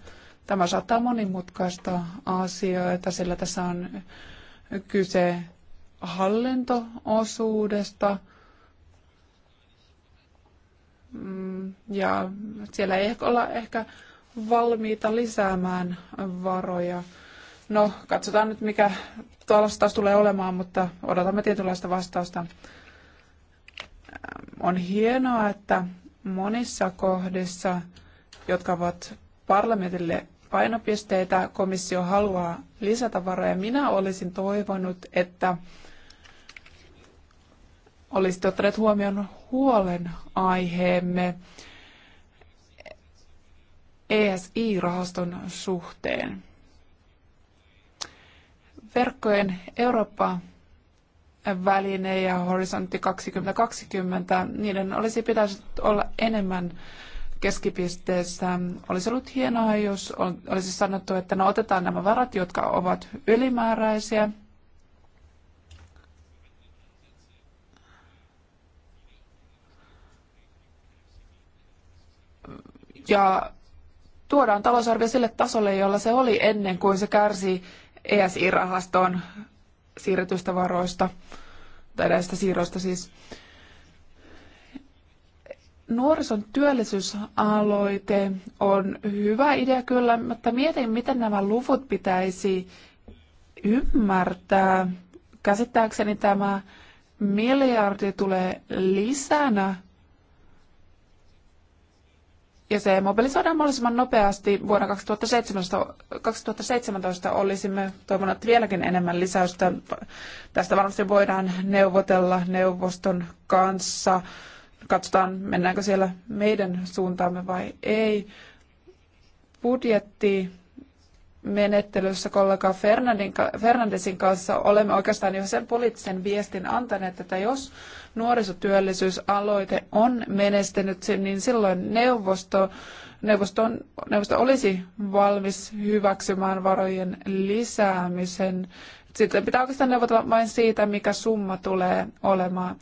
Tämä saattaa monimutkaista asioita, sillä tässä on kyse hallintoosuudesta. Mm, ja siellä ei ehkä olla ehkä valmiita lisäämään varoja No, katsotaan nyt mikä taas tulee olemaan, mutta odotamme tietynlaista vastausta. On hienoa, että monissa kohdissa, jotka ovat parlamentille painopisteitä, komissio haluaa lisätä varoja. Minä olisin toivonut, että olisitte ottaneet huomioon huolen aiheemme ESI-rahaston suhteen. Verkkojen Eurooppa väline ja Horisontti 2020, niiden olisi pitänyt olla enemmän keskipisteessä. Olisi ollut hienoa, jos olisi sanottu, että no otetaan nämä varat, jotka ovat ylimääräisiä, ja tuodaan talousarvio sille tasolle, jolla se oli ennen kuin se kärsi ESI-rahastoon siirretyistä varoista, tai näistä siirroista siis. Nuorison työllisyysaloite on hyvä idea kyllä, mutta mietin, miten nämä luvut pitäisi ymmärtää. Käsittääkseni tämä miljardi tulee lisänä ja se mobilisoidaan mahdollisimman nopeasti. Vuonna 2017, 2017 olisimme toivoneet vieläkin enemmän lisäystä. Tästä varmasti voidaan neuvotella neuvoston kanssa. Katsotaan, mennäänkö siellä meidän suuntaamme vai ei. Budjetti menettelyssä kollega Fernandesin kanssa olemme oikeastaan jo sen poliittisen viestin antaneet, että jos nuorisotyöllisyysaloite on menestynyt, niin silloin neuvosto, on, neuvosto olisi valmis hyväksymään varojen lisäämisen. Sitten pitää oikeastaan neuvotella vain siitä, mikä summa tulee olemaan.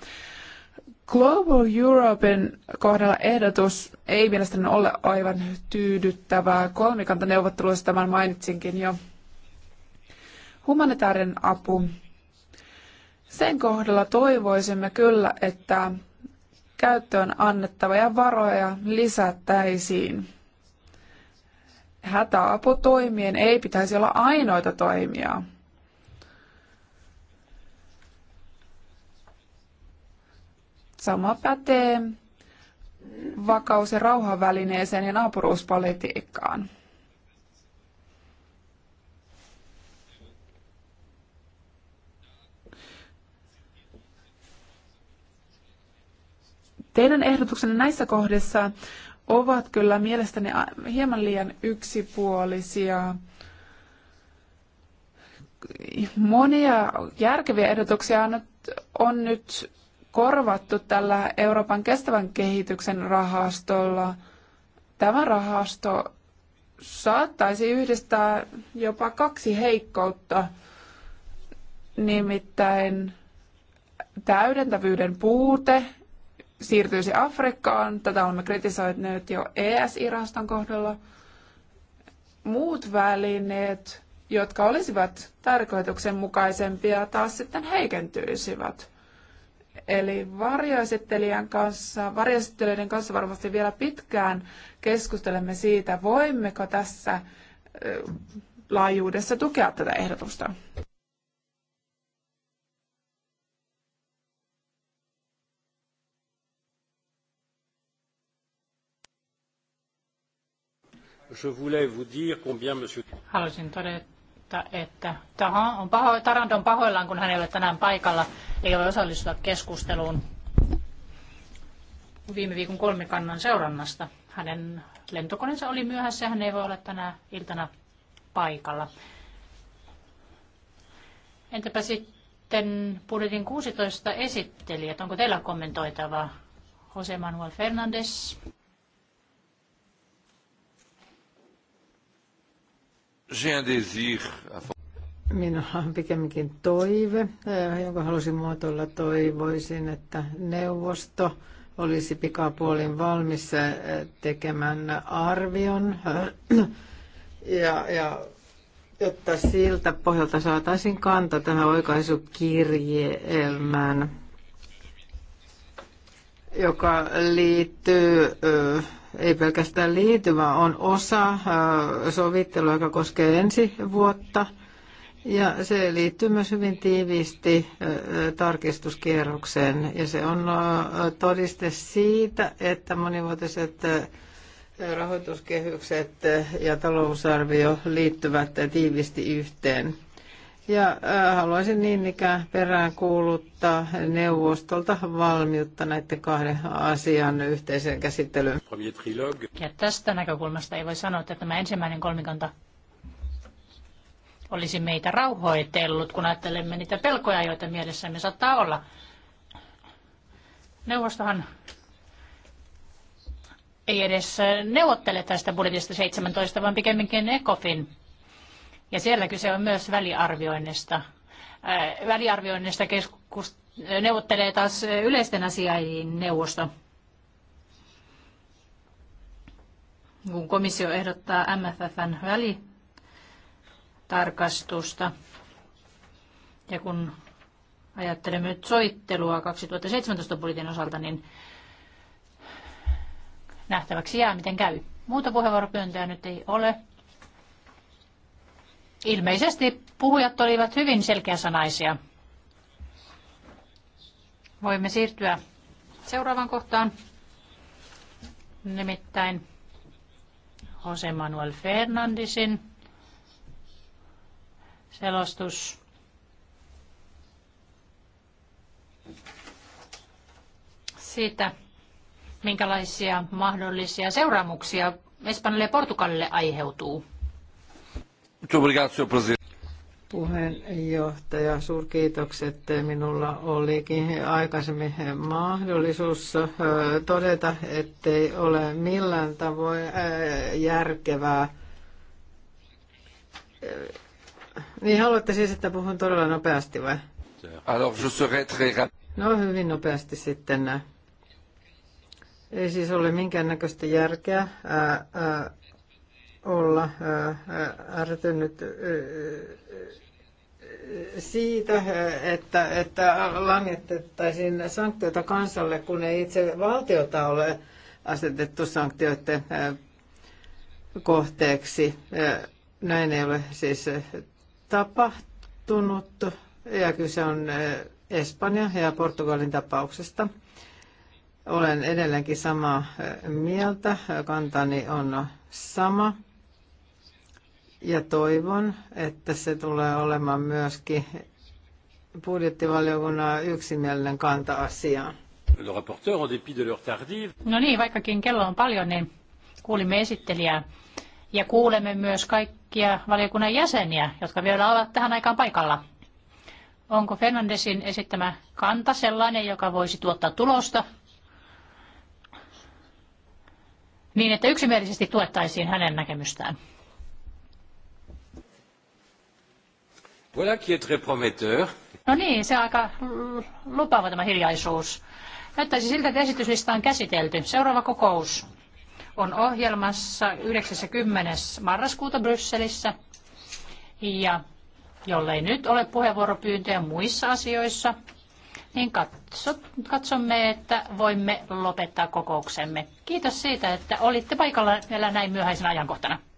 Global Europe'n kohdalla ehdotus ei mielestäni ole aivan tyydyttävää. Kolmikantaneuvotteluissa tämän mainitsinkin jo. Humanitaarinen apu. Sen kohdalla toivoisimme kyllä, että käyttöön annettavia varoja lisättäisiin. Hätäaputoimien ei pitäisi olla ainoita toimia. Sama pätee vakaus- ja rauhavälineeseen ja naapuruuspolitiikkaan. Teidän ehdotuksenne näissä kohdissa ovat kyllä mielestäni hieman liian yksipuolisia. Monia järkeviä ehdotuksia on nyt, on nyt korvattu tällä Euroopan kestävän kehityksen rahastolla. Tämä rahasto saattaisi yhdistää jopa kaksi heikkoutta, nimittäin täydentävyyden puute siirtyisi Afrikkaan. Tätä olemme kritisoineet jo ESI-rahaston kohdalla. Muut välineet, jotka olisivat tarkoituksenmukaisempia, taas sitten heikentyisivät. Eli varjoesittelijän kanssa, varjoesittelijöiden kanssa varmasti vielä pitkään keskustelemme siitä, voimmeko tässä laajuudessa tukea tätä ehdotusta. Haluaisin todeta, huomautta, että taha on paho, Tarant on pahoillaan, kun hän ei ole tänään paikalla, ei ole osallistua keskusteluun viime viikon kolmikannan seurannasta. Hänen lentokoneensa oli myöhässä ja hän ei voi olla tänä iltana paikalla. Entäpä sitten budjetin 16 esittelijät, onko teillä kommentoitavaa? Jose Manuel Fernandes. Minulla on pikemminkin toive, eh, jonka halusin muotoilla. Toivoisin, että neuvosto olisi pikapuolin valmis eh, tekemään arvion ja, ja jotta siltä pohjalta saataisiin kanta tähän oikaisukirjelmään, joka liittyy eh, ei pelkästään liity, vaan on osa sovittelua, joka koskee ensi vuotta. Ja se liittyy myös hyvin tiiviisti tarkistuskierrokseen. Ja se on todiste siitä, että monivuotiset rahoituskehykset ja talousarvio liittyvät tiiviisti yhteen. Ja äh, haluaisin niin ikään peräänkuuluttaa neuvostolta valmiutta näiden kahden asian yhteiseen käsittelyyn. Ja tästä näkökulmasta ei voi sanoa, että tämä ensimmäinen kolmikanta olisi meitä rauhoitellut, kun ajattelemme niitä pelkoja, joita mielessämme saattaa olla. Neuvostohan ei edes neuvottele tästä budjetista 17, vaan pikemminkin ECOFIN ja siellä kyse on myös väliarvioinnista. Äh, väliarvioinnista keskus, neuvottelee taas yleisten asiain neuvosto. Kun komissio ehdottaa MFFn välitarkastusta ja kun ajattelemme nyt soittelua 2017 budjetin osalta, niin nähtäväksi jää, miten käy. Muuta puheenvuoropyöntöä nyt ei ole. Ilmeisesti puhujat olivat hyvin selkeäsanaisia. Voimme siirtyä seuraavaan kohtaan. Nimittäin Jose Manuel Fernandisin selostus. Siitä, minkälaisia mahdollisia seuraamuksia Espanjalle ja Portugalille aiheutuu. Puheenjohtaja, suurkiitokset. Minulla olikin aikaisemmin mahdollisuus äh, todeta, ettei ole millään tavoin äh, järkevää. Äh, niin haluatte siis, että puhun todella nopeasti vai? No hyvin nopeasti sitten. Ei siis ole minkäännäköistä järkeä ää, ää, olla ärtynyt siitä, että, että langetettaisiin sanktioita kansalle, kun ei itse valtiota ole asetettu sanktioiden kohteeksi. Näin ei ole siis tapahtunut, ja kyse on Espanja ja Portugalin tapauksesta. Olen edelleenkin samaa mieltä, kantani on sama. Ja toivon, että se tulee olemaan myöskin budjettivaliokunnan yksimielinen kanta asiaan. No niin, vaikkakin kello on paljon, niin kuulimme esittelijää ja kuulemme myös kaikkia valiokunnan jäseniä, jotka vielä ovat tähän aikaan paikalla. Onko Fernandesin esittämä kanta sellainen, joka voisi tuottaa tulosta? Niin, että yksimielisesti tuettaisiin hänen näkemystään. Voilà qui est très prometteur. No niin, se on aika lupaava tämä hiljaisuus. Näyttäisi siltä, että esityslista on käsitelty. Seuraava kokous on ohjelmassa 90. marraskuuta Brysselissä. Ja jollei nyt ole puheenvuoropyyntöjä muissa asioissa, niin katsomme, että voimme lopettaa kokouksemme. Kiitos siitä, että olitte paikalla vielä näin myöhäisenä ajankohtana.